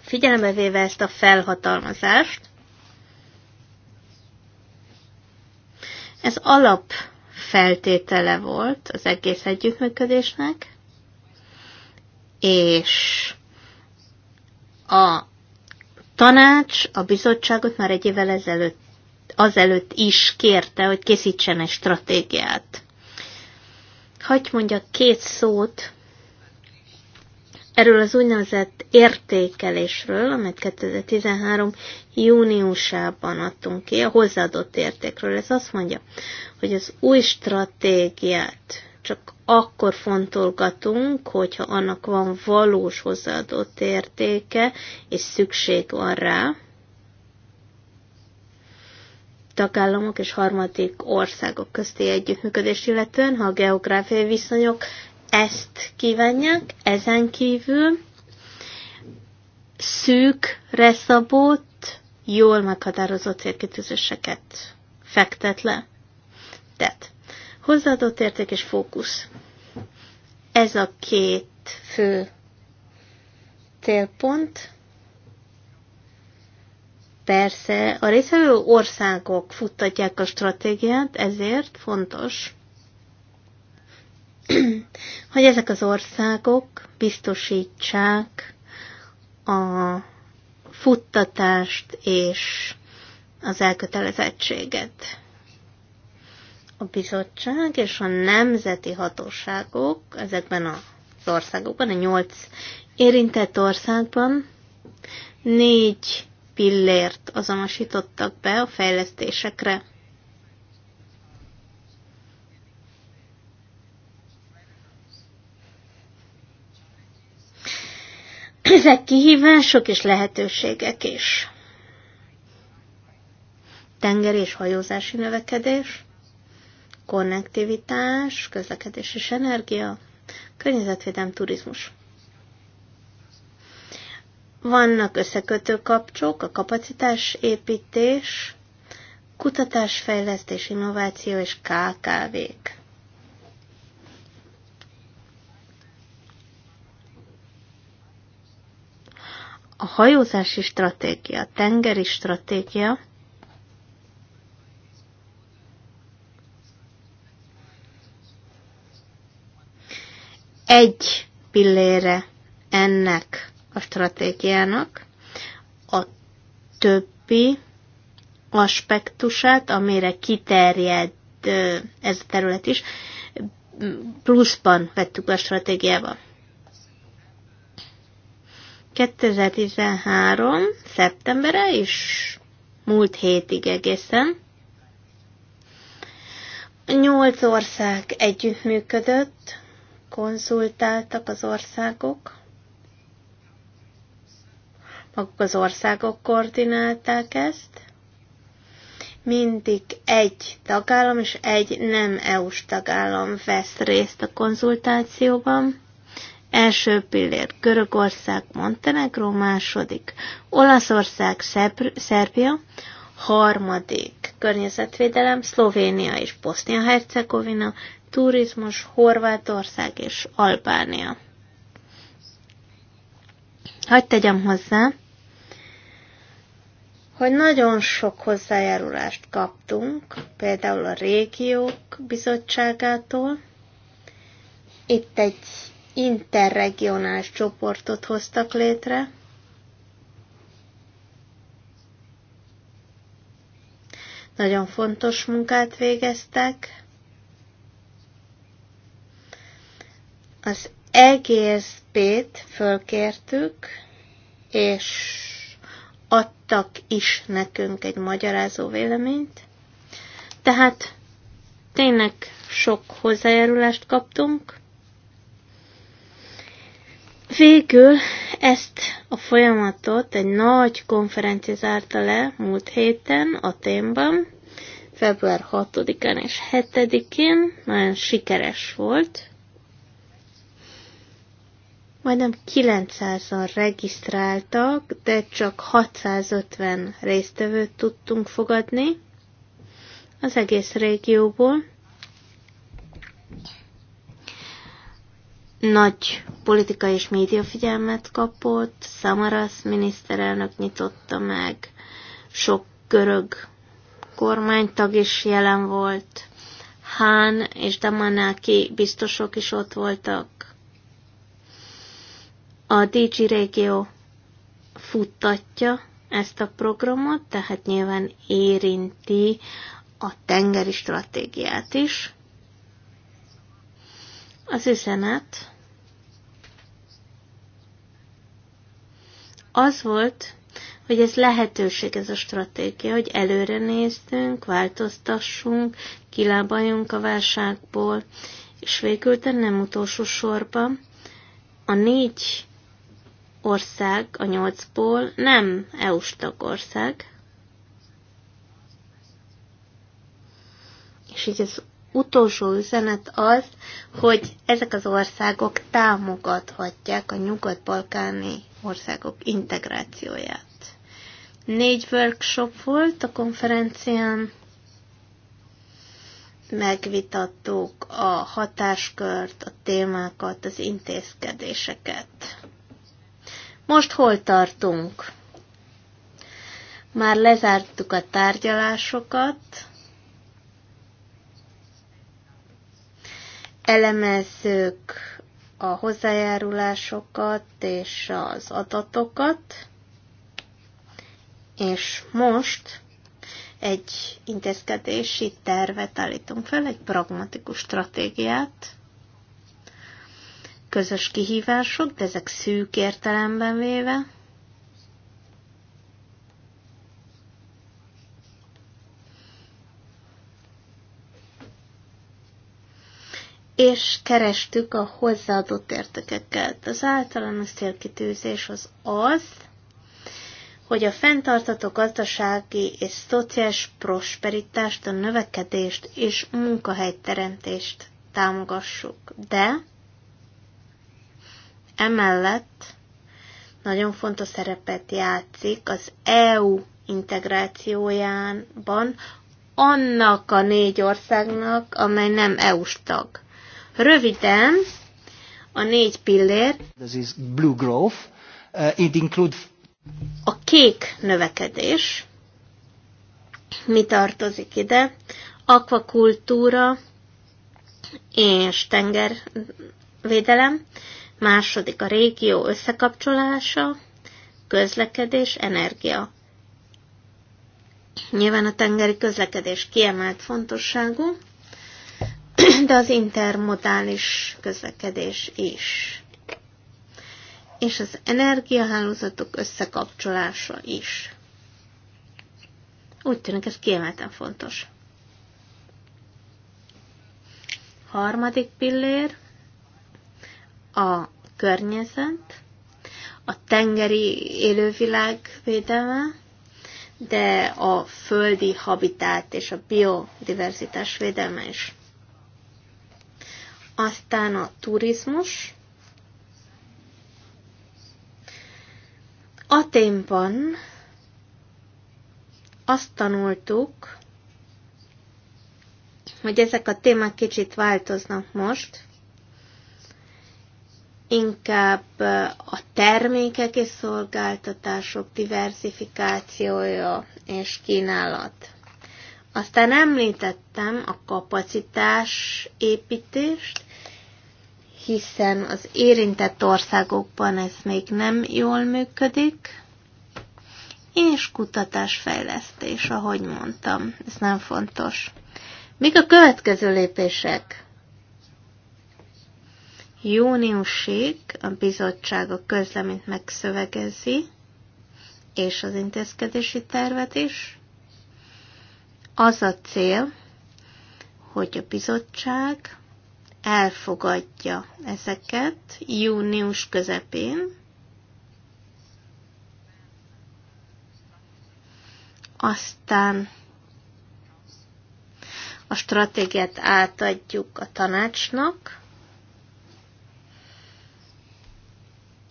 Figyelembe véve ezt a felhatalmazást, ez alap feltétele volt az egész együttműködésnek, és a tanács a bizottságot már egy évvel ezelőtt, azelőtt is kérte, hogy készítsen egy stratégiát. Hagy mondja két szót erről az úgynevezett értékelésről, amelyet 2013 júniusában adtunk ki, a hozzáadott értékről. Ez azt mondja, hogy az új stratégiát csak akkor fontolgatunk, hogyha annak van valós hozzáadott értéke, és szükség van rá, tagállamok és harmadik országok közti együttműködés illetően, ha a geográfiai viszonyok ezt kívánják, ezen kívül szűk, reszabott, jól meghatározott célkitűzéseket fektet le. Tehát Hozzáadott érték és fókusz. Ez a két fő célpont. Persze, a részvevő országok futtatják a stratégiát, ezért fontos, *clears throat* hogy ezek az országok biztosítsák a futtatást és az elkötelezettséget a bizottság és a nemzeti hatóságok ezekben az országokban, a nyolc érintett országban négy pillért azonosítottak be a fejlesztésekre. Ezek kihívások és lehetőségek is. Tenger és hajózási növekedés, konnektivitás, közlekedés és energia, környezetvédelem, turizmus. Vannak összekötő kapcsok, a kapacitás építés, kutatásfejlesztés, innováció és KKV-k. A hajózási stratégia, tengeri stratégia egy pillére ennek a stratégiának, a többi aspektusát, amire kiterjed ez a terület is, pluszban vettük a stratégiába. 2013. szeptembere és múlt hétig egészen. Nyolc ország együttműködött, konzultáltak az országok, maguk az országok koordinálták ezt, mindig egy tagállam és egy nem EU-s tagállam vesz részt a konzultációban. Első pillér Görögország, Montenegro, második Olaszország, Szerbia, harmadik környezetvédelem, Szlovénia és Bosznia-Hercegovina, turizmus Horvátország és Albánia. Hagy tegyem hozzá, hogy nagyon sok hozzájárulást kaptunk, például a régiók bizottságától. Itt egy interregionális csoportot hoztak létre. Nagyon fontos munkát végeztek. Az egészbét fölkértük, és adtak is nekünk egy magyarázó véleményt. Tehát tényleg sok hozzájárulást kaptunk. Végül ezt a folyamatot egy nagy konferencia zárta le múlt héten a témban, február 6-án és 7-én, nagyon sikeres volt majdnem 900-an regisztráltak, de csak 650 résztvevőt tudtunk fogadni az egész régióból. Nagy politikai és média figyelmet kapott, Samaras miniszterelnök nyitotta meg, sok görög kormánytag is jelen volt, Hán és Damanáki biztosok is ott voltak, a DG régió futtatja ezt a programot, tehát nyilván érinti a tengeri stratégiát is. Az üzenet az volt, hogy ez lehetőség, ez a stratégia, hogy előre néztünk, változtassunk, kilábaljunk a válságból, és végül, de nem utolsó sorban, a négy ország a nyolcból nem EU-s tagország, és így az utolsó üzenet az, hogy ezek az országok támogathatják a nyugat-balkáni országok integrációját. Négy workshop volt a konferencián, megvitattuk a hatáskört, a témákat, az intézkedéseket. Most hol tartunk? Már lezártuk a tárgyalásokat, elemezzük a hozzájárulásokat és az adatokat, és most egy intézkedési tervet állítunk fel, egy pragmatikus stratégiát, közös kihívások, de ezek szűk értelemben véve. és kerestük a hozzáadott értekeket. Az általános célkitűzés az az, hogy a fenntartató gazdasági és szociális prosperitást, a növekedést és munkahelyteremtést támogassuk. De Emellett nagyon fontos szerepet játszik az EU integrációjában annak a négy országnak, amely nem EU-s tag. Röviden, a négy pillér. This is blue growth. Uh, it include... a kék növekedés. Mi tartozik ide? Akvakultúra és tengervédelem, Második a régió összekapcsolása, közlekedés, energia. Nyilván a tengeri közlekedés kiemelt fontosságú, *clears throat* de az intermodális közlekedés is. És az energiahálózatok összekapcsolása is. Úgy tűnik, ez kiemelten fontos. Harmadik pillér, a környezet, a tengeri élővilág védelme, de a földi habitát és a biodiverzitás védelme is. Aztán a turizmus. Aténban azt tanultuk, hogy ezek a témák kicsit változnak most, inkább eh, a termékek és szolgáltatások diversifikációja és kínálat. Aztán említettem a kapacitás építést, hiszen az érintett országokban ez még nem jól működik, és kutatásfejlesztés, ahogy mondtam, ez nem fontos. Mik a következő lépések? Júniusig a bizottság a közleményt megszövegezi, és az intézkedési tervet is. Az a cél, hogy a bizottság elfogadja ezeket június közepén, aztán a stratégiát átadjuk a tanácsnak,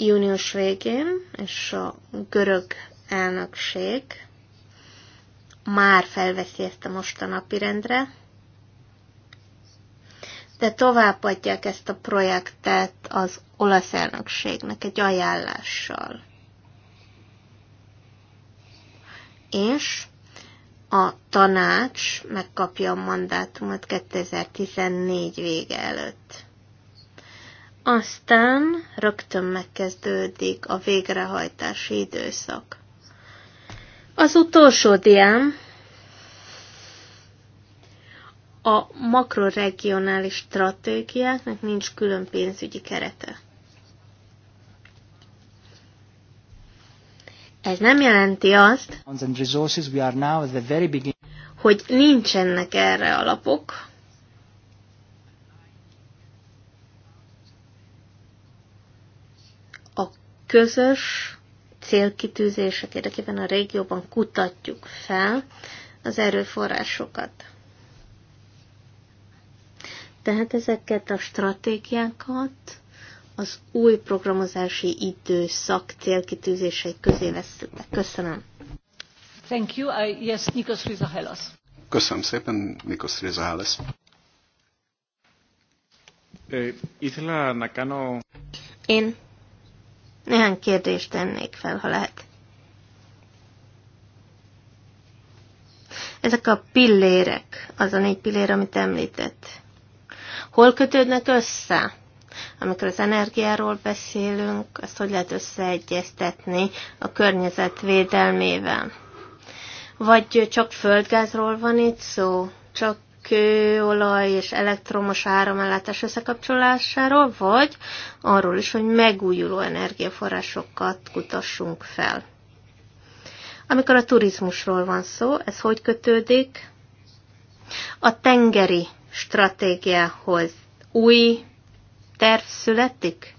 június végén, és a görög elnökség már felveszi ezt a most a napirendre, de továbbadják ezt a projektet az olasz elnökségnek egy ajánlással. És a tanács megkapja a mandátumot 2014 vége előtt. Aztán rögtön megkezdődik a végrehajtási időszak. Az utolsó diám a makroregionális stratégiáknak nincs külön pénzügyi kerete. Ez nem jelenti azt, hogy nincsenek erre alapok, közös célkitűzések érdekében a régióban kutatjuk fel az erőforrásokat. Tehát ezeket a stratégiákat az új programozási időszak célkitűzései közé veszük Köszönöm. Thank you. I, yes, Nikos Rizahelas. Köszönöm szépen, Nikos Rizahelas. Én néhány kérdést tennék fel, ha lehet. Ezek a pillérek, az a négy pillér, amit említett, hol kötődnek össze? Amikor az energiáról beszélünk, azt hogy lehet összeegyeztetni a környezet védelmével? Vagy csak földgázról van itt szó? Csak kőolaj és elektromos áramellátás összekapcsolásáról, vagy arról is, hogy megújuló energiaforrásokat kutassunk fel. Amikor a turizmusról van szó, ez hogy kötődik? A tengeri stratégiához új terv születik,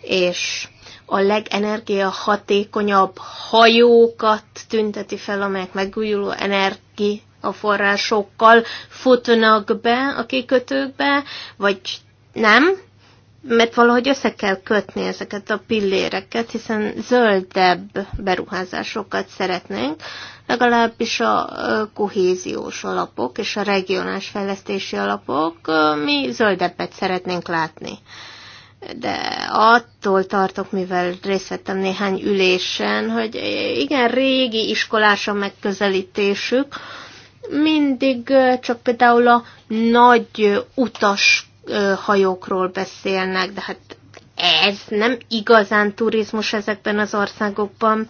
és a legenergiahatékonyabb hajókat tünteti fel, amelyek megújuló energi, a forrásokkal futnak be a kikötőkbe, vagy nem, mert valahogy össze kell kötni ezeket a pilléreket, hiszen zöldebb beruházásokat szeretnénk, legalábbis a kohéziós alapok és a regionális fejlesztési alapok, mi zöldebbet szeretnénk látni. De attól tartok, mivel részt vettem néhány ülésen, hogy igen, régi iskolása megközelítésük, mindig csak például a nagy utas hajókról beszélnek, de hát ez nem igazán turizmus ezekben az országokban,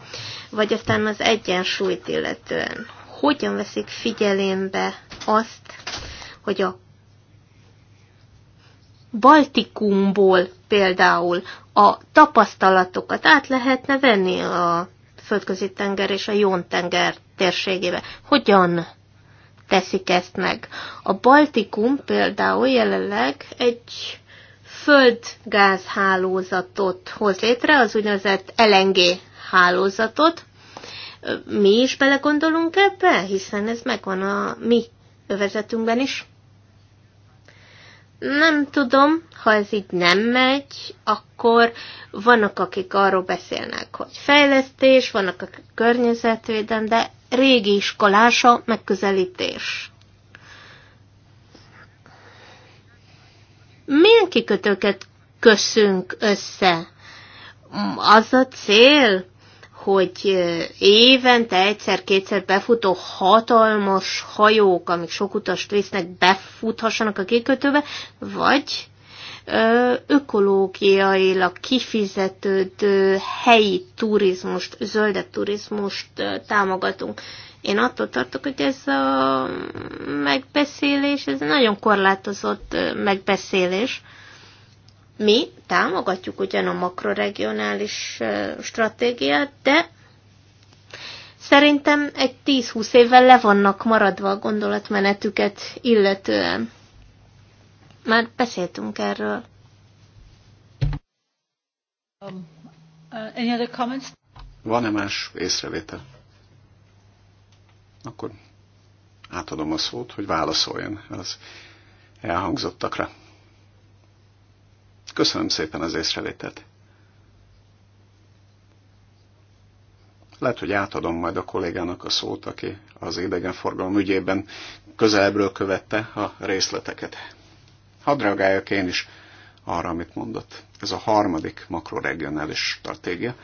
vagy aztán az egyensúlyt illetően. Hogyan veszik figyelembe azt, hogy a Baltikumból például a tapasztalatokat át lehetne venni a földközi tenger és a Jón tenger térségébe. Hogyan teszik ezt meg. A Baltikum például jelenleg egy földgázhálózatot hoz létre, az úgynevezett LNG hálózatot. Mi is belegondolunk ebbe, hiszen ez megvan a mi övezetünkben is. Nem tudom, ha ez így nem megy, akkor vannak, akik arról beszélnek, hogy fejlesztés, vannak, akik környezetvédelem, de régi iskolása megközelítés. Milyen kikötőket köszünk össze? Az a cél, hogy évente egyszer-kétszer befutó hatalmas hajók, amik sok utast visznek, befuthassanak a kikötőbe, vagy ökológiailag kifizetődő helyi turizmust, zöldet turizmust támogatunk. Én attól tartok, hogy ez a megbeszélés, ez nagyon korlátozott megbeszélés. Mi támogatjuk ugyan a makroregionális stratégiát, de szerintem egy 10-20 évvel le vannak maradva a gondolatmenetüket illetően. Már beszéltünk erről. Um, uh, any other comments? Van-e más észrevétel? Akkor átadom a szót, hogy válaszoljon az elhangzottakra. Köszönöm szépen az észrevételt. Lehet, hogy átadom majd a kollégának a szót, aki az idegenforgalom ügyében közelebbről követte a részleteket. Hadd reagáljak én is arra, amit mondott. Ez a harmadik makroregionális stratégia,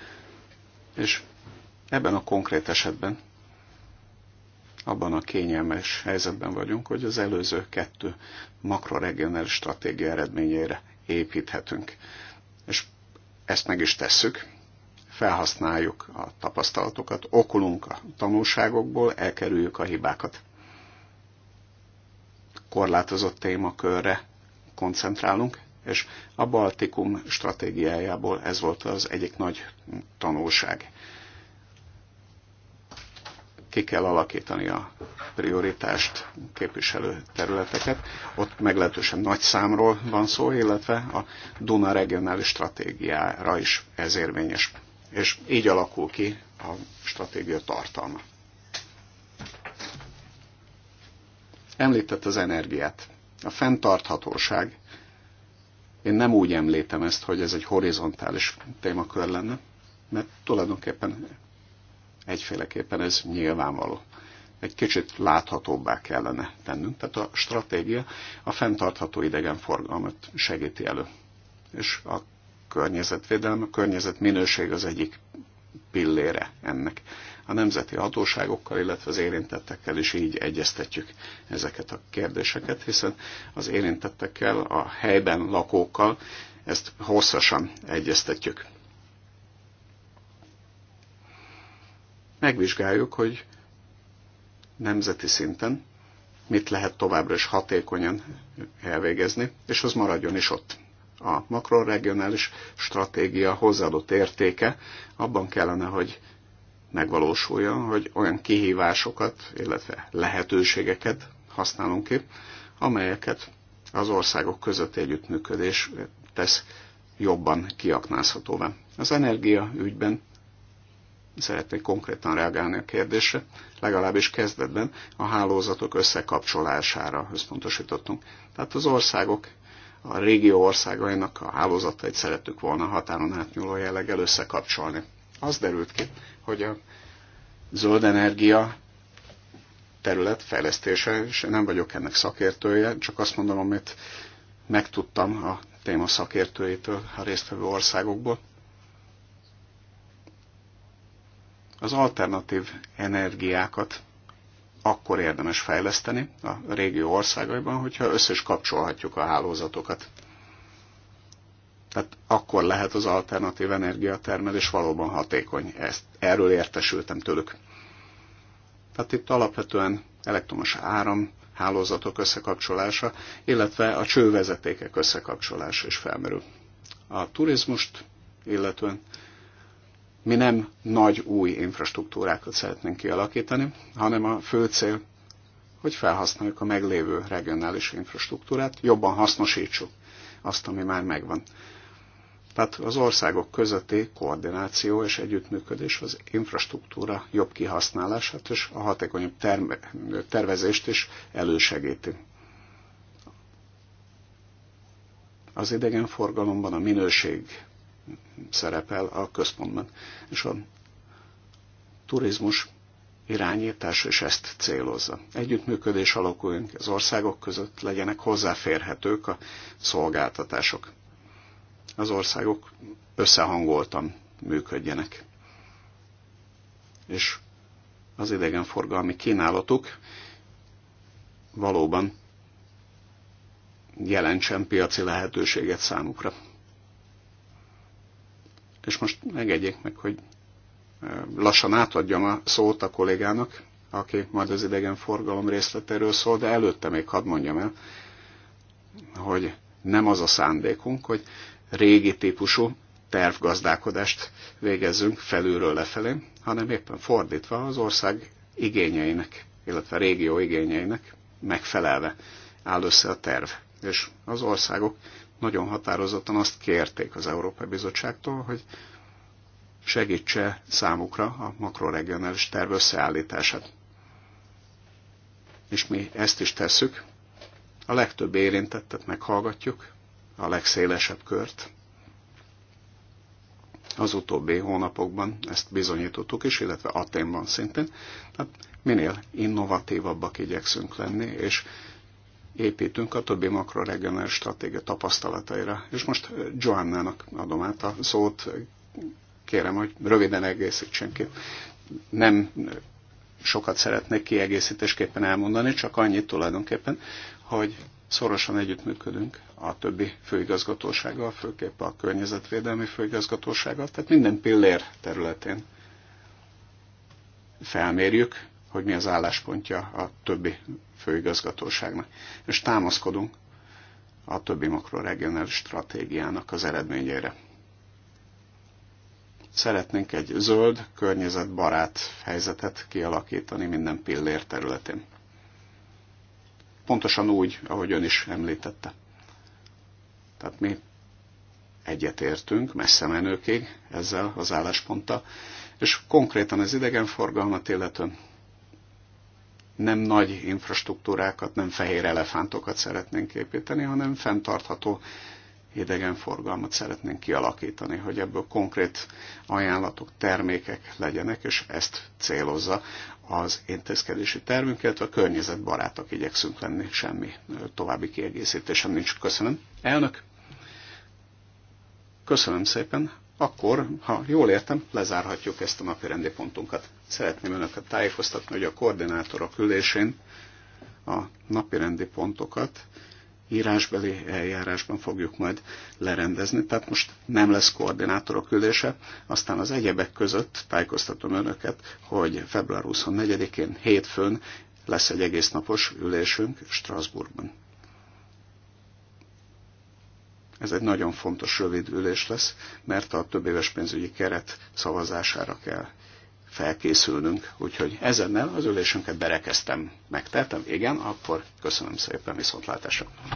és ebben a konkrét esetben abban a kényelmes helyzetben vagyunk, hogy az előző kettő makroregionális stratégia eredményére építhetünk. És ezt meg is tesszük, felhasználjuk a tapasztalatokat, okulunk a tanulságokból, elkerüljük a hibákat. Korlátozott témakörre koncentrálunk, és a Baltikum stratégiájából ez volt az egyik nagy tanulság. Ki kell alakítani a prioritást képviselő területeket. Ott meglehetősen nagy számról van szó, illetve a Duna regionális stratégiára is ez érvényes. És így alakul ki a stratégia tartalma. Említett az energiát a fenntarthatóság, én nem úgy említem ezt, hogy ez egy horizontális témakör lenne, mert tulajdonképpen egyféleképpen ez nyilvánvaló. Egy kicsit láthatóbbá kellene tennünk, tehát a stratégia a fenntartható idegenforgalmat segíti elő. És a környezetvédelem, a környezetminőség az egyik pillére ennek a nemzeti hatóságokkal, illetve az érintettekkel is így egyeztetjük ezeket a kérdéseket, hiszen az érintettekkel, a helyben lakókkal ezt hosszasan egyeztetjük. Megvizsgáljuk, hogy nemzeti szinten mit lehet továbbra is hatékonyan elvégezni, és az maradjon is ott. A makroregionális stratégia hozzáadott értéke abban kellene, hogy megvalósuljon, hogy olyan kihívásokat, illetve lehetőségeket használunk ki, amelyeket az országok közötti együttműködés tesz jobban kiaknázhatóvá. Az energia ügyben szeretnék konkrétan reagálni a kérdésre, legalábbis kezdetben a hálózatok összekapcsolására összpontosítottunk. Tehát az országok, a régió országainak a hálózatait szerettük volna határon átnyúló jelleggel összekapcsolni. Az derült ki, hogy a zöld energia terület fejlesztése, és nem vagyok ennek szakértője, csak azt mondom, amit megtudtam a téma szakértőjétől a résztvevő országokból. Az alternatív energiákat akkor érdemes fejleszteni a régió országaiban, hogyha összes kapcsolhatjuk a hálózatokat. Tehát akkor lehet az alternatív energiatermelés valóban hatékony. Ezt, erről értesültem tőlük. Tehát itt alapvetően elektromos áram, hálózatok összekapcsolása, illetve a csővezetékek összekapcsolása is felmerül. A turizmust, illetően mi nem nagy új infrastruktúrákat szeretnénk kialakítani, hanem a fő cél, hogy felhasználjuk a meglévő regionális infrastruktúrát, jobban hasznosítsuk azt, ami már megvan. Tehát az országok közötti koordináció és együttműködés az infrastruktúra jobb kihasználását és a hatékonyabb tervezést is elősegíti. Az idegenforgalomban a minőség szerepel a központban, és a turizmus irányítás, és ezt célozza. Együttműködés alakuljunk az országok között, legyenek hozzáférhetők a szolgáltatások az országok összehangoltan működjenek. És az idegenforgalmi kínálatuk valóban jelentsen piaci lehetőséget számukra. És most megegyék meg, hogy lassan átadjam a szót a kollégának, aki majd az idegenforgalom részleteről szól, de előtte még hadd mondjam el, hogy nem az a szándékunk, hogy régi típusú tervgazdálkodást végezzünk felülről lefelé, hanem éppen fordítva az ország igényeinek, illetve a régió igényeinek megfelelve áll össze a terv. És az országok nagyon határozottan azt kérték az Európai Bizottságtól, hogy segítse számukra a makroregionális terv összeállítását. És mi ezt is tesszük. A legtöbb érintettet meghallgatjuk, a legszélesebb kört. Az utóbbi hónapokban ezt bizonyítottuk is, illetve Aténban szintén. Tehát minél innovatívabbak igyekszünk lenni, és építünk a többi makroregionális stratégia tapasztalataira. És most Joannának adom át a szót, kérem, hogy röviden egészítsen ki. Nem sokat szeretnék kiegészítésképpen elmondani, csak annyit tulajdonképpen, hogy Szorosan együttműködünk a többi főigazgatósággal, főképp a környezetvédelmi főigazgatósággal, tehát minden pillér területén felmérjük, hogy mi az álláspontja a többi főigazgatóságnak. És támaszkodunk a többi makroregionális stratégiának az eredményére. Szeretnénk egy zöld, környezetbarát helyzetet kialakítani minden pillér területén pontosan úgy, ahogy ön is említette. Tehát mi egyetértünk messze menőkig ezzel az állásponttal, és konkrétan az idegenforgalmat illetően nem nagy infrastruktúrákat, nem fehér elefántokat szeretnénk építeni, hanem fenntartható idegenforgalmat szeretnénk kialakítani, hogy ebből konkrét ajánlatok, termékek legyenek, és ezt célozza az intézkedési termünk, illetve a környezetbarátok igyekszünk lenni, semmi további kiegészítésem nincs. Köszönöm. Elnök, köszönöm szépen. Akkor, ha jól értem, lezárhatjuk ezt a napi rendi pontunkat. Szeretném önöket tájékoztatni, hogy a koordinátorok ülésén a napi rendi pontokat írásbeli eljárásban fogjuk majd lerendezni. Tehát most nem lesz koordinátorok küldése, aztán az egyebek között tájékoztatom önöket, hogy február 24-én hétfőn lesz egy egésznapos ülésünk Strasbourgban. Ez egy nagyon fontos rövid ülés lesz, mert a több éves pénzügyi keret szavazására kell felkészülnünk, úgyhogy ezennel az ülésünket berekeztem. megtettem. Igen, akkor köszönöm szépen viszontlátásra.